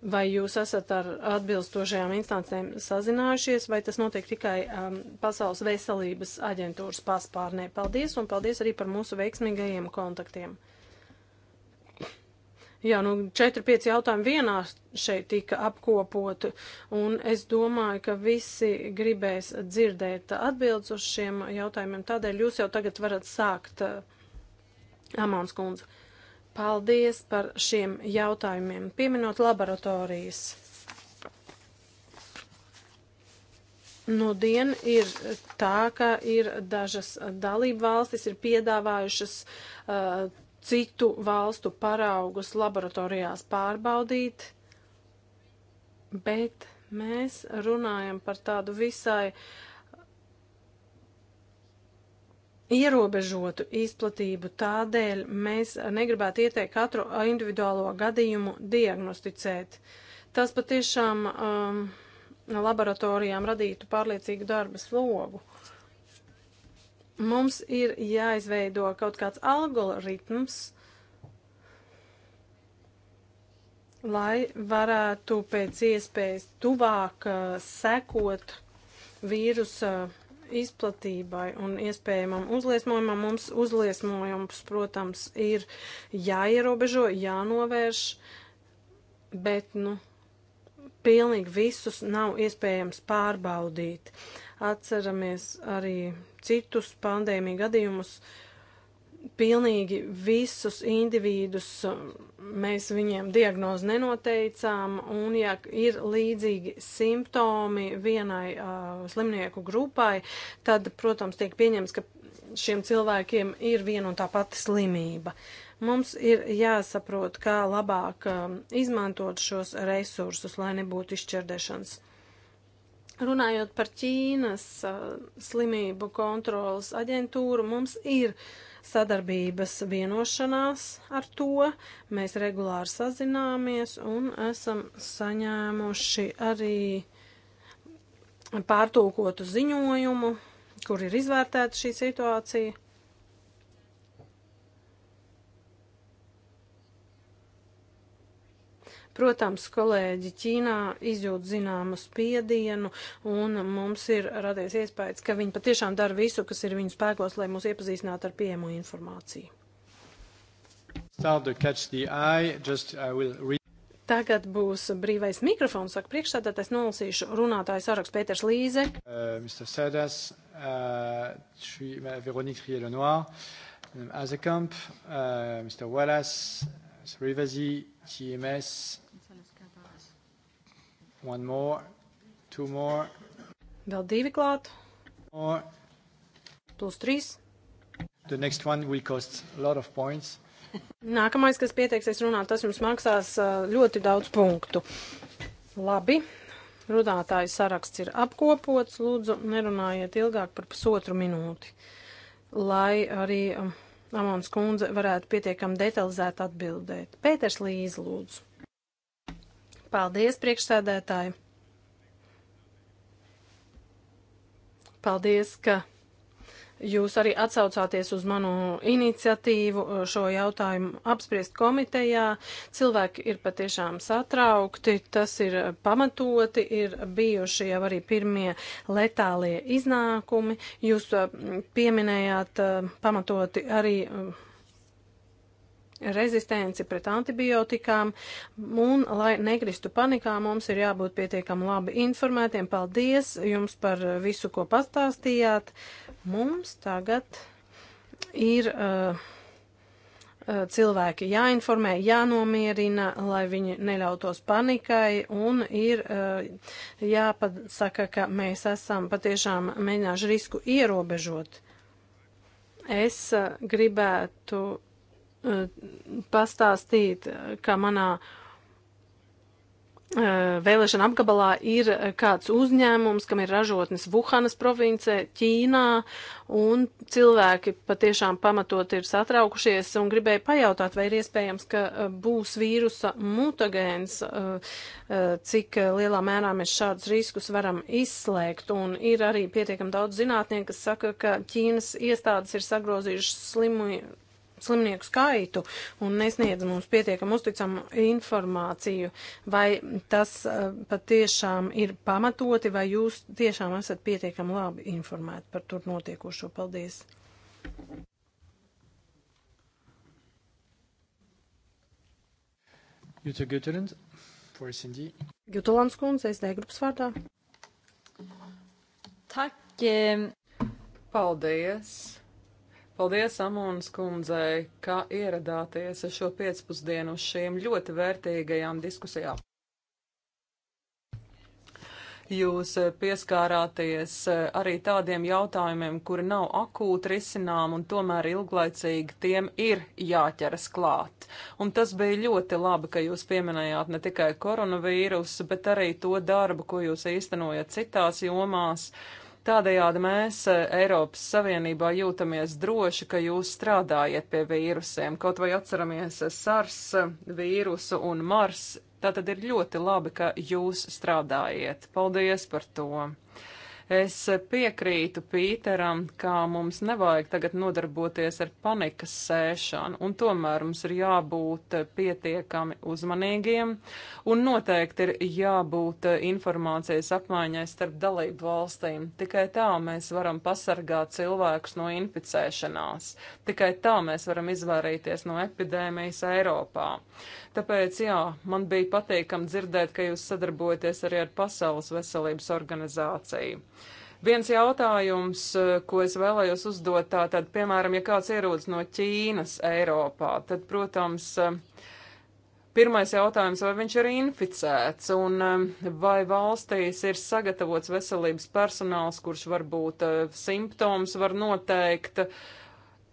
Vai jūs esat ar atbilstošajām instancēm sazinājušies, vai tas notiek tikai um, Pasaules veselības aģentūras paspārnē? Paldies, un paldies arī par mūsu veiksmīgajiem kontaktiem. Jā, nu, 4-5 jautājumi vienā šeit tika apkopoti, un es domāju, ka visi gribēs dzirdēt atbildes uz šiem jautājumiem. Tādēļ jūs jau tagad varat sākt, uh, Amāns kundze. Uh, Paldies par šiem jautājumiem, pieminot laboratorijas. Nu, dien ir tā, ka ir dažas dalība valstis ir piedāvājušas uh, citu valstu paraugus laboratorijās pārbaudīt, bet mēs runājam par tādu visai uh, ierobežotu izplatību. Tādēļ mēs negribētu ieteikt katru individuālo gadījumu diagnosticēt. Tas patiešām um, laboratorijām radītu pārliecīgu darba slogu. Mums ir jāizveido kaut kāds algoritms, lai varētu pēc iespējas tuvāk uh, sekot vīrusa uh, izplatībai un iespējamam uzliesmojumam mums uzliesmojums, protams, ir jāierobežo, jānovērš, bet, nu, pilnīgi visus nav iespējams pārbaudīt. Atceramies arī citus pandēmiju gadījumus, uh, pilnīgi visus indivīdus um, mēs viņiem diagnozi nenoteicām, un ja ir līdzīgi simptomi vienai uh, slimnieku grupai, tad, protams, tiek pieņems, ka šiem cilvēkiem ir viena un tā pati slimība. Mums ir jāsaprot, kā labāk um, izmantot šos resursus, lai nebūtu izšķirdēšanas. Runājot par Ķīnas uh, slimību kontrolas aģentūru, mums ir uh, sadarbības vienošanās ar to. Mēs regulāri sazināmies un esam saņēmuši arī pārtūkotu ziņojumu, kur ir izvērtēta šī situācija. Protams, kolēģi Ķīnā izjūt zināmu spiedienu, un mums ir radies iespējas, ka viņi patiešām dara visu, kas ir viņu spēkos, lai mūs iepazīstinātu ar pieejamo informāciju. Uh, Tagad būs brīvais mikrofons, saka priekšsēdētājs, nolasīšu runātāju sarakstu Pēters Līze. Uh, Mr. Sēdās, uh, Veronika Rielenoir, Azekamp, uh, Mr. Uh, Wallace, Srivasi, TMS, One more. Two more. Vēl divi klāt. More. Plus trīs. The next one will cost a lot of points. Nākamais, kas pieteiksies runāt, tas jums maksās uh, ļoti daudz punktu. Labi, runātāju saraksts ir apkopots. Lūdzu, nerunājiet ilgāk par pusotru minūti, lai arī um, Amons kundze varētu pietiekam detalizēt atbildēt. Pēters Līze, lūdzu. Paldies, priekšsēdētāji! Paldies, ka jūs arī atsaucāties uz manu iniciatīvu uh, šo jautājumu apspriest komitejā. Cilvēki ir patiešām satraukti, tas ir pamatoti, ir bijuši jau arī pirmie letālie iznākumi. Jūs uh, pieminējāt uh, pamatoti arī rezistenci pret antibiotikām, un, lai nekristu panikā, mums ir jābūt pietiekami labi informētiem. Paldies jums par visu, ko pastāstījāt. Mums tagad ir uh, uh, cilvēki jāinformē, jānomierina, lai viņi neļautos panikai, un ir uh, jāpasaka, ka mēs esam patiešām mēģinājuši risku ierobežot. Es uh, gribētu Eh, pastāstīt, ka manā eh, vēlēšana apgabalā ir kāds uzņēmums, kam ir ražotnes Vuhanas provincē, Ķīnā, un cilvēki patiešām pamatot ir satraukušies un gribēja pajautāt, vai ir iespējams, ka eh, būs vīrusa mutagēns, cik lielā mērā mēs šādus riskus varam izslēgt, un ir arī pietiekam daudz zinātnieku, kas saka, ka Ķīnas iestādes ir sagrozījušas slimu slimnieku skaitu un nesniedz mums pietiekam uzticamu informāciju. Vai tas eh, patiešām ir pamatoti, vai jūs tiešām esat pietiekam labi informēti par tur notiekošo? Paldies! Jutta Gutterland, for SND. Gutterlands kundze, SD grupas vārdā. Tak, paldies! Paldies Amons kundzei, ka ieradāties šo pēcpusdienu uz šīm ļoti vērtīgajām diskusijām. Jūs eh, pieskārāties eh, arī tādiem jautājumiem, kuri nav akūti risinām, un tomēr ilglaicīgi tiem ir jāķeras klāt. Un tas bija ļoti labi, ka jūs pieminējāt ne tikai koronavīrusu, bet arī to darbu, ko jūs īstenojat citās jomās. Uh, Tādējādi mēs eh, Eiropas Savienībā jūtamies droši, ka jūs strādājat pie vīrusiem. Kaut vai atceramies eh, SARS eh, vīrusu un Mars, tā tad ir ļoti labi, ka jūs strādājat. Paldies par to! Es piekrītu Pīteram, ka mums nevajag tagad nodarboties ar panikas sēšanu, un tomēr mums ir jābūt pietiekami uzmanīgiem, un noteikti ir jābūt informācijas apmaiņai starp dalību valstīm. Tikai tā mēs varam pasargāt cilvēkus no inficēšanās. Tikai tā mēs varam izvairīties no epidēmijas Eiropā. Tāpēc, jā, man bija patīkami dzirdēt, ka jūs sadarbojaties arī ar Pasaules veselības organizāciju. Viens jautājums, eh, ko es vēlējos uzdot, tā tad, piemēram, ja kāds ierodas no Ķīnas Eiropā, tad, protams, eh, Pirmais jautājums, vai viņš ir inficēts un eh, vai valstīs ir sagatavots veselības personāls, kurš varbūt simptoms var noteikt, uh,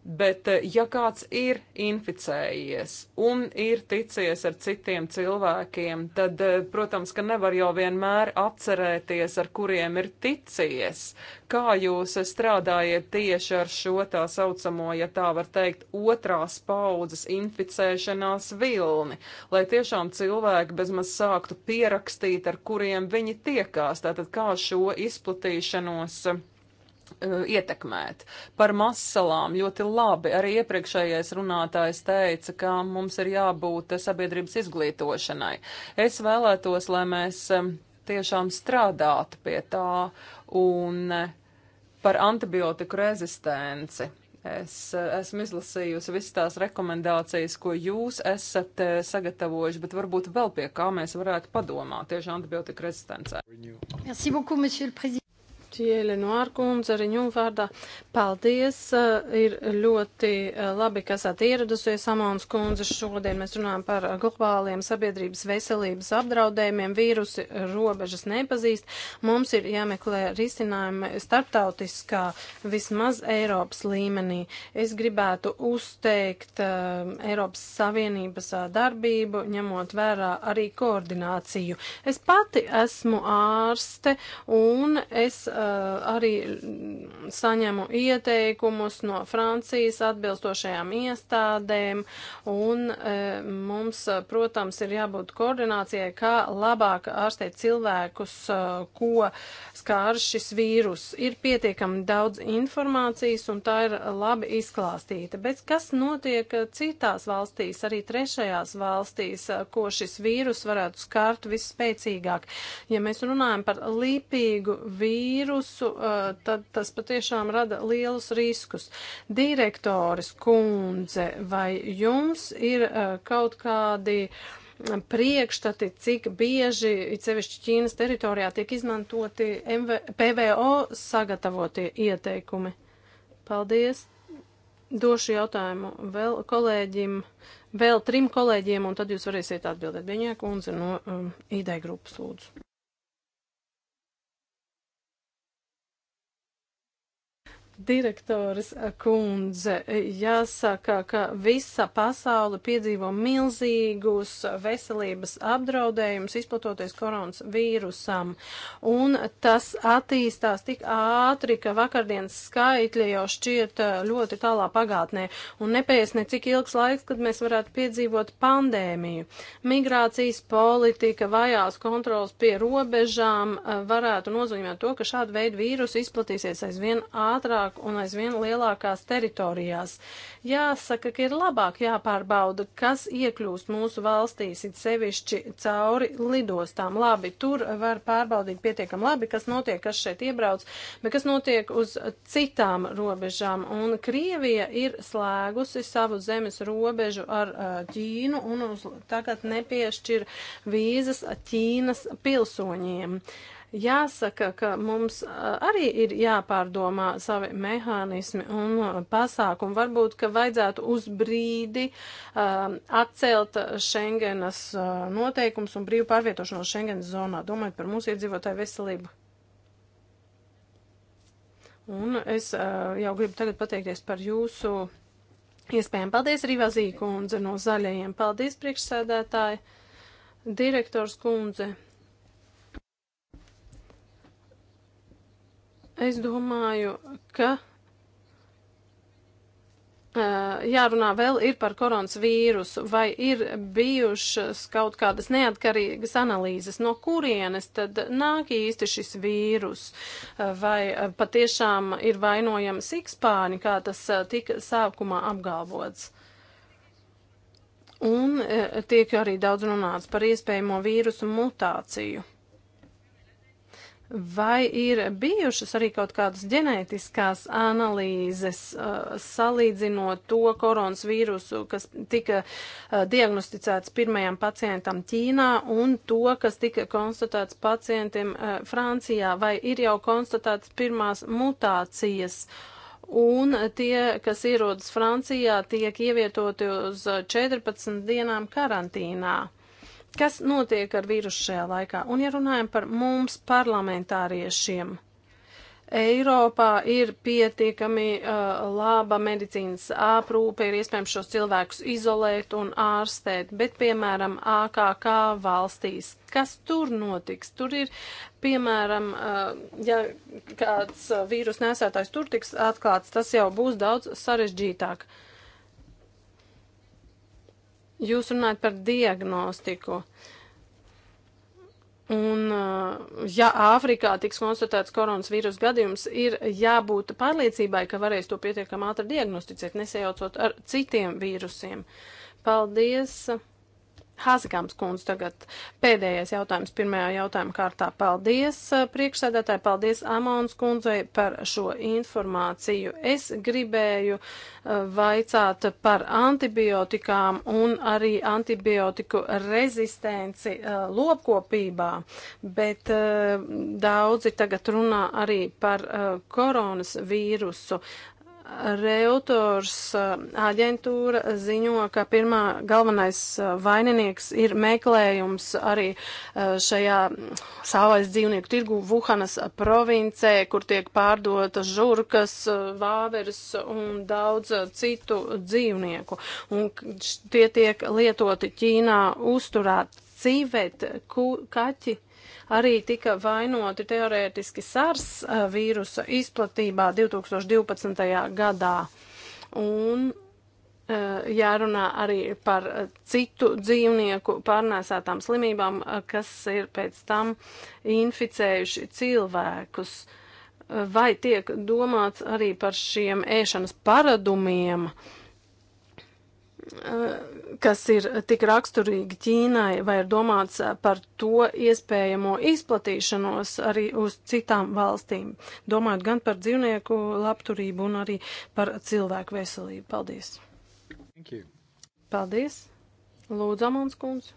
Bet, eh, ja kāds ir inficējies un ir ticies ar citiem cilvēkiem, tad, eh, protams, ka nevar jau vienmēr atcerēties, ar kuriem ir ticies. Kā jūs eh, strādājat tieši ar šo tā saucamo, ja tā var teikt, otrās paudzes inficēšanās vilni, lai tiešām cilvēki bezmaz sāktu pierakstīt, ar kuriem viņi tiekās, tātad kā šo izplatīšanos Uh, ietekmēt. Par massalām ļoti labi arī iepriekšējais runātājs teica, ka mums ir jābūt sabiedrības izglītošanai. Es vēlētos, lai mēs um, tiešām strādātu pie tā un uh, par antibiotiku rezistenci. Es uh, esmu izlasījusi visas tās rekomendācijas, ko jūs esat sagatavojuši, bet varbūt vēl pie kā mēs varētu padomāt tieši antibiotika rezistencē. Merci beaucoup, monsieur le président. Ķieļa Noārkundze arī ņūm vārdā. Paldies, uh, ir ļoti uh, labi, ka esat ieradusies, Amons kundze. Šodien mēs runājam par uh, globāliem sabiedrības veselības apdraudējumiem. Vīrusi robežas nepazīst. Mums ir jāmeklē risinājumi starptautiskā, vismaz Eiropas līmenī. Es gribētu uzteikt uh, Eiropas Savienības uh, darbību, ņemot vērā arī koordināciju. Es pati esmu ārste un es Eh, arī saņemu ieteikumus no Francijas atbilstošajām iestādēm, un eh, mums, protams, ir jābūt koordinācijai, kā labāk ārstēt cilvēkus, eh, ko skār šis vīrus. Ir pietiekami daudz informācijas, un tā ir labi izklāstīta. Bet kas notiek citās valstīs, arī trešajās valstīs, ko šis vīrus varētu skārt visspēcīgāk? Ja mēs runājam par lipīgu vīru, vīrusu, uh, tad tas patiešām rada lielus riskus. Direktoris kundze, vai jums ir uh, kaut kādi um, priekšstati, cik bieži, it sevišķi Ķīnas teritorijā, tiek izmantoti MV, PVO sagatavotie ieteikumi? Paldies! Došu jautājumu vēl kolēģim, vēl trim kolēģiem, un tad jūs varēsiet atbildēt. Viņā kundze no um, ID grupas lūdzu. direktoras kundze, jāsaka, ka visa pasaule piedzīvo milzīgus veselības apdraudējumus izplatoties koronas vīrusam, un tas attīstās tik ātri, ka vakardienas skaitļi jau šķiet eh, ļoti tālā pagātnē, un nepējas ne cik ilgs laiks, kad mēs varētu piedzīvot pandēmiju. Migrācijas politika, vajās kontrols pie robežām eh, varētu nozīmēt to, ka šāda veida vīrusu izplatīsies aizvien ātrāk vairāk un aizvien lielākās teritorijās. Jāsaka, ka ir labāk jāpārbauda, kas iekļūst mūsu valstīs, it sevišķi cauri lidostām. Labi, tur var pārbaudīt pietiekam labi, kas notiek, kas šeit iebrauc, bet kas notiek uz citām robežām. Un Krievija ir slēgusi savu zemes robežu ar uh, Ķīnu un uz, tagad nepiešķir vīzas Ķīnas pilsoņiem. Uh, Jāsaka, ka mums arī ir jāpārdomā savi mehānismi un pasākumi. Varbūt, ka vajadzētu uz brīdi um, atcelt Schengenas noteikums un brīvu pārvietošanos Schengenas zonā, domājot par mūsu iedzīvotāju veselību. Un es uh, jau gribu tagad pateikties par jūsu iespējām. Paldies, Rīvā Zīkundze no Zaļajiem. Paldies, priekšsēdētāji, direktors kundze. Es domāju, ka jārunā vēl ir par koronavīrusu, vai ir bijušas kaut kādas neatkarīgas analīzes, no kurienes tad nāk īsti šis vīrus, vai patiešām ir vainojami sikspāņi, kā tas tika sākumā apgalvots. Un tiek arī daudz runāts par iespējamo vīrusu mutāciju. Vai ir bijušas arī kaut kādas ģenētiskās analīzes, uh, salīdzinot to koronas vīrusu, kas tika uh, diagnosticēts pirmajam pacientam Ķīnā un to, kas tika konstatēts pacientiem uh, Francijā? Vai ir jau konstatētas pirmās mutācijas? Un tie, kas ierodas Francijā, tiek ievietoti uz 14 uh, dienām karantīnā kas notiek ar vīrusu šajā laikā. Un ja runājam par mums parlamentāriešiem, Eiropā ir pietiekami uh, laba medicīnas aprūpe, ir iespējams šos cilvēkus izolēt un ārstēt, bet, piemēram, AKK valstīs, kas tur notiks? Tur ir, piemēram, uh, ja kāds uh, vīrus nesētājs tur tiks atklāts, tas jau būs daudz sarežģītāk. Uh, Jūs runājat par diagnostiku. Un, uh, ja Āfrikā tiks konstatēts koronavīrus gadījums, ir jābūt pārliecībai, ka varēs to pietiekami ātri diagnosticēt, nesajaucot ar citiem vīrusiem. Paldies! Hāzakāms kundze tagad pēdējais jautājums pirmajā jautājuma kārtā. Paldies eh, priekšsēdētāji, paldies Amons kundzei par šo informāciju. Es gribēju eh, vaicāt par antibiotikām un arī antibiotiku rezistenci eh, lopkopībā, bet daudzi tagad runā arī par koronas vīrusu. Reutors eh, aģentūra ziņo, ka pirmā galvenais eh, vaininieks ir meklējums arī eh, šajā savais dzīvnieku tirgu Vuhanas provincē, kur tiek pārdotas žurkas, vāveres un daudz citu dzīvnieku. Un tie tiek lietoti Ķīnā uzturēt civet, ku, kaķi arī tika vainoti teorētiski SARS vīrusa izplatībā 2012. gadā. Un jārunā arī par citu dzīvnieku pārnēsātām slimībām, kas ir pēc tam inficējuši cilvēkus. Vai tiek domāts arī par šiem ēšanas paradumiem? Uh, kas ir tik raksturīgi Ķīnai, vai ir domāts par to iespējamo izplatīšanos arī uz citām valstīm, domājot gan par dzīvnieku labturību un arī par cilvēku veselību. Paldies! Paldies! Lūdzu, Amons kundz!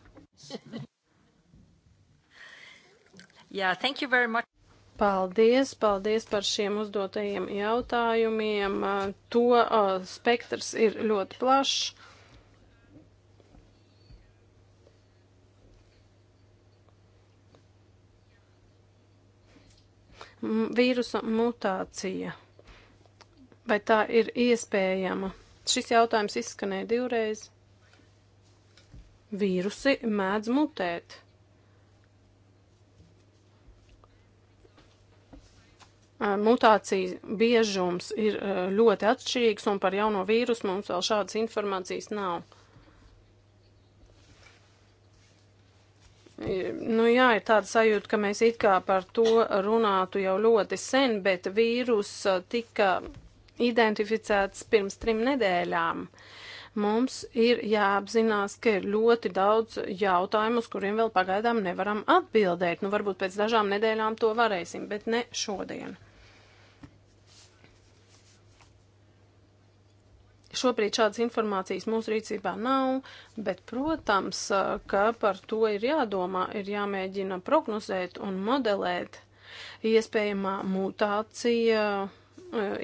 yeah, thank you very much. Paldies, paldies par šiem uzdotajiem jautājumiem. To uh, spektrs ir ļoti plašs. vīrusa mutācija. Vai tā ir iespējama? Šis jautājums izskanēja divreiz. Vīrusi mēdz mutēt. Mutācijas biežums ir ļoti atšķirīgs, un par jauno vīrusu mums vēl šādas informācijas nav. Nu jā, ir tāda sajūta, ka mēs it kā par to runātu jau ļoti sen, bet vīrus uh, tika identificēts pirms trim nedēļām. Mums ir jāapzinās, ka ir ļoti daudz jautājumu, uz kuriem vēl pagaidām nevaram atbildēt. Nu, varbūt pēc dažām nedēļām to varēsim, bet ne šodien. Šobrīd šādas informācijas mūsu rīcībā nav, bet, protams, ka par to ir jādomā, ir jāmēģina prognozēt un modelēt iespējamā mutācija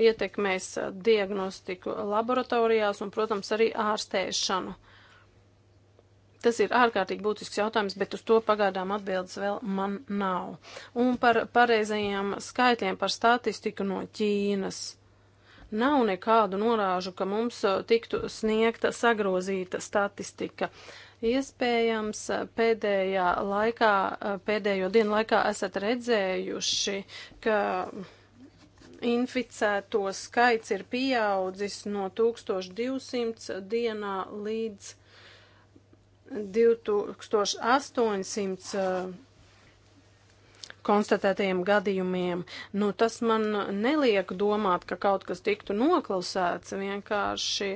ietekmēs diagnostiku laboratorijās un, protams, arī ārstēšanu. Tas ir ārkārtīgi būtisks jautājums, bet uz to pagaidām atbildes vēl man nav. Un par pareizajiem skaitļiem, par statistiku no Ķīnas. Nav nekādu norāžu, ka mums uh, tiktu sniegta sagrozīta statistika. Iespējams, uh, pēdējā laikā, uh, pēdējo dienu laikā esat redzējuši, ka inficēto skaits ir pieaudzis no 1200 dienā līdz 2800 konstatētajiem gadījumiem. Nu, tas man neliek domāt, ka kaut kas tiktu noklusēts vienkārši.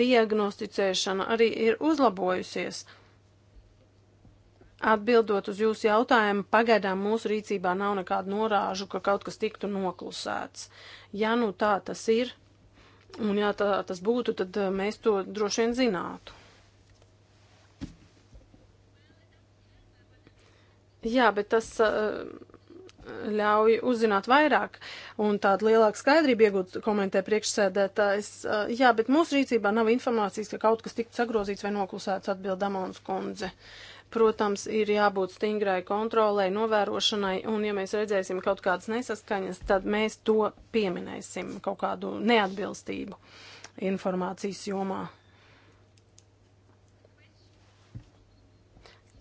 Diagnosticēšana arī ir uzlabojusies. Atbildot uz jūsu jautājumu, pagaidām mūsu rīcībā nav nekādu norāžu, ka kaut kas tiktu noklusēts. Ja nu tā tas ir, un ja tā tas būtu, tad mēs to droši vien zinātu. Jā, bet tas uh, ļauj uzzināt vairāk un tādu lielāku skaidrību iegūt, komentē priekšsēdētājs. Uh, jā, bet mūsu rīcībā nav informācijas, ka kaut kas tiktu sagrozīts vai noklusēts, atbild Damons kundze. Protams, ir jābūt stingrai kontrolē, novērošanai, un ja mēs redzēsim kaut kādas nesaskaņas, tad mēs to pieminēsim, kaut kādu neatbilstību informācijas jomā.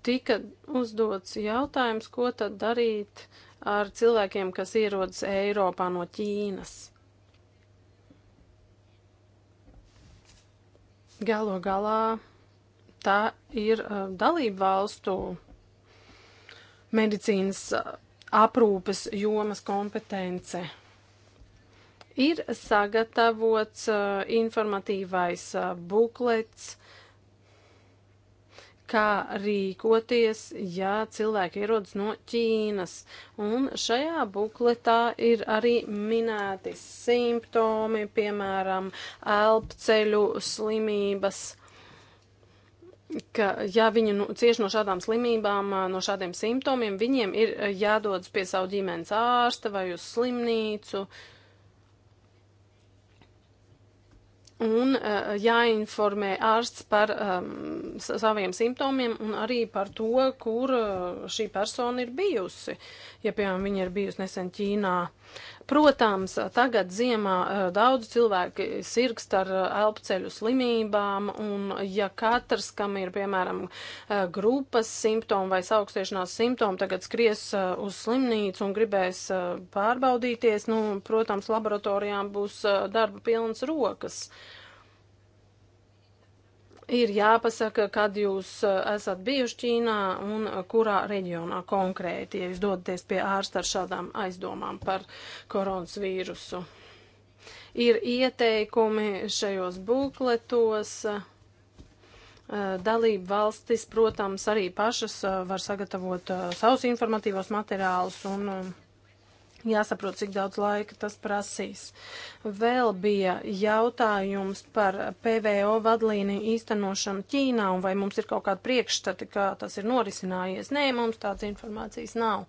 tika uzdots jautājums, ko tad darīt ar cilvēkiem, kas ierodas Eiropā no Ķīnas. Galo galā tā ir uh, dalību valstu medicīnas uh, aprūpes jomas kompetence. Ir sagatavots uh, informatīvais uh, buklets, uh, kā rīkoties, ja cilvēki ierodas no Ķīnas. Un šajā bukletā ir arī minēti simptomi, piemēram, elpceļu slimības. Ka, ja viņi nu, cieši no šādām slimībām, no šādiem simptomiem, viņiem ir jādodas pie savu ģimenes ārsta vai uz slimnīcu. Uh, un uh, jāinformē ārsts par um, saviem simptomiem un arī par to, kur uh, šī persona ir bijusi. Ja, piemēram, viņa ir bijusi nesen Ķīnā, Protams, tagad ziemā eh, daudz cilvēki sirgst ar eh, elpceļu slimībām, un ja katrs, kam ir, piemēram, eh, grupas simptomi vai augstiešanās simptomi, tagad skries uz slimnīcu un gribēs pārbaudīties, nu, protams, laboratorijām būs darba pilnas rokas. Uh, ir jāpasaka, kad jūs e, esat bijuši Ķīnā un kurā reģionā konkrēti, ja jūs dodaties pie ārsta ar šādām aizdomām par koronas vīrusu. Ir ieteikumi šajos būkletos. E, Dalība valstis, protams, arī pašas e, var sagatavot savus informatīvos materiālus un Jāsaprot, cik daudz laika tas prasīs. Vēl bija jautājums par PVO vadlīniju īstenošanu Ķīnā un vai mums ir kaut kāda priekšstati, kā tas ir norisinājies. Nē, mums tādas informācijas nav.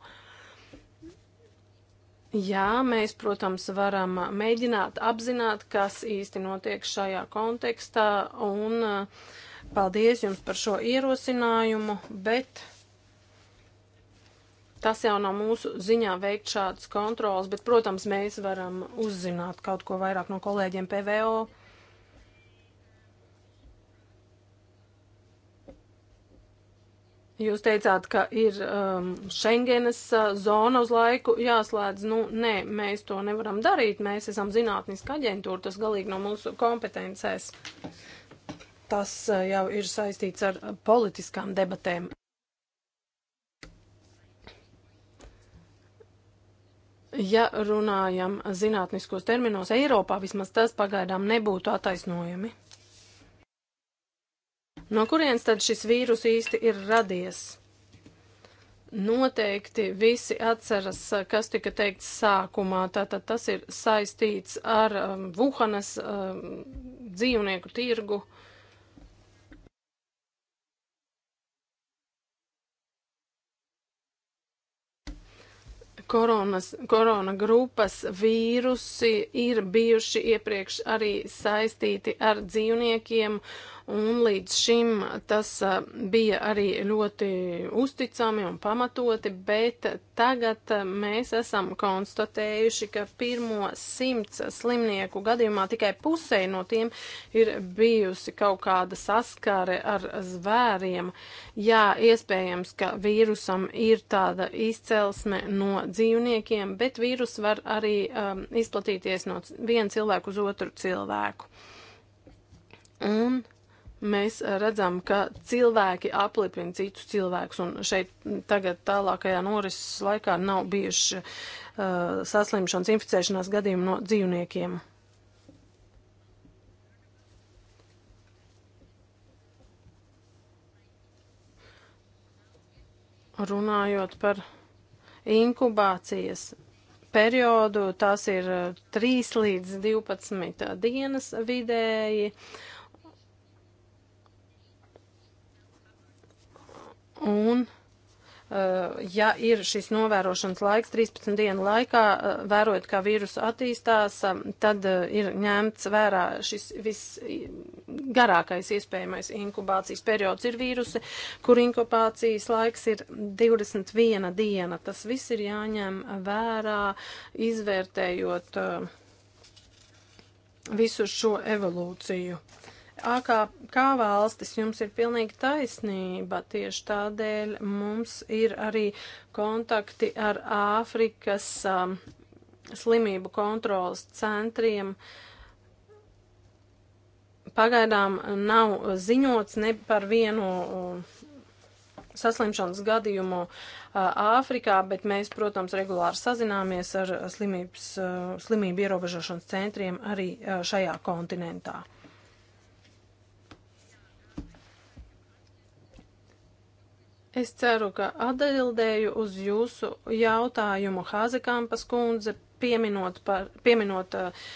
Jā, mēs, protams, varam mēģināt apzināt, kas īsti notiek šajā kontekstā, un eh, paldies jums par šo ierosinājumu, bet Tas jau nav mūsu ziņā veikt šādas kontrolas, bet, protams, mēs varam uzzināt kaut ko vairāk no kolēģiem PVO. Jūs teicāt, ka ir um, Schengenes uh, zona uz laiku jāslēdz. Nu, nē, mēs to nevaram darīt. Mēs esam zinātniska aģentūra, tas galīgi no mūsu kompetencēs. Tas uh, jau ir saistīts ar politiskām debatēm. Ja runājam zinātniskos terminos Eiropā, vismaz tas pagaidām nebūtu attaisnojami. No kurienes tad šis vīrus īsti ir radies? Noteikti visi atceras, kas tika teikts sākumā. Tātad tas ir saistīts ar um, Vuhanas um, dzīvnieku tirgu. Uh, koronas, korona grupas vīrusi ir bijuši iepriekš arī saistīti ar dzīvniekiem un līdz šim tas bija arī ļoti uzticami un pamatoti, bet tagad mēs esam konstatējuši, ka pirmo simts slimnieku gadījumā tikai pusē no tiem ir bijusi kaut kāda saskare ar zvēriem. Jā, iespējams, ka vīrusam ir tāda izcelsme no dzīvniekiem, bet vīrus var arī um, izplatīties no viena cilvēka uz otru cilvēku. Un mēs redzam, ka cilvēki aplipina citus cilvēkus, un šeit tagad tālākajā norises laikā nav bijuši uh, saslimšanas, inficēšanās gadījumi no dzīvniekiem. Runājot par inkubācijas periodu, tas ir 3 uh, līdz 12 uh, dienas vidēji. Uh, Un eh, ja ir šis novērošanas laiks 13 dienu laikā, eh, vērojot, kā vīrusu attīstās, eh, tad ir ņemts vērā šis visgarākais iespējamais inkubācijas periods ir vīrusi, kur inkubācijas laiks ir 21 diena. Tas viss ir jāņem vērā, izvērtējot visu šo evolūciju. AKK valstis, jums ir pilnīgi taisnība. Tieši tādēļ mums ir arī kontakti ar Āfrikas um, slimību kontrolas centriem. Pagaidām nav ziņots ne par vienu um, saslimšanas gadījumu uh, Āfrikā, bet mēs, protams, regulāri sazināmies ar slimības, uh, slimību ierobežošanas centriem arī uh, šajā kontinentā. Es ceru, ka atbildēju uz jūsu jautājumu Hāzekampas kundze, pieminot, par, pieminot uh,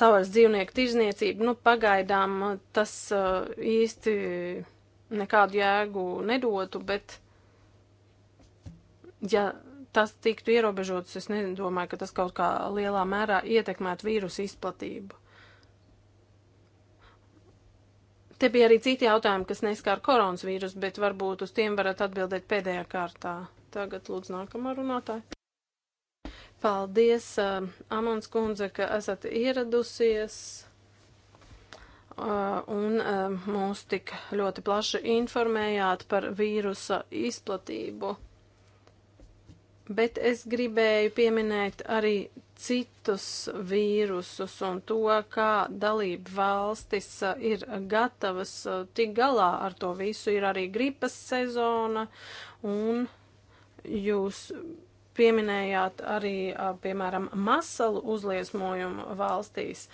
savas dzīvnieku tirzniecību. Nu, pagaidām uh, tas uh, īsti nekādu jēgu nedotu, bet ja tas tiktu ierobežots, es nedomāju, ka tas kaut kā lielā mērā ietekmētu vīrusu izplatību. Te bija arī citi jautājumi, kas neskār koronas vīrus, bet varbūt uz tiem varat atbildēt pēdējā kārtā. Tagad lūdzu nākamā runātāja. Paldies, uh, Amons kundze, ka esat ieradusies uh, un uh, mūs tik ļoti plaši informējāt par vīrusa izplatību. Bet es gribēju pieminēt arī citus vīrusus un to, kā dalība valstis uh, ir gatavas uh, tik galā ar to visu. Ir arī gripas sezona un jūs pieminējāt arī, uh, piemēram, masalu uzliesmojumu valstīs.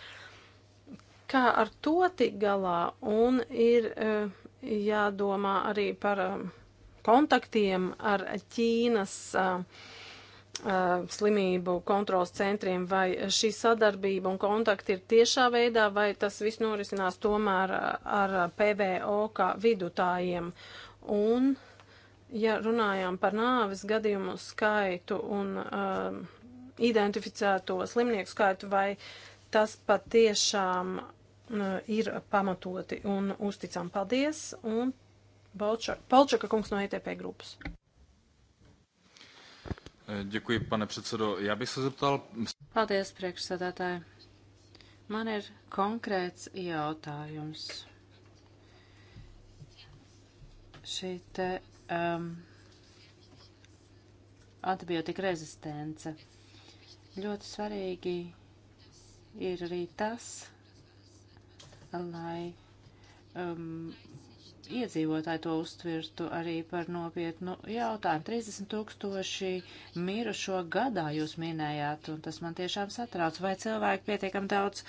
Kā ar to tik galā? Un ir jādomā arī par um, kontaktiem ar Ķīnas uh, slimību kontrols centriem, vai šī sadarbība un kontakti ir tiešā veidā, vai tas viss norisinās tomēr ar PVO kā vidutājiem. Un, ja runājām par nāves gadījumu skaitu un um, identificēto slimnieku skaitu, vai tas patiešām um, ir pamatoti un uzticam. Paldies! Un Palčaka kungs no ETP grupas. Děkuji, pane předsedo. Já bych se zeptal... Paldies, priekšsēdētāji. Man ir konkrēts jautājums. Šī te um, antibiotika rezistence. Ļoti svarīgi ir arī tas, lai um, iedzīvotāji to uztvirtu arī par nopietnu jautājumu. 30 tūkstoši mirušo gadā jūs minējāt, un tas man tiešām satrauc. Vai cilvēki pietiekam daudz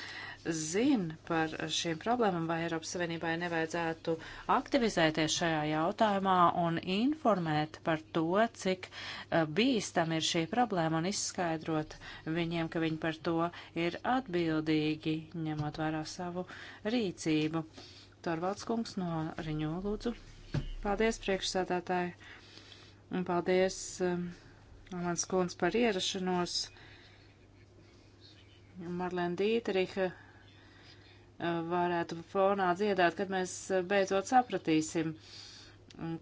zin par šīm problēmām, vai Eiropas Savienībai nevajadzētu aktivizēties šajā jautājumā un informēt par to, cik eh, bīstam ir šī problēma un izskaidrot viņiem, ka viņi par to ir atbildīgi, ņemot vērā savu rīcību. Torvaldskungs no Riņo lūdzu. Paldies priekšsēdētāji un paldies um, mans kundz par ierašanos. Marlēna Dīteriha uh, varētu fonā dziedāt, kad mēs uh, beidzot sapratīsim.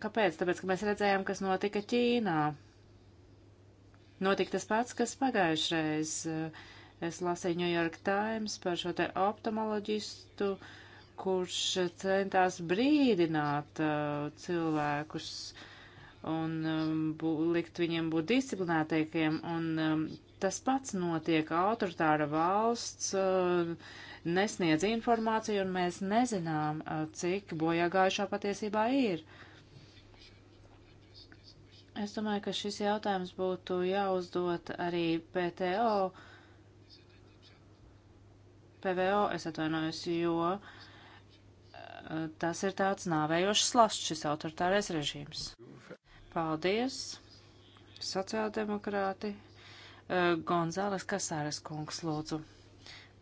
Kāpēc? Tāpēc, ka mēs redzējām, kas notika Ķīnā. Notika tas pats, kas pagājušreiz. Uh, es lasīju New York Times par šo te optomoloģistu, uh, kurš centās brīdināt uh, cilvēkus un um, bū, likt viņiem būt disciplinētākiem, un um, tas pats notiek. Autoritāra valsts uh, nesniedz informāciju, un mēs nezinām, uh, cik bojāgājušā patiesībā ir. Es domāju, ka šis jautājums būtu jāuzdot arī PTO, PVO, es atvainojos, jo uh, tas ir tāds nāvējošs slasts, šis autoritārais režīms. Paldies, sociāldemokrāti. Eh, Gonzāles Kasāres kungs, lūdzu.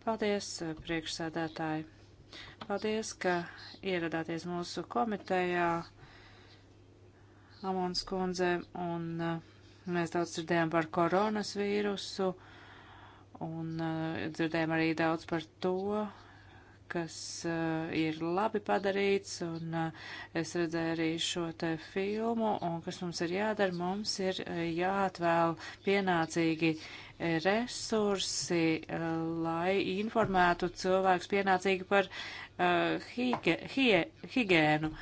Paldies, eh, priekšsēdētāji. Paldies, ka ieradāties mūsu komitejā, Amons kundze, un eh, mēs daudz dzirdējām par koronas vīrusu, un dzirdējām arī daudz par to, kas uh, ir labi padarīts, un uh, es redzēju arī šo te filmu, un kas mums ir jādara, mums ir uh, jāatvēl pienācīgi resursi, uh, lai informētu cilvēks pienācīgi par uh, hige, hie, higienu.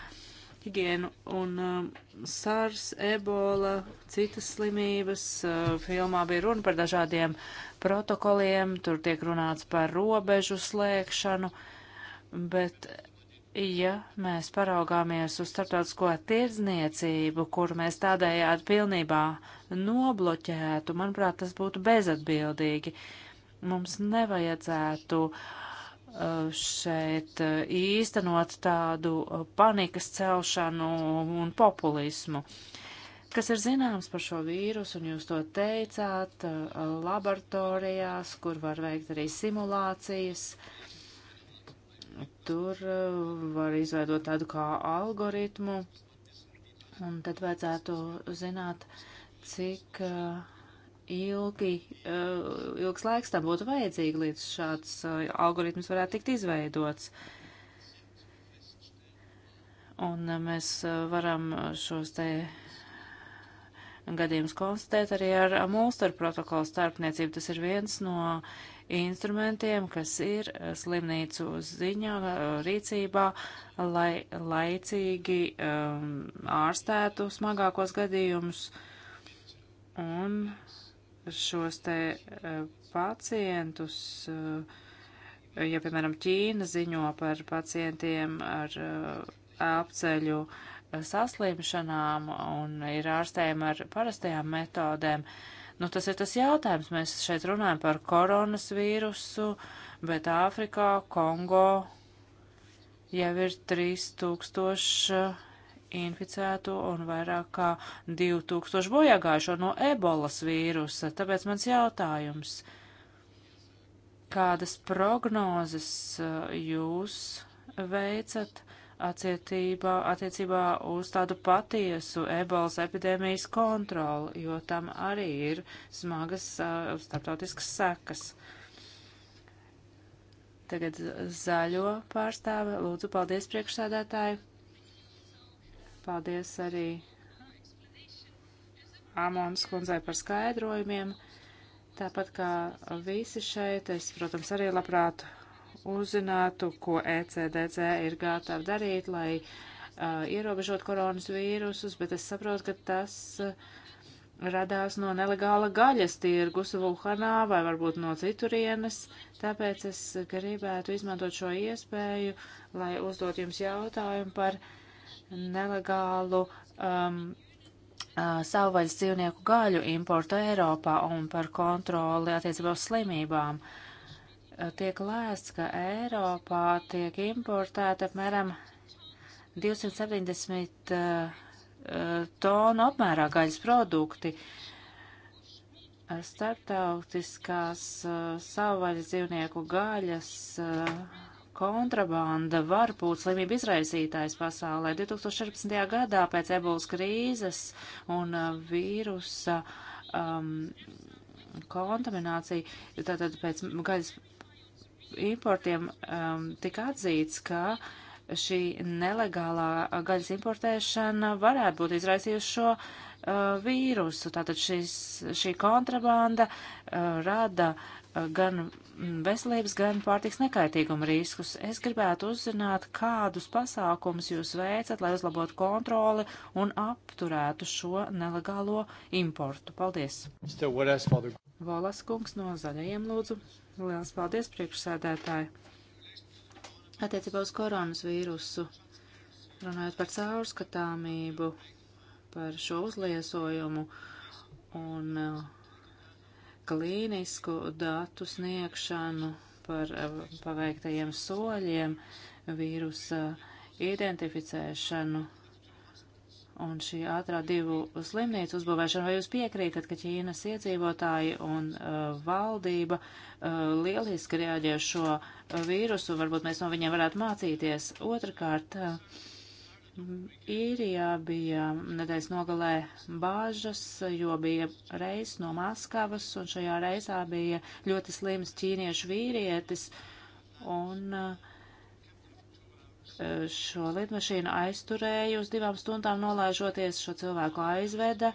Higienu un um, uh, SARS, ebola, citas slimības. Uh, filmā bija runa par dažādiem protokoliem, tur tiek runāts par robežu slēgšanu. Uh, bet ja mēs paraugāmies uz starptautisko tirdzniecību, kur mēs tādējādi pilnībā nobloķētu, manuprāt, tas būtu bezatbildīgi. Mums nevajadzētu uh, šeit uh, īstenot tādu uh, panikas celšanu un populismu. Kas ir zināms par šo vīrusu, un jūs to teicāt, laboratorijās, kur var veikt arī simulācijas, uh, Tur uh, var izveidot tādu kā algoritmu, un tad vajadzētu zināt, cik uh, ilgi, uh, ilgs laiks tam būtu vajadzīgi, līdz šāds algoritms varētu tikt izveidots. Un mēs varam šos te gadījumus konstatēt arī ar mūlstaru protokolu starpniecību. Tas ir viens no instrumentiem, kas ir eh, slimnīcu ziņā, eh, rīcībā, lai laicīgi um, ārstētu smagākos gadījumus un šos te uh, pacientus. Uh, ja, piemēram, Ķīna ziņo par pacientiem ar uh, apceļu uh, saslimšanām un ir ārstējami ar parastajām metodēm. Nu, tas ir tas jautājums. Mēs šeit runājam par koronas vīrusu, bet Āfrikā, Kongo jau ir 3000 inficēto un vairāk kā 2000 bojāgājušo no ebolas vīrusa. Tāpēc mans jautājums, kādas prognozes uh, jūs veicat? Uh, attiecībā, attiecībā uz tādu patiesu ebolas epidēmijas kontroli, jo tam arī ir smagas uh, starptautiskas sekas. Tagad zaļo pārstāve. Lūdzu, paldies priekšsādātāji. Paldies arī Āmons kundzei par skaidrojumiem. Tāpat kā visi šeit, es, protams, arī labprāt uzzinātu, ko ECDC ir gatava darīt, lai uh, ierobežot koronas vīrusus, bet es saprotu, ka tas uh, radās no nelegāla gaļas tirgus Vulhanā vai varbūt no citurienes, tāpēc es gribētu izmantot šo iespēju, lai uzdot jums jautājumu par nelegālu um, Uh, savvaļas dzīvnieku gaļu importu Eiropā un par kontroli attiecībā uz slimībām. Uh, Eh, tiek lēsts, ka Eiropā tiek importēta apmēram 270 eh, eh, tonu apmērā gaļas produkti. Startautiskās savvaļas dzīvnieku gaļas kontrabanda var būt slimību izraisītājs pasaulē. 2014. gadā pēc ebolas krīzes un vīrusa um, kontaminācija, tātad pēc gaļas importiem um, tika atzīts, ka šī nelegālā gaļas importēšana varētu būt izraisījusi šo uh, vīrusu. Tātad šis, šī kontrabanda uh, rada uh, gan Mm, veselības, gan pārtiks nekaitīguma riskus. Es gribētu uzzināt, kādus pasākumus jūs veicat, lai uzlabotu kontroli un apturētu šo nelegālo importu. Paldies! Volas kungs no zaļajiem lūdzu. Lielas paldies, priekšsēdētāji! Attiecībā uz koronas vīrusu, runājot par caurskatāmību, par šo uzliesojumu un uh, klīnisku datu sniegšanu par eh, paveiktajiem soļiem vīrusa identificēšanu un šī ātrā divu slimnīcu uzbūvēšana, vai jūs piekrītat, ka Ķīnas iedzīvotāji un uh, valdība uh, lieliski reaģē šo vīrusu, varbūt mēs no viņiem varētu mācīties. Otrakārt, uh, Īrijā bija nedēļas nogalē bāžas, jo bija reis no Maskavas, un šajā reisā bija ļoti slims ķīniešu vīrietis, un eh, šo lidmašīnu aizturēja uz divām stundām nolaižoties, šo cilvēku aizveda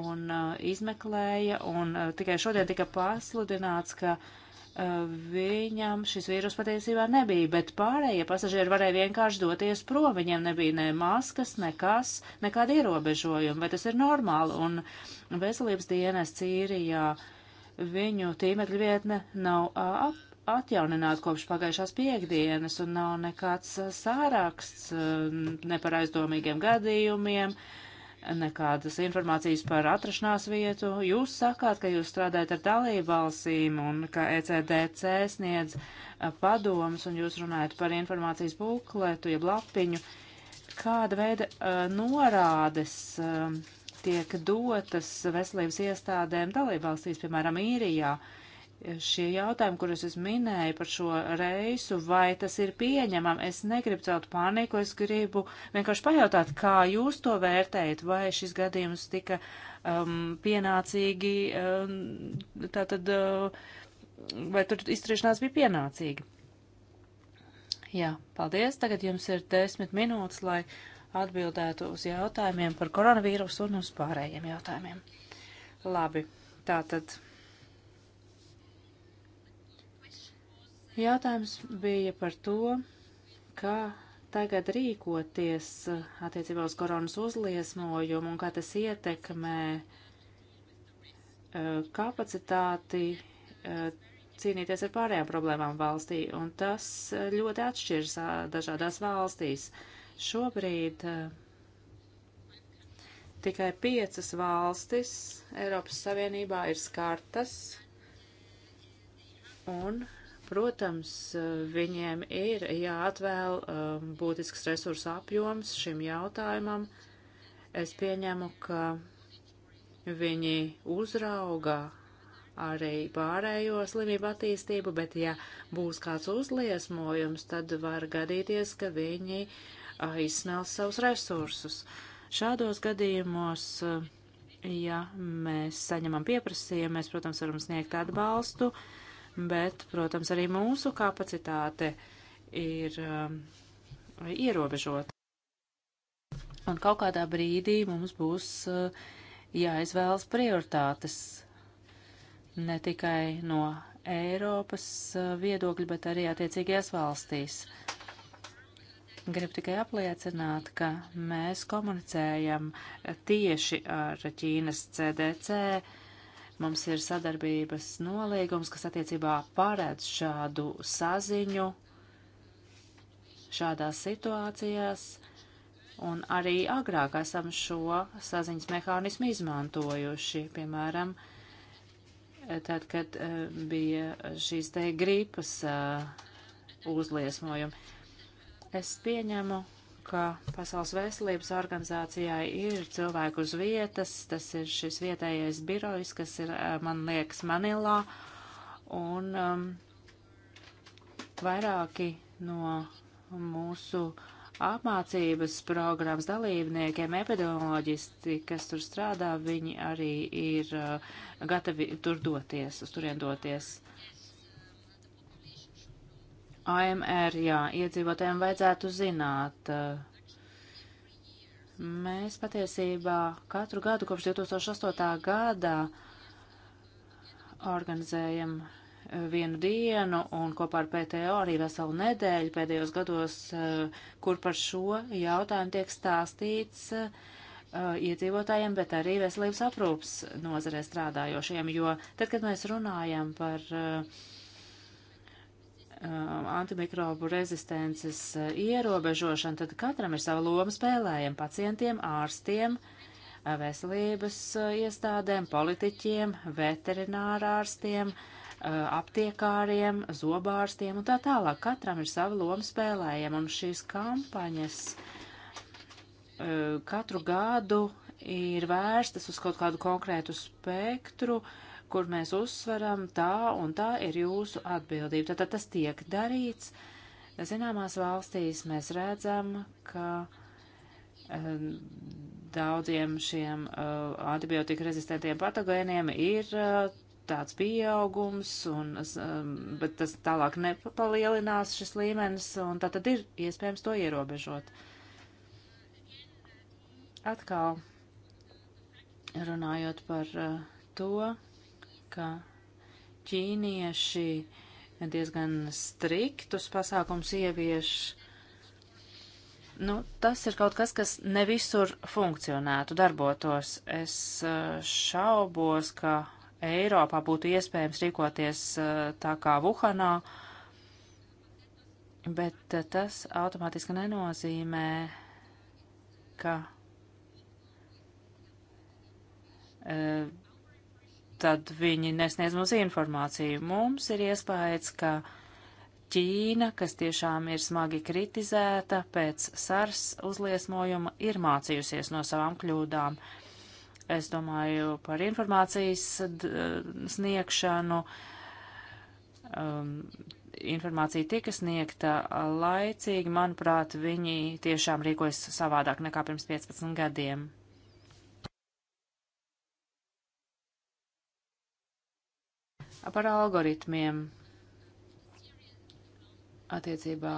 un eh, izmeklēja, un eh, tikai šodien tika pasludināts, ka uh, viņam šis vīrus patiesībā nebija, bet pārējie pasažieri varēja vienkārši doties prom, viņiem nebija ne maskas, nekas, nekāda ierobežojuma, vai tas ir normāli, un veselības dienas Cīrijā viņu tīmekļa vietne nav ap, atjaunināta kopš pagājušās piekdienas, un nav nekāds sāraksts ne par aizdomīgiem gadījumiem, uh, nekādas informācijas par atrašanās vietu. Jūs sakāt, ka jūs strādājat ar dalībvalstīm un ka ECDC sniedz padomus un jūs runājat par informācijas bukletu, jeb lapiņu. Kāda veida uh, norādes uh, tiek dotas veselības iestādēm dalībvalstīs, piemēram, īrijā? Uh, šie jautājumi, kurus es minēju par šo reisu, vai tas ir pieņemam, es negribu celt paniku, es gribu vienkārši pajautāt, kā jūs to vērtējat, vai šis gadījums tika um, pienācīgi, um, tātad, uh, vai tur izturēšanās bija pienācīga. Jā, paldies. Tagad jums ir desmit minūtes, lai atbildētu uz jautājumiem par koronavīrusu un uz pārējiem jautājumiem. Labi, tātad. Jautājums bija par to, kā tagad rīkoties uh, attiecībā uz koronas uzliesmojumu un kā tas ietekmē uh, kapacitāti uh, cīnīties ar pārējām problēmām valstī, un tas ļoti atšķiras dažādās valstīs. Šobrīd tikai piecas valstis Eiropas Savienībā ir skartas, un Protams, viņiem ir jāatvēl um, būtisks resursu apjoms šim jautājumam. Es pieņemu, ka viņi uzrauga arī pārējo slimību attīstību, bet ja būs kāds uzliesmojums, tad var gadīties, ka viņi uh, izsmels savus resursus. Šādos gadījumos uh, ja mēs saņemam pieprasījumu, mēs, protams, varam sniegt atbalstu, bet, protams, arī mūsu kapacitāte ir um, ierobežota. Un kaut kādā brīdī mums būs uh, jāizvēlas prioritātes ne tikai no Eiropas uh, viedokļa, bet arī attiecīgajās valstīs. Gribu tikai apliecināt, ka mēs komunicējam tieši ar Ķīnas CDC, uh, Mums ir sadarbības nolīgums, kas attiecībā paredz šādu saziņu šādās situācijās, un arī agrāk esam šo saziņas mehānismu izmantojuši, piemēram, tad, kad eh, bija šīs te gripas eh, uzliesmojumi. Es pieņemu, ka Pasaules veselības organizācijai ir cilvēku uz vietas, tas ir šis vietējais birojs, kas ir, eh, man liekas, Manilā, un um, vairāki no mūsu apmācības programmas dalībniekiem, epidemioloģisti, kas tur strādā, viņi arī ir uh, gatavi tur doties, uz turien doties. AMR, jā, iedzīvotājiem vajadzētu zināt. Eh, mēs patiesībā katru gadu kopš 2008. gadā organizējam eh, vienu dienu un kopā ar PTO arī veselu nedēļu pēdējos gados, eh, kur par šo jautājumu tiek stāstīts iedzīvotājiem, bet arī veselības aprūpas nozarē strādājošiem, jo tad, kad mēs runājam par uh, Um, antimikrobu rezistences uh, ierobežošana, tad katram ir sava loma spēlējiem - pacientiem, ārstiem, uh, veselības uh, iestādēm, politiķiem, veterinārārstiem, aptiekāriem, zobārstiem un tā tālāk. Katram ir sava loma spēlējiem, un šīs kampaņas katru gadu ir vērstas uz kaut kādu konkrētu spektru, uh, kur mēs uzsveram tā un tā ir jūsu atbildība. Tātad tas tiek darīts. Zināmās valstīs mēs redzam, ka eh, daudziem šiem eh, antibiotika rezistentiem patogēniem ir eh, tāds pieaugums, un, bet tas tālāk nepalielinās šis līmenis, un tā tad ir iespējams to ierobežot. Atkal runājot par to, ka ķīnieši diezgan striktus pasākums ievieš. Nu, tas ir kaut kas, kas ne visur funkcionētu, darbotos. Es eh, šaubos, ka Eiropā būtu iespējams rīkoties eh, tā kā Vuhanā, bet eh, tas automātiski nenozīmē, ka tad viņi nesniedz mums informāciju. Mums ir iespējas, ka Ķīna, kas tiešām ir smagi kritizēta pēc sars uzliesmojuma, ir mācījusies no savām kļūdām. Es domāju par informācijas sniegšanu. Um, informācija tika sniegta laicīgi, manuprāt, viņi tiešām rīkojas savādāk nekā pirms 15 gadiem. par algoritmiem attiecībā,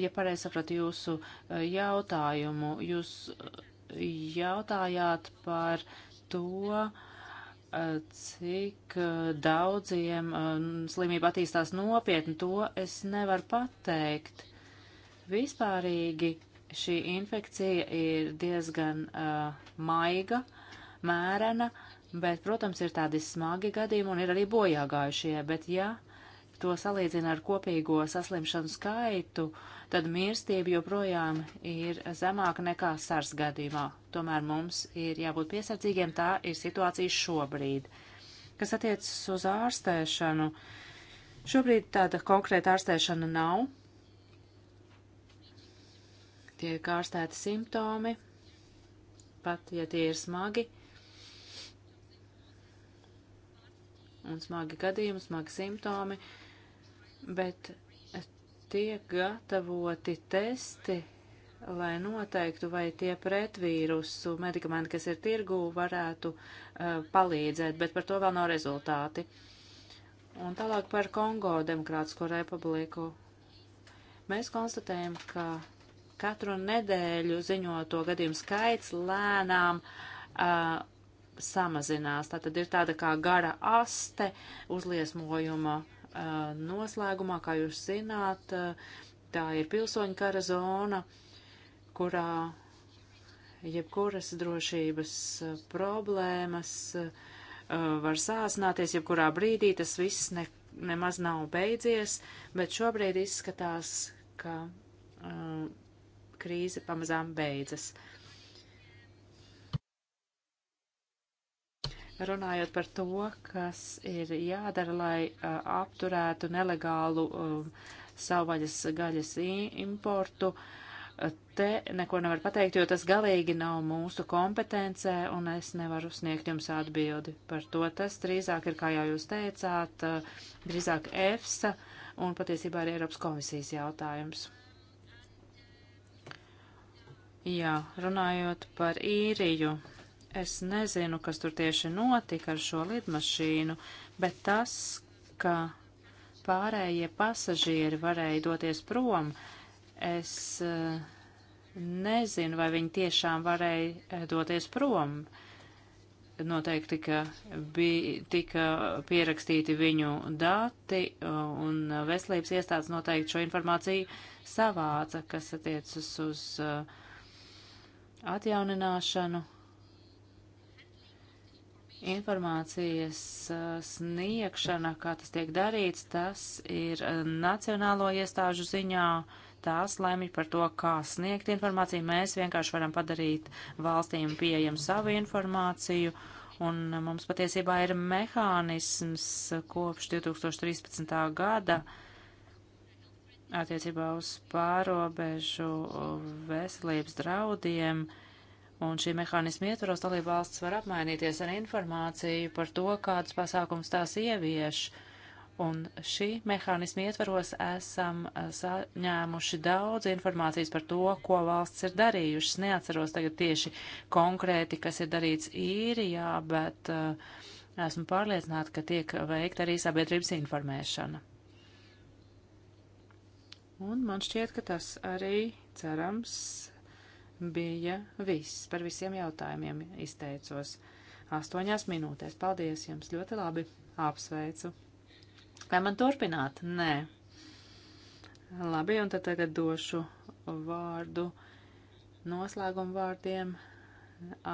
ja pareizi sapratu jūsu e, jautājumu, jūs e, jautājāt par to, e, cik daudziem slimība attīstās nopietni, to es nevaru pateikt. Vispārīgi šī infekcija ir diezgan uh, maiga, mērena, uh, Bet, protams, ir tādi smagi gadījumi un ir arī bojāgājušie, bet ja to salīdzina ar kopīgo saslimšanu skaitu, tad mirstība joprojām ir zemāka nekā sars gadījumā. Tomēr mums ir jābūt piesardzīgiem, tā ir situācija šobrīd. Kas attiecas uz ārstēšanu, šobrīd tāda konkrēta ārstēšana nav. Tiek ārstēti simptomi, pat ja tie ir smagi un smagi gadījumi, smagi simptomi, bet tiek gatavoti testi, lai noteiktu, vai tie pretvīrusu medikamenti, kas ir tirgū, varētu uh, palīdzēt, bet par to vēl nav rezultāti. Un tālāk par Kongo Demokrātisko republiku. Mēs konstatējam, ka katru nedēļu ziņoto gadījumu skaits lēnām uh, samazinās. Tātad ir tāda kā gara aste uzliesmojuma uh, noslēgumā, kā jūs zināt, uh, tā ir pilsoņu kara zona, kurā jebkuras drošības uh, problēmas uh, var sāsināties, jebkurā brīdī tas viss ne, nemaz nav beidzies, bet šobrīd izskatās, ka uh, krīze pamazām beidzas. Uh, runājot par to, kas ir jādara, lai uh, apturētu nelegālu uh, savvaļas gaļas importu. Uh, te neko nevar pateikt, jo tas galīgi nav mūsu kompetencē, un es nevaru sniegt jums atbildi par to. Tas drīzāk ir, kā jau jūs teicāt, drīzāk EFSA un patiesībā arī Eiropas komisijas jautājums. Jā, runājot par īriju, Es nezinu, kas tur tieši notika ar šo lidmašīnu, bet tas, ka pārējie pasažieri varēja doties prom, es eh, nezinu, vai viņi tiešām varēja eh, doties prom. Noteikti, ka bija, tika pierakstīti viņu dati, eh, un veselības iestādes noteikti šo informāciju savāca, kas attiecas uz atjaunināšanu informācijas sniegšana, kā tas tiek darīts, tas ir nacionālo iestāžu ziņā. Tās lemj par to, kā sniegt informāciju. Mēs vienkārši varam padarīt valstīm pieejamu savu informāciju. Un mums patiesībā ir mehānisms kopš 2013. gada attiecībā uz pārobežu veselības draudiem. Uh, Un šī mehānisma ietvaros dalība valsts var apmainīties ar informāciju par to, kādus pasākums tās ievieš. Un šī mehānisma ietvaros esam eh, saņēmuši daudz informācijas par to, ko valsts ir darījušas. Neatceros tagad tieši konkrēti, kas ir darīts īrijā, bet uh, esmu pārliecināta, ka tiek veikta arī sabiedrības informēšana. Un man šķiet, ka tas arī cerams bija viss. Par visiem jautājumiem izteicos. Astoņās minūtēs. Paldies jums. Ļoti labi. Apsveicu. Vai man turpināt? Nē. Labi, un tad tagad došu vārdu noslēgumu vārdiem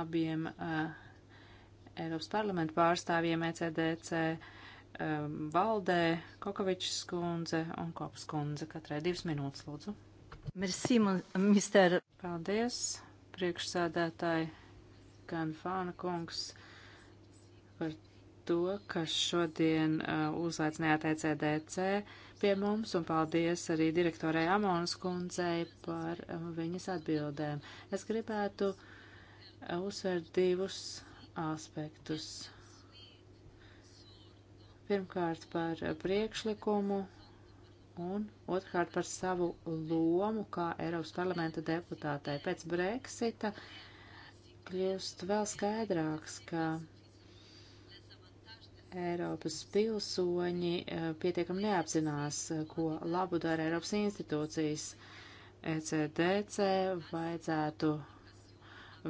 abiem uh, Eiropas parlamentu pārstāvjiem ECDC uh, eh, valdē Kokovičs kundze un Kops kundze. Katrai divas minūtes, lūdzu. Merci, mister. Paldies, priekšsēdētāji Kanfāna kungs, par to, ka šodien uh, uzaicinājāt ECDC pie mums, un paldies arī direktorai Amonas kundzei par um, viņas atbildēm. Es gribētu uh, uzsvērt divus aspektus. Pirmkārt par uh, priekšlikumu un otrkārt par savu lomu kā Eiropas parlamenta deputātei. Pēc Brexita kļūst vēl skaidrāks, ka Eiropas pilsoņi eh, pietiekami neapzinās, eh, ko labu dara Eiropas institūcijas. ECDC vajadzētu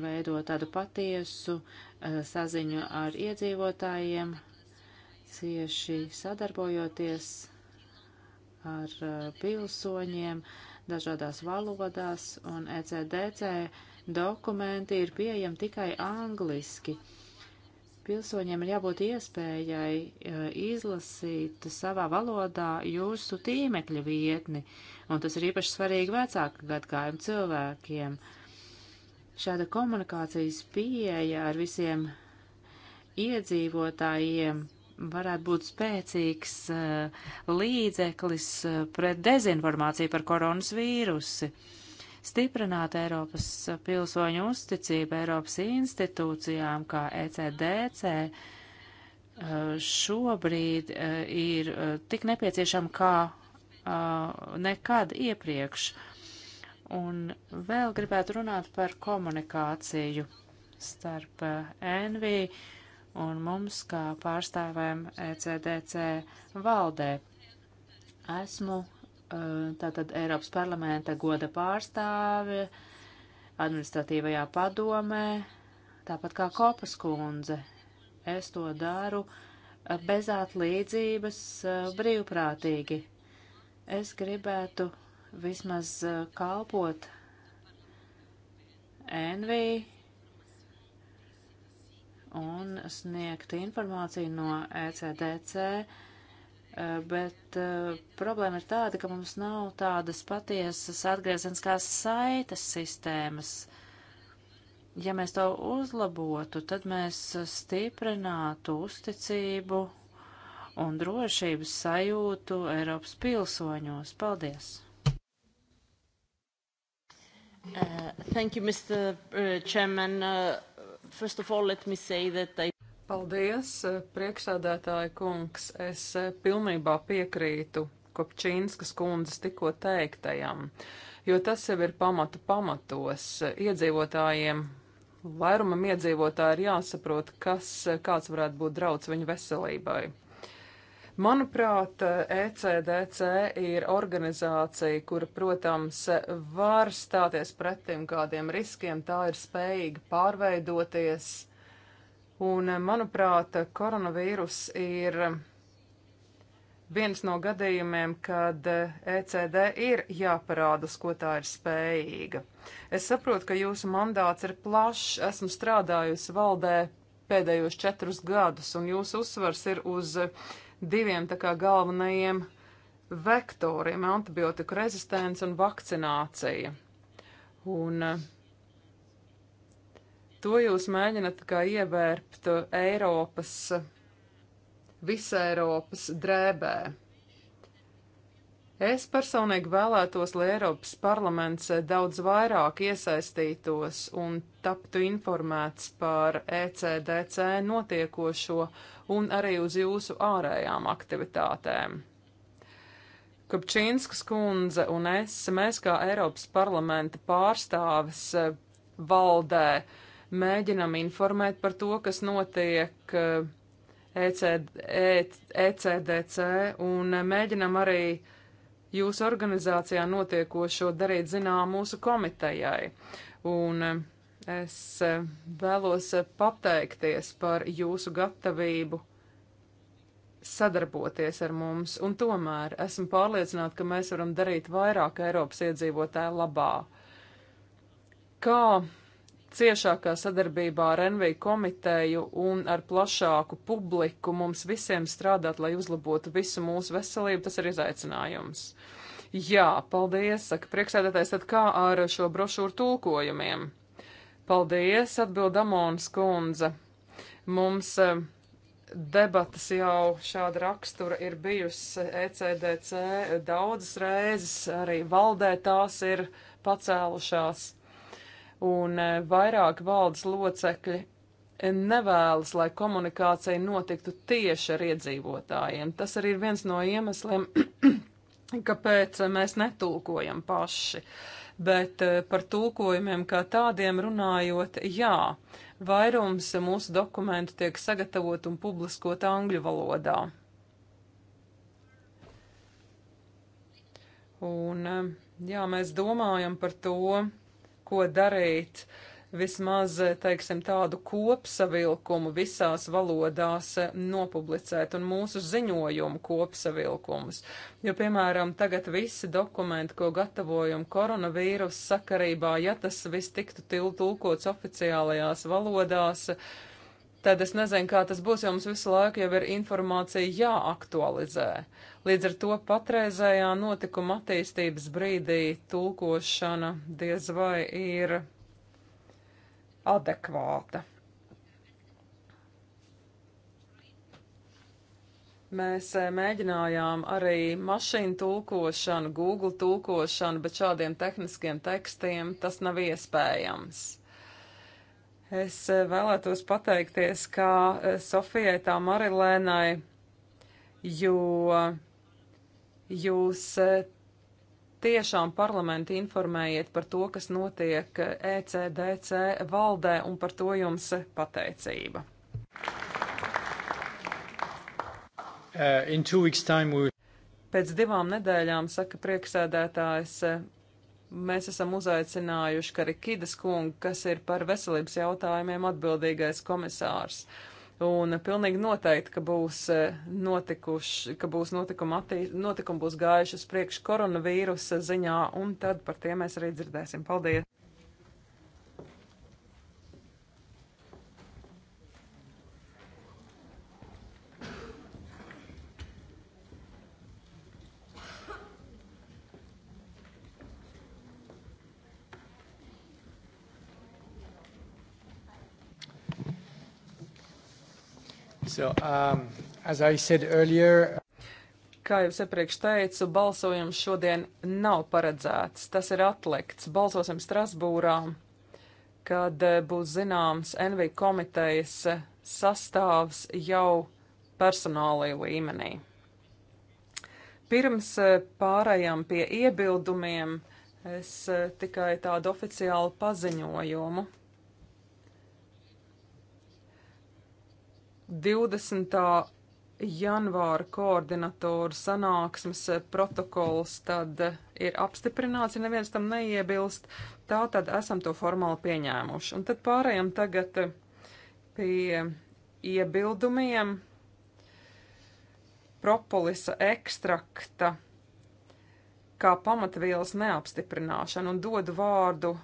veidot tādu patiesu eh, saziņu ar iedzīvotājiem, cieši sadarbojoties ar eh, pilsoņiem dažādās valodās, un ECDC dokumenti ir pieejami tikai angliski. Pilsoņiem ir jābūt iespējai eh, izlasīt savā valodā jūsu tīmekļa vietni, un tas ir īpaši svarīgi vecāku gadgājumu cilvēkiem. Šāda komunikācijas pieeja ar visiem iedzīvotājiem varētu būt spēcīgs uh, līdzeklis uh, pret dezinformāciju par koronas vīrusi. Stiprināt Eiropas pilsoņu uzticību Eiropas institūcijām kā ECDC uh, eh, šobrīd ir tik nepieciešama kā nekad iepriekš. Un vēl gribētu runāt par komunikāciju starp NVI un mums, kā pārstāvēm ECDC valdē. Esmu uh, tātad Eiropas parlamenta goda pārstāve administratīvajā padomē, tāpat kā Kopas kundze. Es to daru uh, bez atlīdzības uh, brīvprātīgi. Es gribētu vismaz kalpot Enviju un sniegt informāciju no ECDC, eh, bet eh, problēma ir tāda, ka mums nav tādas patiesas atgriezeniskās saites sistēmas. Ja mēs to uzlabotu, tad mēs stiprinātu uzticību un drošības sajūtu Eiropas pilsoņos. Paldies! Uh, thank you, Mr. Uh, chairman. Uh, all, I... Paldies, priekšsādētāja kungs. Es eh, pilnībā piekrītu Kopčīnskas kundzes tikko teiktajam, jo tas jau ir pamatu pamatos iedzīvotājiem. Vairumam iedzīvotāji ir jāsaprot, kas, eh, kāds varētu būt drauds viņu veselībai. Manuprāt, ECDC ir organizācija, kura, protams, var stāties pretim kādiem riskiem, tā ir spējīga pārveidoties. Un, manuprāt, koronavīrus ir viens no gadījumiem, kad ECD ir jāparāda, uz ko tā ir spējīga. Es saprotu, ka jūsu mandāts ir plašs, esmu strādājusi valdē pēdējos četrus gadus, un jūsu uzsvars ir uz uh, diviem tā kā galvenajiem vektoriem - antibiotiku rezistence un vakcinācija. Un eh, to jūs mēģināt kā ievērpt eh, Eiropas, eh, visā Eiropas drēbē. Es personīgi vēlētos, lai Eiropas parlaments daudz vairāk iesaistītos un taptu informēts par ECDC notiekošo un arī uz jūsu ārējām aktivitātēm. Kapčīnskas kundze un es, mēs kā Eiropas parlamenta pārstāvis eh, valdē, mēģinam informēt par to, kas notiek ECD, eh, e ECDC e un eh, mēģinam arī uh, jūsu organizācijā notiekošo darīt zinām mūsu komitejai. Un eh, es eh, vēlos eh, pateikties par jūsu gatavību sadarboties ar mums, un tomēr esmu pārliecināta, ka mēs varam darīt vairāk Eiropas iedzīvotāju labā. Kā ciešākā sadarbībā ar NV komiteju un ar plašāku publiku mums visiem strādāt, lai uzlabotu visu mūsu veselību, tas ir izaicinājums. Jā, paldies, saka priekšsēdētājs, tad kā ar šo brošūru tulkojumiem? Paldies, atbild Amons kundze. Mums uh, debatas jau šāda rakstura ir bijusi ECDC daudzas reizes, arī valdē tās ir pacēlušās un e, vairāk valdes locekļi nevēlas, lai komunikācija notiktu tieši ar iedzīvotājiem. Tas arī ir viens no iemesliem, kāpēc mēs netulkojam paši. Bet e, par tulkojumiem kā tādiem runājot, jā, vairums mūsu dokumentu tiek sagatavot un publiskot angļu valodā. Un e, jā, mēs domājam par to, ko darīt. Vismaz, teiksim, tādu kopsavilkumu visās valodās nopublicēt un mūsu ziņojumu kopsavilkumus. Jo, piemēram, tagad visi dokumenti, ko gatavojam koronavīrus sakarībā, ja tas viss tiktu tulkots oficiālajās valodās, tad es nezinu, kā tas būs, jo mums visu laiku jau ir informācija jāaktualizē. Uh, Līdz ar to patreizējā notikuma attīstības brīdī tulkošana diez vai ir adekvāta. Mēs eh, mēģinājām arī mašīnu tulkošanu, Google tulkošanu, bet šādiem tehniskiem tekstiem tas nav iespējams. Es eh, vēlētos pateikties kā eh, Sofijai tā Marilēnai, jo jūs eh, tiešām parlamentu informējiet par to, kas notiek ECDC eh, e valdē, un par to jums eh, pateicība. Uh, we... Pēc divām nedēļām, saka prieksēdētājs, mēs esam uzaicinājuši Karikidas kungu, kas ir par veselības jautājumiem atbildīgais komisārs. Uh, Un pilnīgi noteikti, ka būs, eh, notikuši, ka būs notikumi, attī, notikumi būs gājuši uz priekšu koronavīrusa ziņā, un tad par tiem mēs arī dzirdēsim. Paldies! So, um, as I said earlier, Kā jau iepriekš teicu, balsojums šodien nav paredzēts. Tas ir atlikts. Balsosim Strasbūrā, kad eh, būs zināms NV komitejas eh, sastāvs jau personālajā līmenī. Pirms eh, pārējām pie iebildumiem, es tikai tādu oficiālu paziņojumu 20. janvāra koordinatoru sanāksmes protokols tad ir apstiprināts, ja neviens tam neiebilst, tā tad esam to formāli pieņēmuši. Un tad pārējām tagad pie iebildumiem propolisa ekstrakta kā pamatvielas neapstiprināšanu un dodu vārdu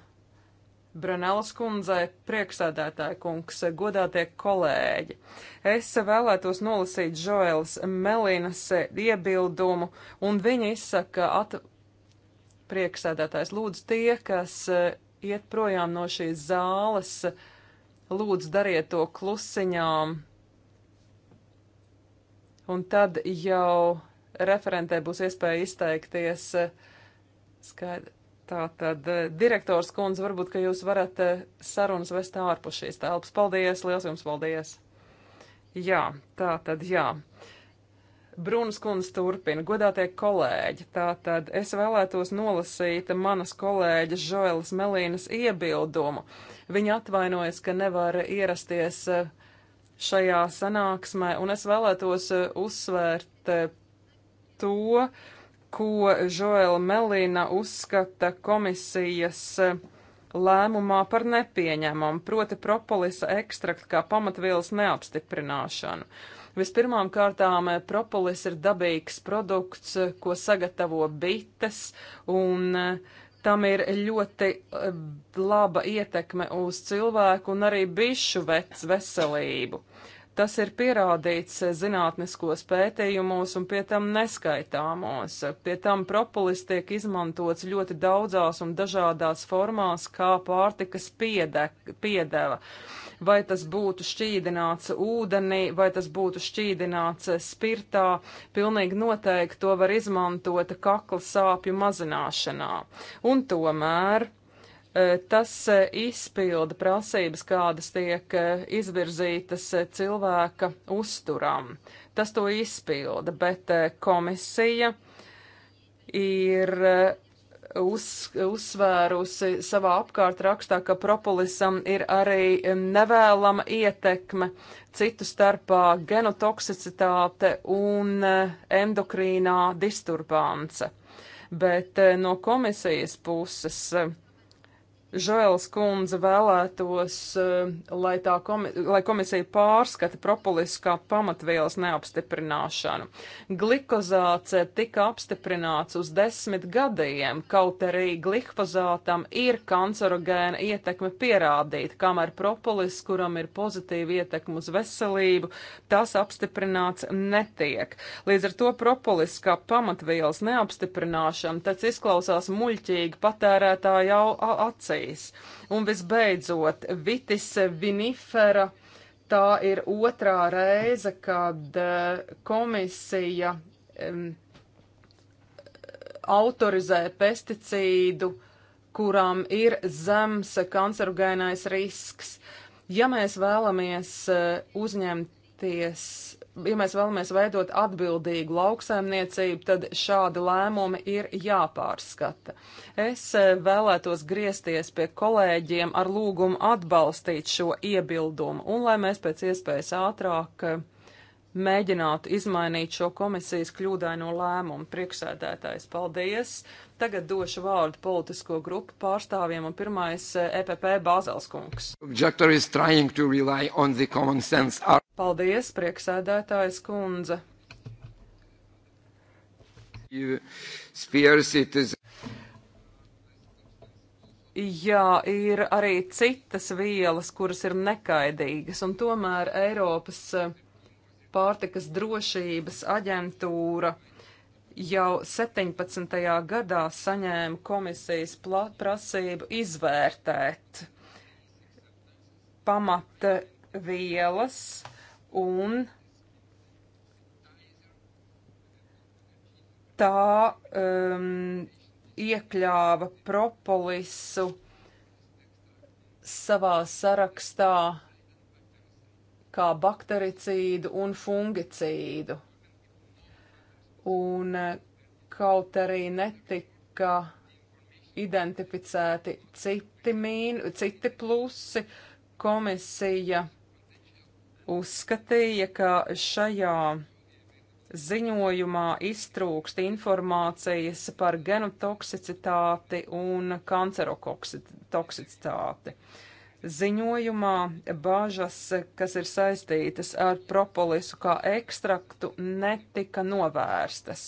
Branelas kundzei, priekšsēdētāja kungs, godātie kolēģi. Es vēlētos nolasīt Žoels Melinas iebildumu, un viņa izsaka at... priekšsēdētājs lūdzu tie, kas e, iet projām no šīs zāles, lūdzu dariet to klusiņām. Un tad jau referentē būs iespēja izteikties e, skaidri. Tātad, eh, direktors kundze, varbūt, ka jūs varat eh, sarunas vest ārpus šīs telpas. Paldies, liels jums paldies! Jā, tātad, jā. Brunas kundze turpina, godātie kolēģi, tātad es vēlētos nolasīt manas kolēģas Žoelas Melīnas iebildumu. Viņa atvainojas, ka nevar ierasties eh, šajā sanāksmē, un es vēlētos uzsvērt to, ko Žoela Melīna uzskata komisijas eh, lēmumā par nepieņemamu, proti propolisa ekstraktu kā pamatvielas neapstiprināšanu. Vispirmām kārtām eh, propolis ir dabīgs produkts, eh, ko sagatavo bites, un tam ir ļoti laba ietekme uz cilvēku un arī bišu veselību. Tas ir pierādīts zinātniskos pētījumos un pie tam neskaitāmos. Pie tam propolis tiek izmantots ļoti daudzās un dažādās formās, kā pārtikas piede, piedeva. Vai tas būtu šķīdināts ūdenī, vai tas būtu šķīdināts spirtā, pilnīgi noteikti to var izmantot kakla sāpju mazināšanā. Un tomēr Eh, tas eh, izpilda prasības, kādas tiek eh, izvirzītas cilvēka uzturam. Tas to izpilda, bet komisija ir uz, uzsvērusi savā apkārtrakstā, ka propolisam ir arī nevēlama ietekme, citu starpā genotoksicitāte un endokrīnā disturbance. Bet no komisijas puses uh, Žēls kundze vēlētos, eh, lai, tā komi lai komisija pārskata propolis kā pamatvielas neapstiprināšanu. Glikozāts tika apstiprināts uz desmit gadiem, kaut arī glifozātam ir kancerogēna ietekme pierādīta, kamēr propolis, kuram ir pozitīva ietekme uz veselību, tas apstiprināts netiek. Līdz ar to propolis kā pamatvielas neapstiprināšana, tas izklausās muļķīgi patērētāju acī valstīs. Un visbeidzot, vitis vinifera. Tā ir otrā reize, kad eh, komisija um, autorizē pesticīdu, kurām ir zems kancerogēnais risks. Ja mēs vēlamies eh, uzņemties ja mēs vēlamies veidot atbildīgu lauksaimniecību, tad šādi lēmumi ir jāpārskata. Es eh, vēlētos griezties pie kolēģiem ar lūgumu atbalstīt šo iebildumu un lai mēs pēc iespējas ātrāk eh, mēģinātu izmainīt šo komisijas kļūdaino lēmumu. Priekšsēdētājs, paldies! Tagad došu vārdu politisko grupu pārstāvjiem un pirmais EPP eh, e Bāzels kungs. Paldies, priekšsēdētājs kundze! Jā, ir arī citas vielas, kuras ir nekaidīgas, un tomēr Eiropas uh, pārtikas drošības aģentūra jau 17. gadā saņēma komisijas prasību izvērtēt pamata vielas un tā um, iekļāva propolisu savā sarakstā kā baktericīdu un fungicīdu. Un eh, kaut arī netika identificēti citi, mīn, citi plusi, komisija uzskatīja, ka šajā ziņojumā iztrūkst informācijas par genotoksicitāti un kancerotoksikcitāti. Toksicitāti. Ziņojumā bāžas, kas ir saistītas ar propolisu kā ekstraktu, netika novērstas.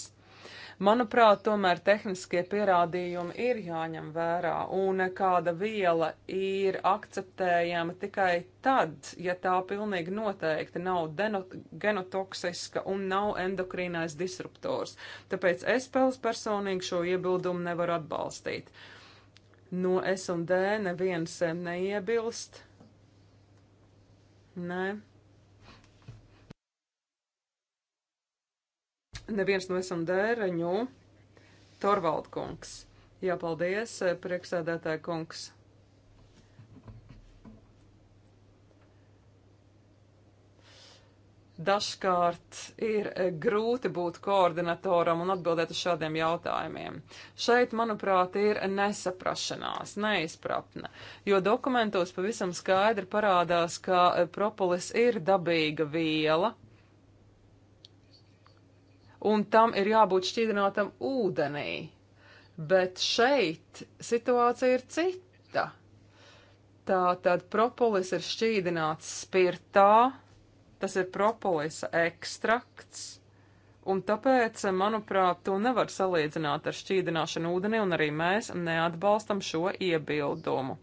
Manuprāt, tomēr tehniskie pierādījumi ir jāņem vērā, un kāda viela ir akceptējama tikai tad, ja tā pilnīgi noteikti nav genotoksiska un nav endokrīnais disruptors. Tāpēc es pels personīgi šo iebildumu nevaru atbalstīt. No S un D neviens eh, neiebilst. Nē. Neviens no S un D reņū. Torvaldkungs. Jā, paldies, eh, priekšsēdētāja kungs. Dažkārt ir eh, grūti būt koordinatoram un atbildēt uz šādiem jautājumiem. Šeit, manuprāt, ir nesaprašanās, neizpratne, jo dokumentos pavisam skaidri parādās, ka eh, propolis ir dabīga viela, un tam ir jābūt šķidrinātam ūdenī. Bet šeit situācija ir cita. Tā tad propolis ir šķīdināts spirtā tas ir propolisa ekstrakts, un tāpēc, manuprāt, to nevar salīdzināt ar šķīdināšanu ūdenī, un arī mēs neatbalstam šo iebildumu.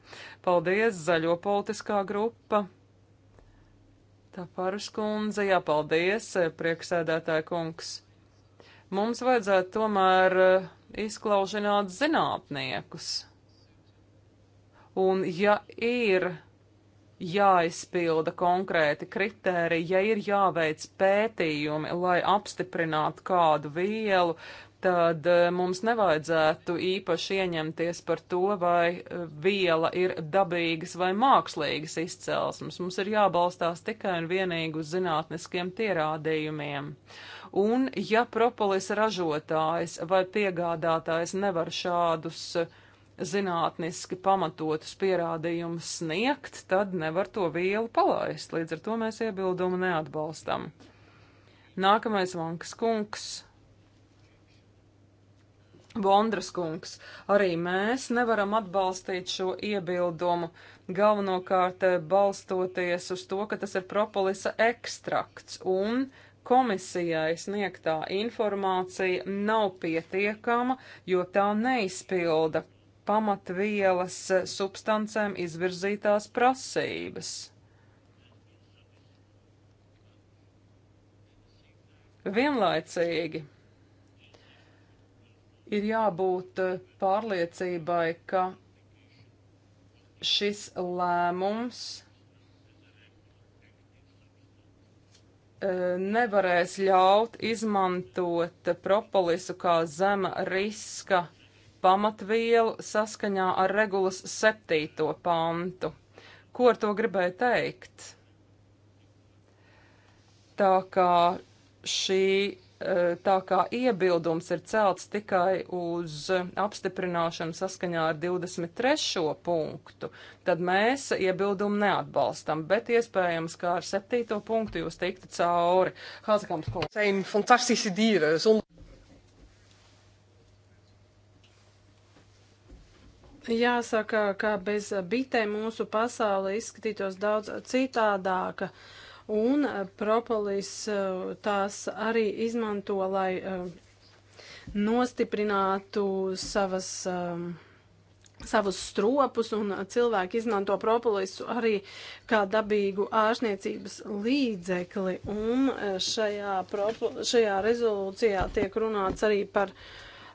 Paldies, zaļo politiskā grupa! Tā pārskundze, jā, paldies, prieksēdētāja kungs. Mums vajadzētu tomēr eh, izklaužināt zinātniekus. Un ja ir jāizpilda konkrēti kriteriji, ja ir jāveic pētījumi, lai apstiprinātu kādu vielu, tad eh, mums nevajadzētu īpaši ieņemties par to, vai eh, viela ir dabīgas vai mākslīgas izcelsmes. Mums ir jābalstās tikai un vienīgi uz zinātniskiem pierādījumiem. Un ja propolis ražotājs vai piegādātājs nevar šādus uh, zinātniski pamatotus pierādījumus sniegt, tad nevar to vielu palaist. Līdz ar to mēs iebildumu neatbalstam. Nākamais Vankas kungs. Bondras kungs, arī mēs nevaram atbalstīt šo iebildumu, galvenokārt eh, balstoties uz to, ka tas ir propolisa ekstrakts un komisijai sniegtā informācija nav pietiekama, jo tā neizpilda pamatvielas eh, substancēm izvirzītās prasības. Vienlaicīgi ir jābūt eh, pārliecībai, ka šis lēmums eh, nevarēs ļaut izmantot propolisu kā zema riska pamatvielu saskaņā ar regulas septīto pantu. Ko ar to gribēju teikt? Tā kā šī, eh, tā kā iebildums ir celts tikai uz apstiprināšanu saskaņā ar 23. punktu, tad mēs iebildumu neatbalstam, bet iespējams, kā ar 7. punktu jūs teiktu cauri. Hāzakams, kungs. Jāsaka, ka bez bitēm mūsu pasaule izskatītos daudz citādāka, un eh, propolis eh, tās arī izmanto, lai eh, nostiprinātu savas, savus stropus, un cilvēki izmanto propolisu arī kā dabīgu ārstniecības līdzekli, un šajā, šajā rezolūcijā tiek runāts arī par uh,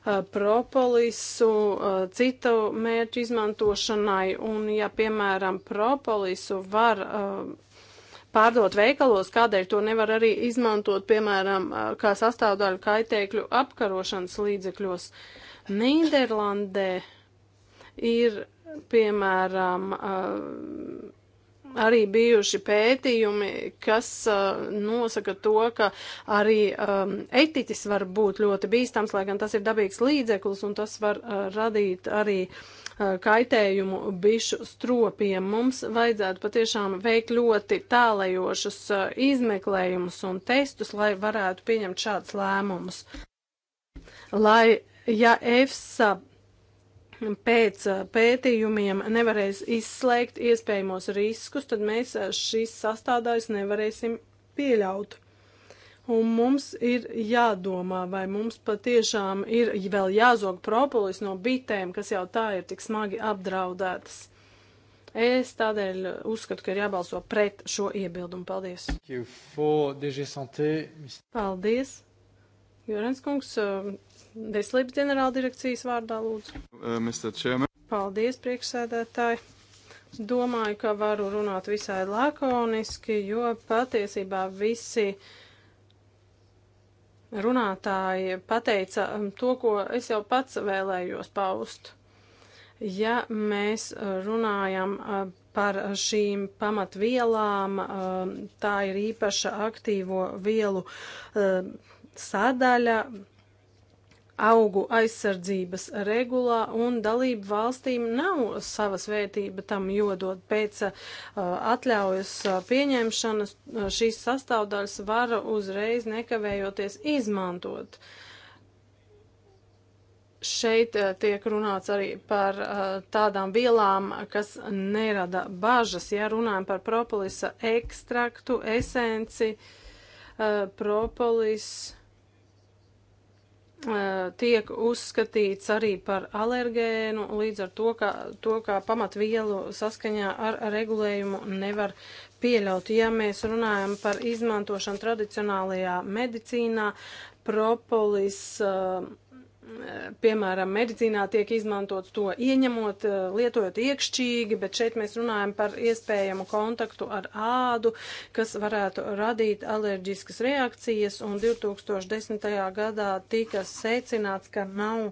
Uh, propolisu uh, citu mērķu izmantošanai. Un, ja, piemēram, propolisu var uh, pārdot veikalos, kādēļ to nevar arī izmantot, piemēram, kā sastāvdaļu kaitēkļu apkarošanas līdzekļos. Nīderlandē ir, piemēram, arī bijuši pētījumi, kas uh, nosaka to, ka arī um, etiķis var būt ļoti bīstams, lai gan tas ir dabīgs līdzeklis un tas var uh, radīt arī uh, kaitējumu bišu stropiem. Mums vajadzētu patiešām veikt ļoti tālajošus uh, izmeklējumus un testus, lai varētu pieņemt šādus lēmumus. Lai ja EFSA pēc uh, pētījumiem nevarēs izslēgt iespējamos riskus, tad mēs uh, šīs sastādājas nevarēsim pieļaut. Un mums ir jādomā, vai mums patiešām ir vēl jāzog propolis no bitēm, kas jau tā ir tik smagi apdraudētas. Es tādēļ uzskatu, ka ir jābalso pret šo iebildumu. Paldies! Paldies! Jurens kungs, um, veselības ģenerāldirekcijas vārdā lūdzu. Uh, Mr. Chairman. Paldies, priekšsēdētāji. Domāju, ka varu runāt visai lakoniski, jo patiesībā visi runātāji pateica um, to, ko es jau pats vēlējos paust. Ja mēs uh, runājam uh, par šīm pamatvielām, tā ir īpaša aktīvo vielu sadaļa augu aizsardzības regulā un dalību valstīm nav savas vērtība tam jodot pēc uh, atļaujas uh, pieņemšanas uh, šīs sastāvdaļas var uzreiz nekavējoties izmantot. Šeit uh, tiek runāts arī par uh, tādām vielām, kas nerada bažas, ja runājam par propolisa ekstraktu, esenci, uh, propolis Eh, tiek uzskatīts arī par alergēnu, līdz ar to, ka to kā pamatvielu saskaņā ar regulējumu nevar pieļaut. Ja mēs runājam par izmantošanu tradicionālajā medicīnā, propolis uh, piemēram, medicīnā tiek izmantots to ieņemot, eh, lietojot iekšķīgi, bet šeit mēs runājam par iespējamu kontaktu ar ādu, kas varētu radīt alerģiskas reakcijas, un 2010. gadā tika secināts, ka nav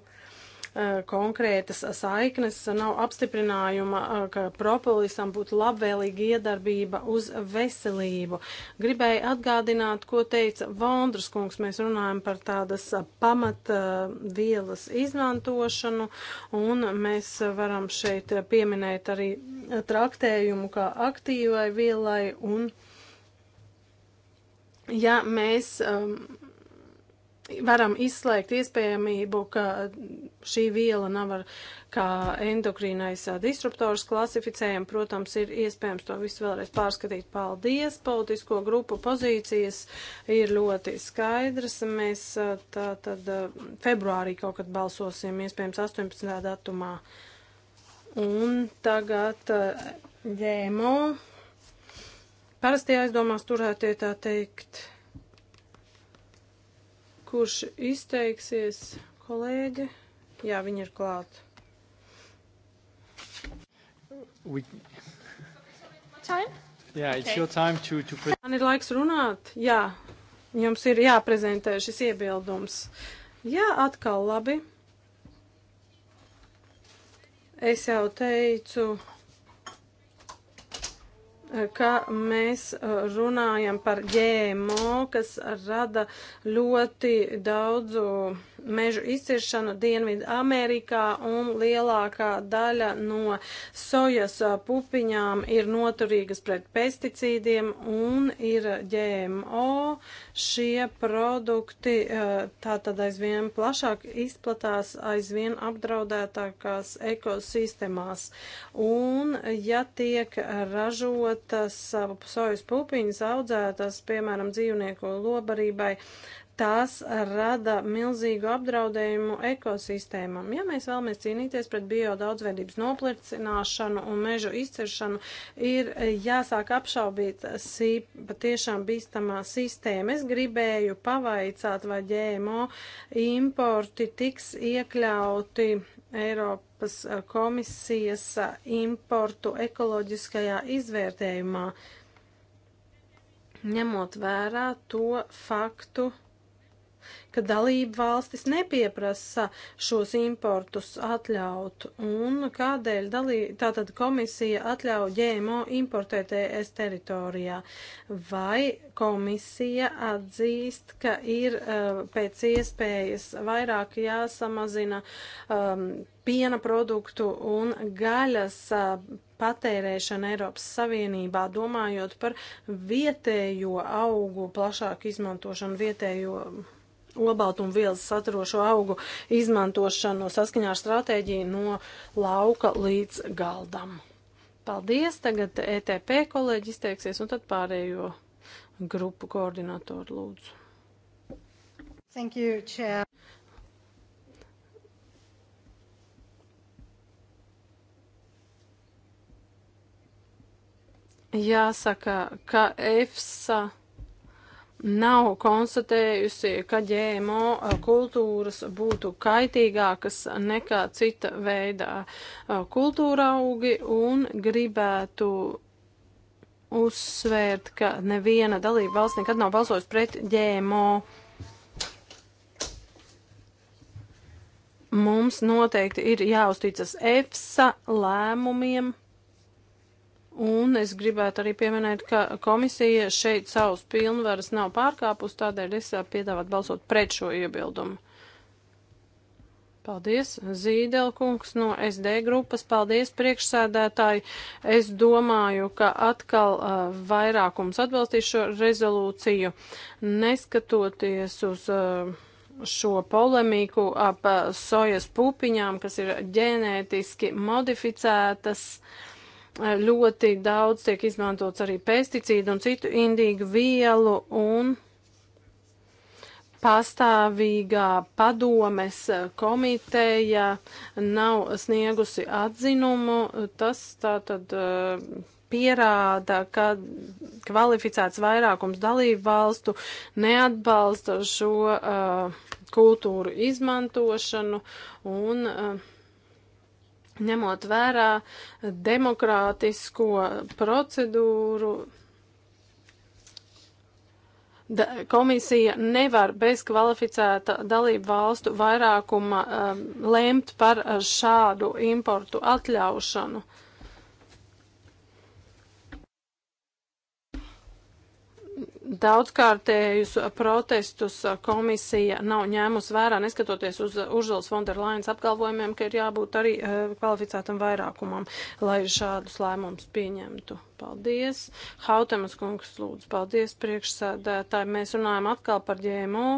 konkrētas saiknes, nav apstiprinājuma, ka propolisam būtu labvēlīga iedarbība uz veselību. Gribēju atgādināt, ko teica Vondras kungs. Mēs runājam par tādas pamatvielas izmantošanu, un mēs varam šeit pieminēt arī traktējumu kā aktīvai vielai un. Ja mēs um, varam izslēgt iespējamību, ka šī viela nav ar kā endokrīnais disruptors klasificējama. Protams, ir iespējams to visu vēlreiz pārskatīt. Paldies! Politisko grupu pozīcijas ir ļoti skaidras. Mēs tā tad februārī kaut kad balsosim, iespējams 18. datumā. Un tagad ģēmo. Parasti aizdomās turētie tā teikt Kurš izteiksies? Kolēģe? Jā, viņa ir klāt. We... Time? Jā, yeah, it's okay. your time to, to present. Man ir laiks runāt? Jā, jums ir jāprezentē šis iebildums. Jā, atkal labi. Es jau teicu ka mēs uh, runājam par ģēmo, kas rada ļoti daudzu mežu izciršanu Dienvidu Amerikā un lielākā daļa no sojas pupiņām ir noturīgas pret pesticīdiem un ir GMO. Šie produkti eh, tātad aizvien plašāk izplatās aizvien apdraudētākās ekosistēmās. Un ja tiek ražotas eh, sojas pupiņas audzētas, piemēram, dzīvnieku lobarībai, tās rada milzīgu apdraudējumu ekosistēmam. Ja mēs vēlamies cīnīties pret biodaudzveidības noplicināšanu un mežu izceršanu, ir jāsāk apšaubīt šī patiešām bīstamā sistēma. Es gribēju pavaicāt, vai ģēmo importi tiks iekļauti Eiropas komisijas importu ekoloģiskajā izvērtējumā ņemot vērā to faktu, ka dalība valstis nepieprasa šos importus atļaut un kādēļ dalī, tātad komisija atļauj ģēmo importēt ES teritorijā. Vai komisija atzīst, ka ir uh, pēc iespējas vairāk jāsamazina um, piena produktu un gaļas uh, patērēšana Eiropas Savienībā, domājot par vietējo augu plašāku izmantošanu, vietējo olbaltumvielas saturošo augu izmantošanu saskaņā ar stratēģiju no lauka līdz galdam. Paldies, tagad ETP kolēģi izteiksies un tad pārējo grupu koordinatoru lūdzu. Thank you, Chair. Jāsaka, ka EFSA nav konstatējusi, ka ģēmo kultūras būtu kaitīgākas nekā cita veidā kultūra augi un gribētu uzsvērt, ka neviena dalība valsts nekad nav balsojusi pret ģēmo. Mums noteikti ir jāuzticas EFSA lēmumiem Un es gribētu arī pieminēt, ka komisija šeit savus pilnvaras nav pārkāpus, tādēļ es piedāvātu balsot pret šo iebildumu. Paldies, Zīdelkungs no SD grupas. Paldies, priekšsēdētāji. Es domāju, ka atkal uh, vairākums atbalstīs šo rezolūciju, neskatoties uz. Uh, šo polemiku ap sojas pupiņām, kas ir ģenētiski modificētas. Uh, ļoti daudz tiek izmantots arī pesticīdu un citu indīgu vielu un pastāvīgā padomes komiteja nav sniegusi atzinumu. Tas tātad eh, pierāda, ka kvalificēts vairākums dalību valstu neatbalsta šo uh, kultūru izmantošanu un uh, ņemot vērā demokrātisko procedūru. Da, komisija nevar bez kvalificēta dalību valstu vairākuma um, lemt par uh, šādu importu atļaušanu. Uh, Daudzkārtējus protestus komisija nav ņēmusi vērā, neskatoties uz Užulas Fonderlainas apgalvojumiem, ka ir jābūt arī eh, kvalificētam vairākumam, lai šādus lēmumus pieņemtu. Paldies. Hautemas kungs lūdzu, paldies priekšsēdētāji. Mēs runājam atkal par ģēmo.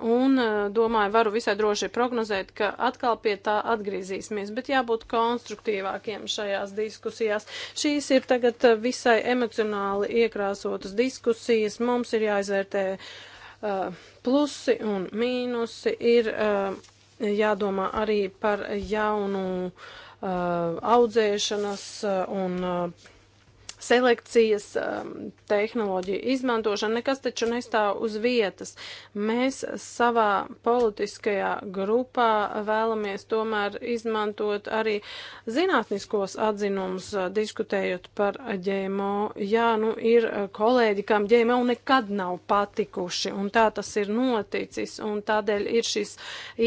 Un eh, domāju, varu visai droši prognozēt, ka atkal pie tā atgriezīsimies, bet jābūt konstruktīvākiem šajās diskusijās. Šīs ir tagad eh, visai emocionāli iekrāsotas diskusijas. Mums ir jāizvērtē uh, plusi un mīnusi. Ir uh, jādomā arī par jaunu uh, audzēšanas un. Uh, selekcijas um, tehnoloģija izmantošana, nekas taču nestāv uz vietas. Mēs savā politiskajā grupā vēlamies tomēr izmantot arī zinātniskos atzinumus, uh, diskutējot par ģēmo. Jā, nu ir uh, kolēģi, kam ģēmo nekad nav patikuši, un tā tas ir noticis, un tādēļ ir šis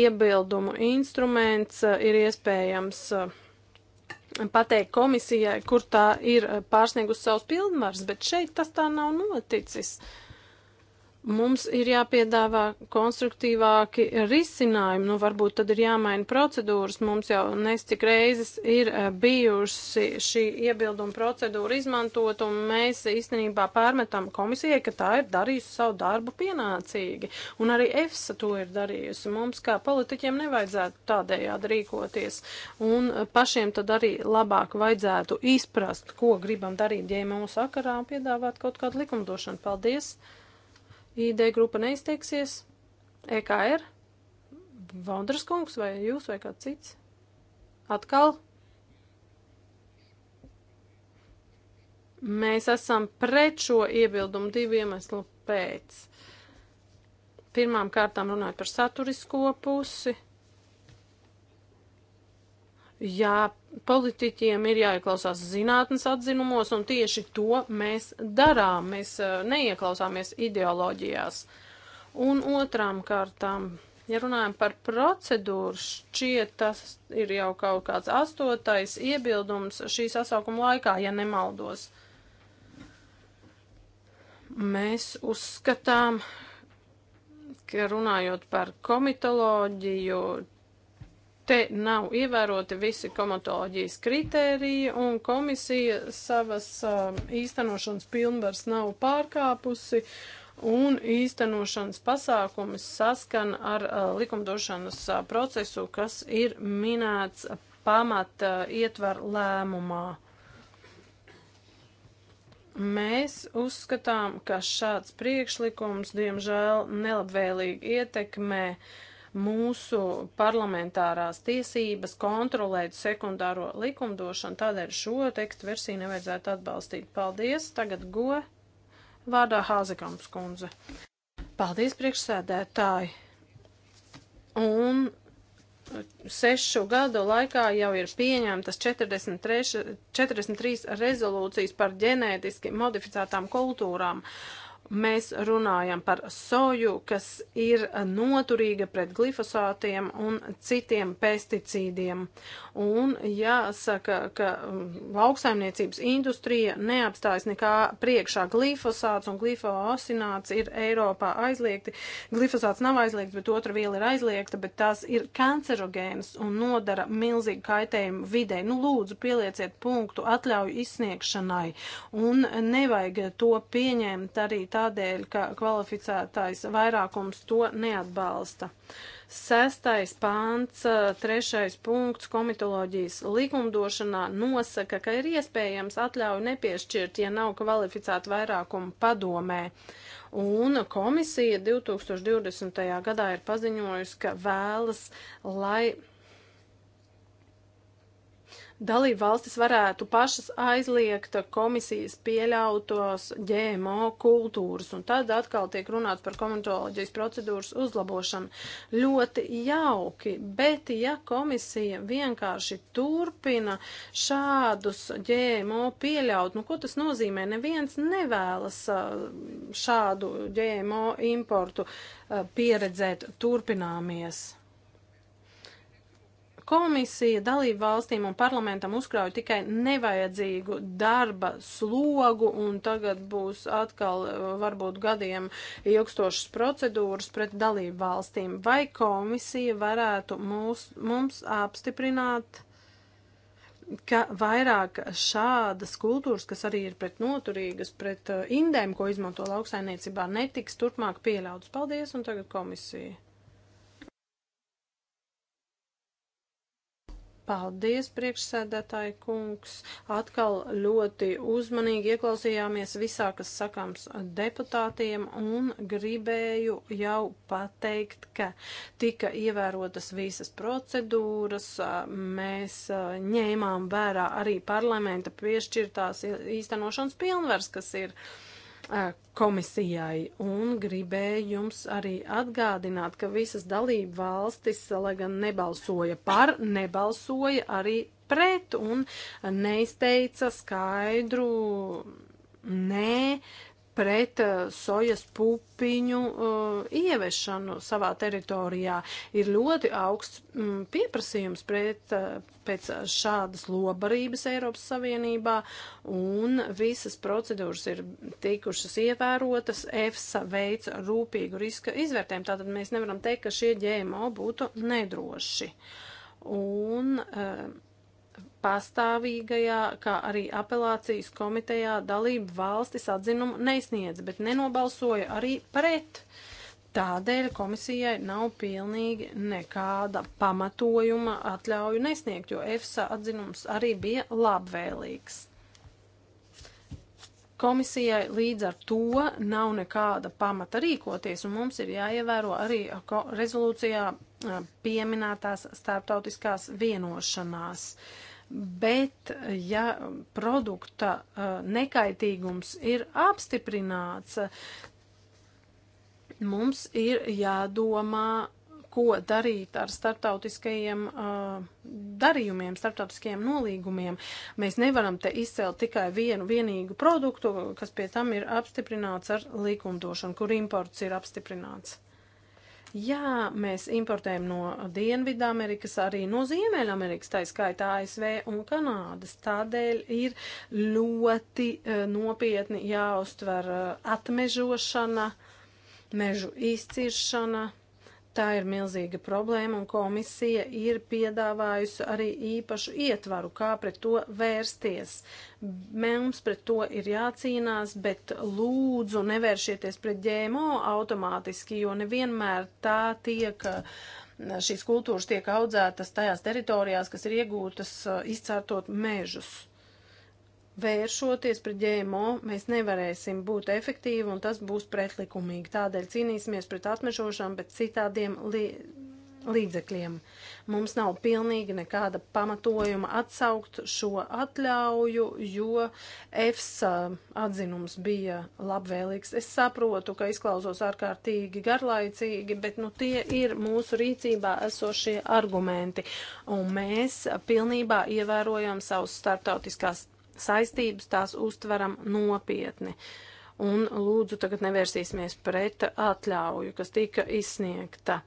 iebildumu instruments, uh, ir iespējams. Uh, pateikt komisijai, kur tā ir eh, pārsniegusi savus pilnvars, bet šeit tas tā nav noticis. Uh, Mums ir jāpiedāvā konstruktīvāki risinājumi, nu varbūt tad ir jāmaina procedūras. Mums jau nescik reizes ir eh, bijusi šī iebilduma procedūra izmantot, un mēs īstenībā pārmetam komisijai, ka tā ir darījusi savu darbu pienācīgi. Un arī EFSA to ir darījusi. Mums kā politiķiem nevajadzētu tādējādi rīkoties, un pašiem tad arī labāk vajadzētu izprast, ko gribam darīt ģēmo sakarā un piedāvāt kaut kādu likumdošanu. Paldies! ID grupa neizteiksies. EKR. Vondras kungs vai jūs vai kāds cits? Atkal. Mēs esam pret šo iebildumu divu iemeslu pēc. Pirmām kārtām runāju par saturisko pusi. Jā, politiķiem ir jāieklausās zinātnes atzinumos, un tieši to mēs darām. Mēs eh, neieklausāmies ideoloģijās. Un otrām kārtām, ja runājam par procedūru, šķiet tas ir jau kaut kāds astotais iebildums šī sasaukuma laikā, ja nemaldos. Mēs uzskatām, ka runājot par komitoloģiju, Te nav ievēroti visi komatoloģijas kritēriji, un komisija savas um, īstenošanas pilnvars nav pārkāpusi, un īstenošanas pasākums saskan ar uh, likumdošanas uh, procesu, kas ir minēts pamat uh, ietver lēmumā. Mēs uzskatām, ka šāds priekšlikums, diemžēl, nelabvēlīgi ietekmē uh, mūsu parlamentārās tiesības kontrolēt sekundāro likumdošanu, tādēļ šo tekstu versiju nevajadzētu atbalstīt. Paldies, tagad go vārdā Hāzekams kundze. Paldies, priekšsēdētāji. Un sešu gadu laikā jau ir pieņemtas 43, 43 rezolūcijas par ģenētiski modificētām kultūrām. Uh, mēs runājam par soju, kas ir noturīga pret glifosātiem un citiem pesticīdiem. Un jāsaka, ka mm, lauksaimniecības industrija neapstājas nekā priekšā. Glifosāts un glifosināts ir Eiropā aizliegti. Glifosāts nav aizliegts, bet otra viela ir aizliegta, bet tās ir kancerogēnas un nodara milzīgu kaitējumu vidē. Nu, lūdzu, pielieciet punktu atļauju izsniegšanai un nevajag to pieņemt arī tā tādēļ, ka kvalificētais vairākums to neatbalsta. Sestais pāns, trešais punkts komitoloģijas likumdošanā nosaka, ka ir iespējams atļauju nepiešķirt, ja nav kvalificēta vairākuma padomē. Un komisija 2020. gadā ir paziņojusi, ka vēlas, lai dalību valstis varētu pašas aizliegt komisijas pieļautos GMO kultūras, un tad atkal tiek runāts par komentoloģijas procedūras uzlabošanu. Ļoti jauki, bet ja komisija vienkārši turpina šādus GMO pieļaut, nu ko tas nozīmē? Neviens nevēlas šādu GMO importu pieredzēt turpināmies. Komisija dalību valstīm un parlamentam uzkrauj tikai nevajadzīgu darba slogu, un tagad būs atkal eh, varbūt gadiem ilgstošas procedūras pret dalību valstīm. Vai komisija varētu mūs, mums apstiprināt, ka vairāk šādas kultūras, kas arī ir pret noturīgas, pret eh, indēm, ko izmanto lauksainiecībā, netiks turpmāk pieļautas? Paldies, un tagad komisija. Paldies, priekšsēdētāji kungs. Atkal ļoti uzmanīgi ieklausījāmies visā, kas sakāms deputātiem, un gribēju jau pateikt, ka tika ievērotas visas procedūras. Mēs ņēmām vērā arī parlamenta piešķirtās īstenošanas pilnvars, kas ir. Uh, komisijai un gribēju jums arī atgādināt, ka visas dalība valstis, lai gan nebalsoja par, nebalsoja arī pret un neizteica skaidru nē pret eh, sojas pupiņu uh, eh, ieviešanu savā teritorijā. Ir ļoti augsts mm, pieprasījums pret, uh, pēc šādas lobarības Eiropas Savienībā, un visas procedūras ir tikušas ievērotas. EFSA veic rūpīgu riska izvērtējumu, tātad mēs nevaram teikt, ka šie ģēmo būtu nedroši. Un, uh, pastāvīgajā, kā arī apelācijas komitejā dalību valstis atzinumu neizniedz, bet nenobalsoja arī pret. Tādēļ komisijai nav pilnīgi nekāda pamatojuma atļauju nesniegt, jo EFSA atzinums arī bija labvēlīgs. Komisijai līdz ar to nav nekāda pamata rīkoties, un mums ir jāievēro arī rezolūcijā pieminētās starptautiskās vienošanās. Bet, ja produkta uh, nekaitīgums ir apstiprināts, mums ir jādomā, ko darīt ar starptautiskajiem uh, darījumiem, starptautiskajiem nolīgumiem. Mēs nevaram te izcelt tikai vienu vienīgu produktu, kas pie tam ir apstiprināts ar likumdošanu, kur imports ir apstiprināts. Jā, mēs importējam no Dienvidamerikas, arī no Ziemeļamerikas, tā skaitā ASV un Kanādas. Tādēļ ir ļoti uh, nopietni jāuztver uh, atmežošana, mežu izciršana. Tā ir milzīga problēma, un komisija ir piedāvājusi arī īpašu ietvaru, kā pret to vērsties. Mums pret to ir jācīnās, bet lūdzu nevēršieties pret ģēmo automātiski, jo nevienmēr tā tiek. Šīs kultūras tiek audzētas tajās teritorijās, kas ir iegūtas izcērtot mežus vēršoties pret GMO, mēs nevarēsim būt efektīvi un tas būs pretlikumīgi. Tādēļ cīnīsimies pret atmežošanu, bet citādiem li līdzekļiem. Mums nav pilnīgi nekāda pamatojuma atsaukt šo atļauju, jo EFSA atzinums bija labvēlīgs. Es saprotu, ka izklausos ārkārtīgi garlaicīgi, bet nu, tie ir mūsu rīcībā esošie argumenti. Un mēs pilnībā ievērojam savus starptautiskās saistības tās uztveram nopietni. Un lūdzu, tagad nevērsīsimies pret atļauju, kas tika izsniegta.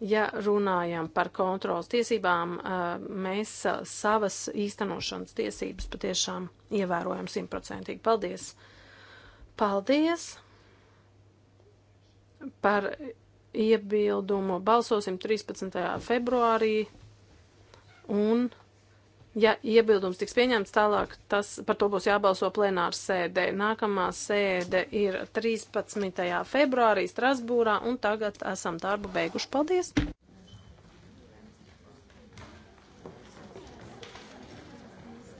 Ja runājam par kontrolas tiesībām, eh, mēs eh, savas īstenošanas tiesības patiešām ievērojam simtprocentīgi. Paldies! Paldies par iebildumu. Balsosim 13. februārī un Ja iebildums tiks pieņemts tālāk, tas par to būs jābalso plenāra sēdē. Nākamā sēde ir 13. februārī Strasbūrā, un tagad esam darbu beiguši. Paldies!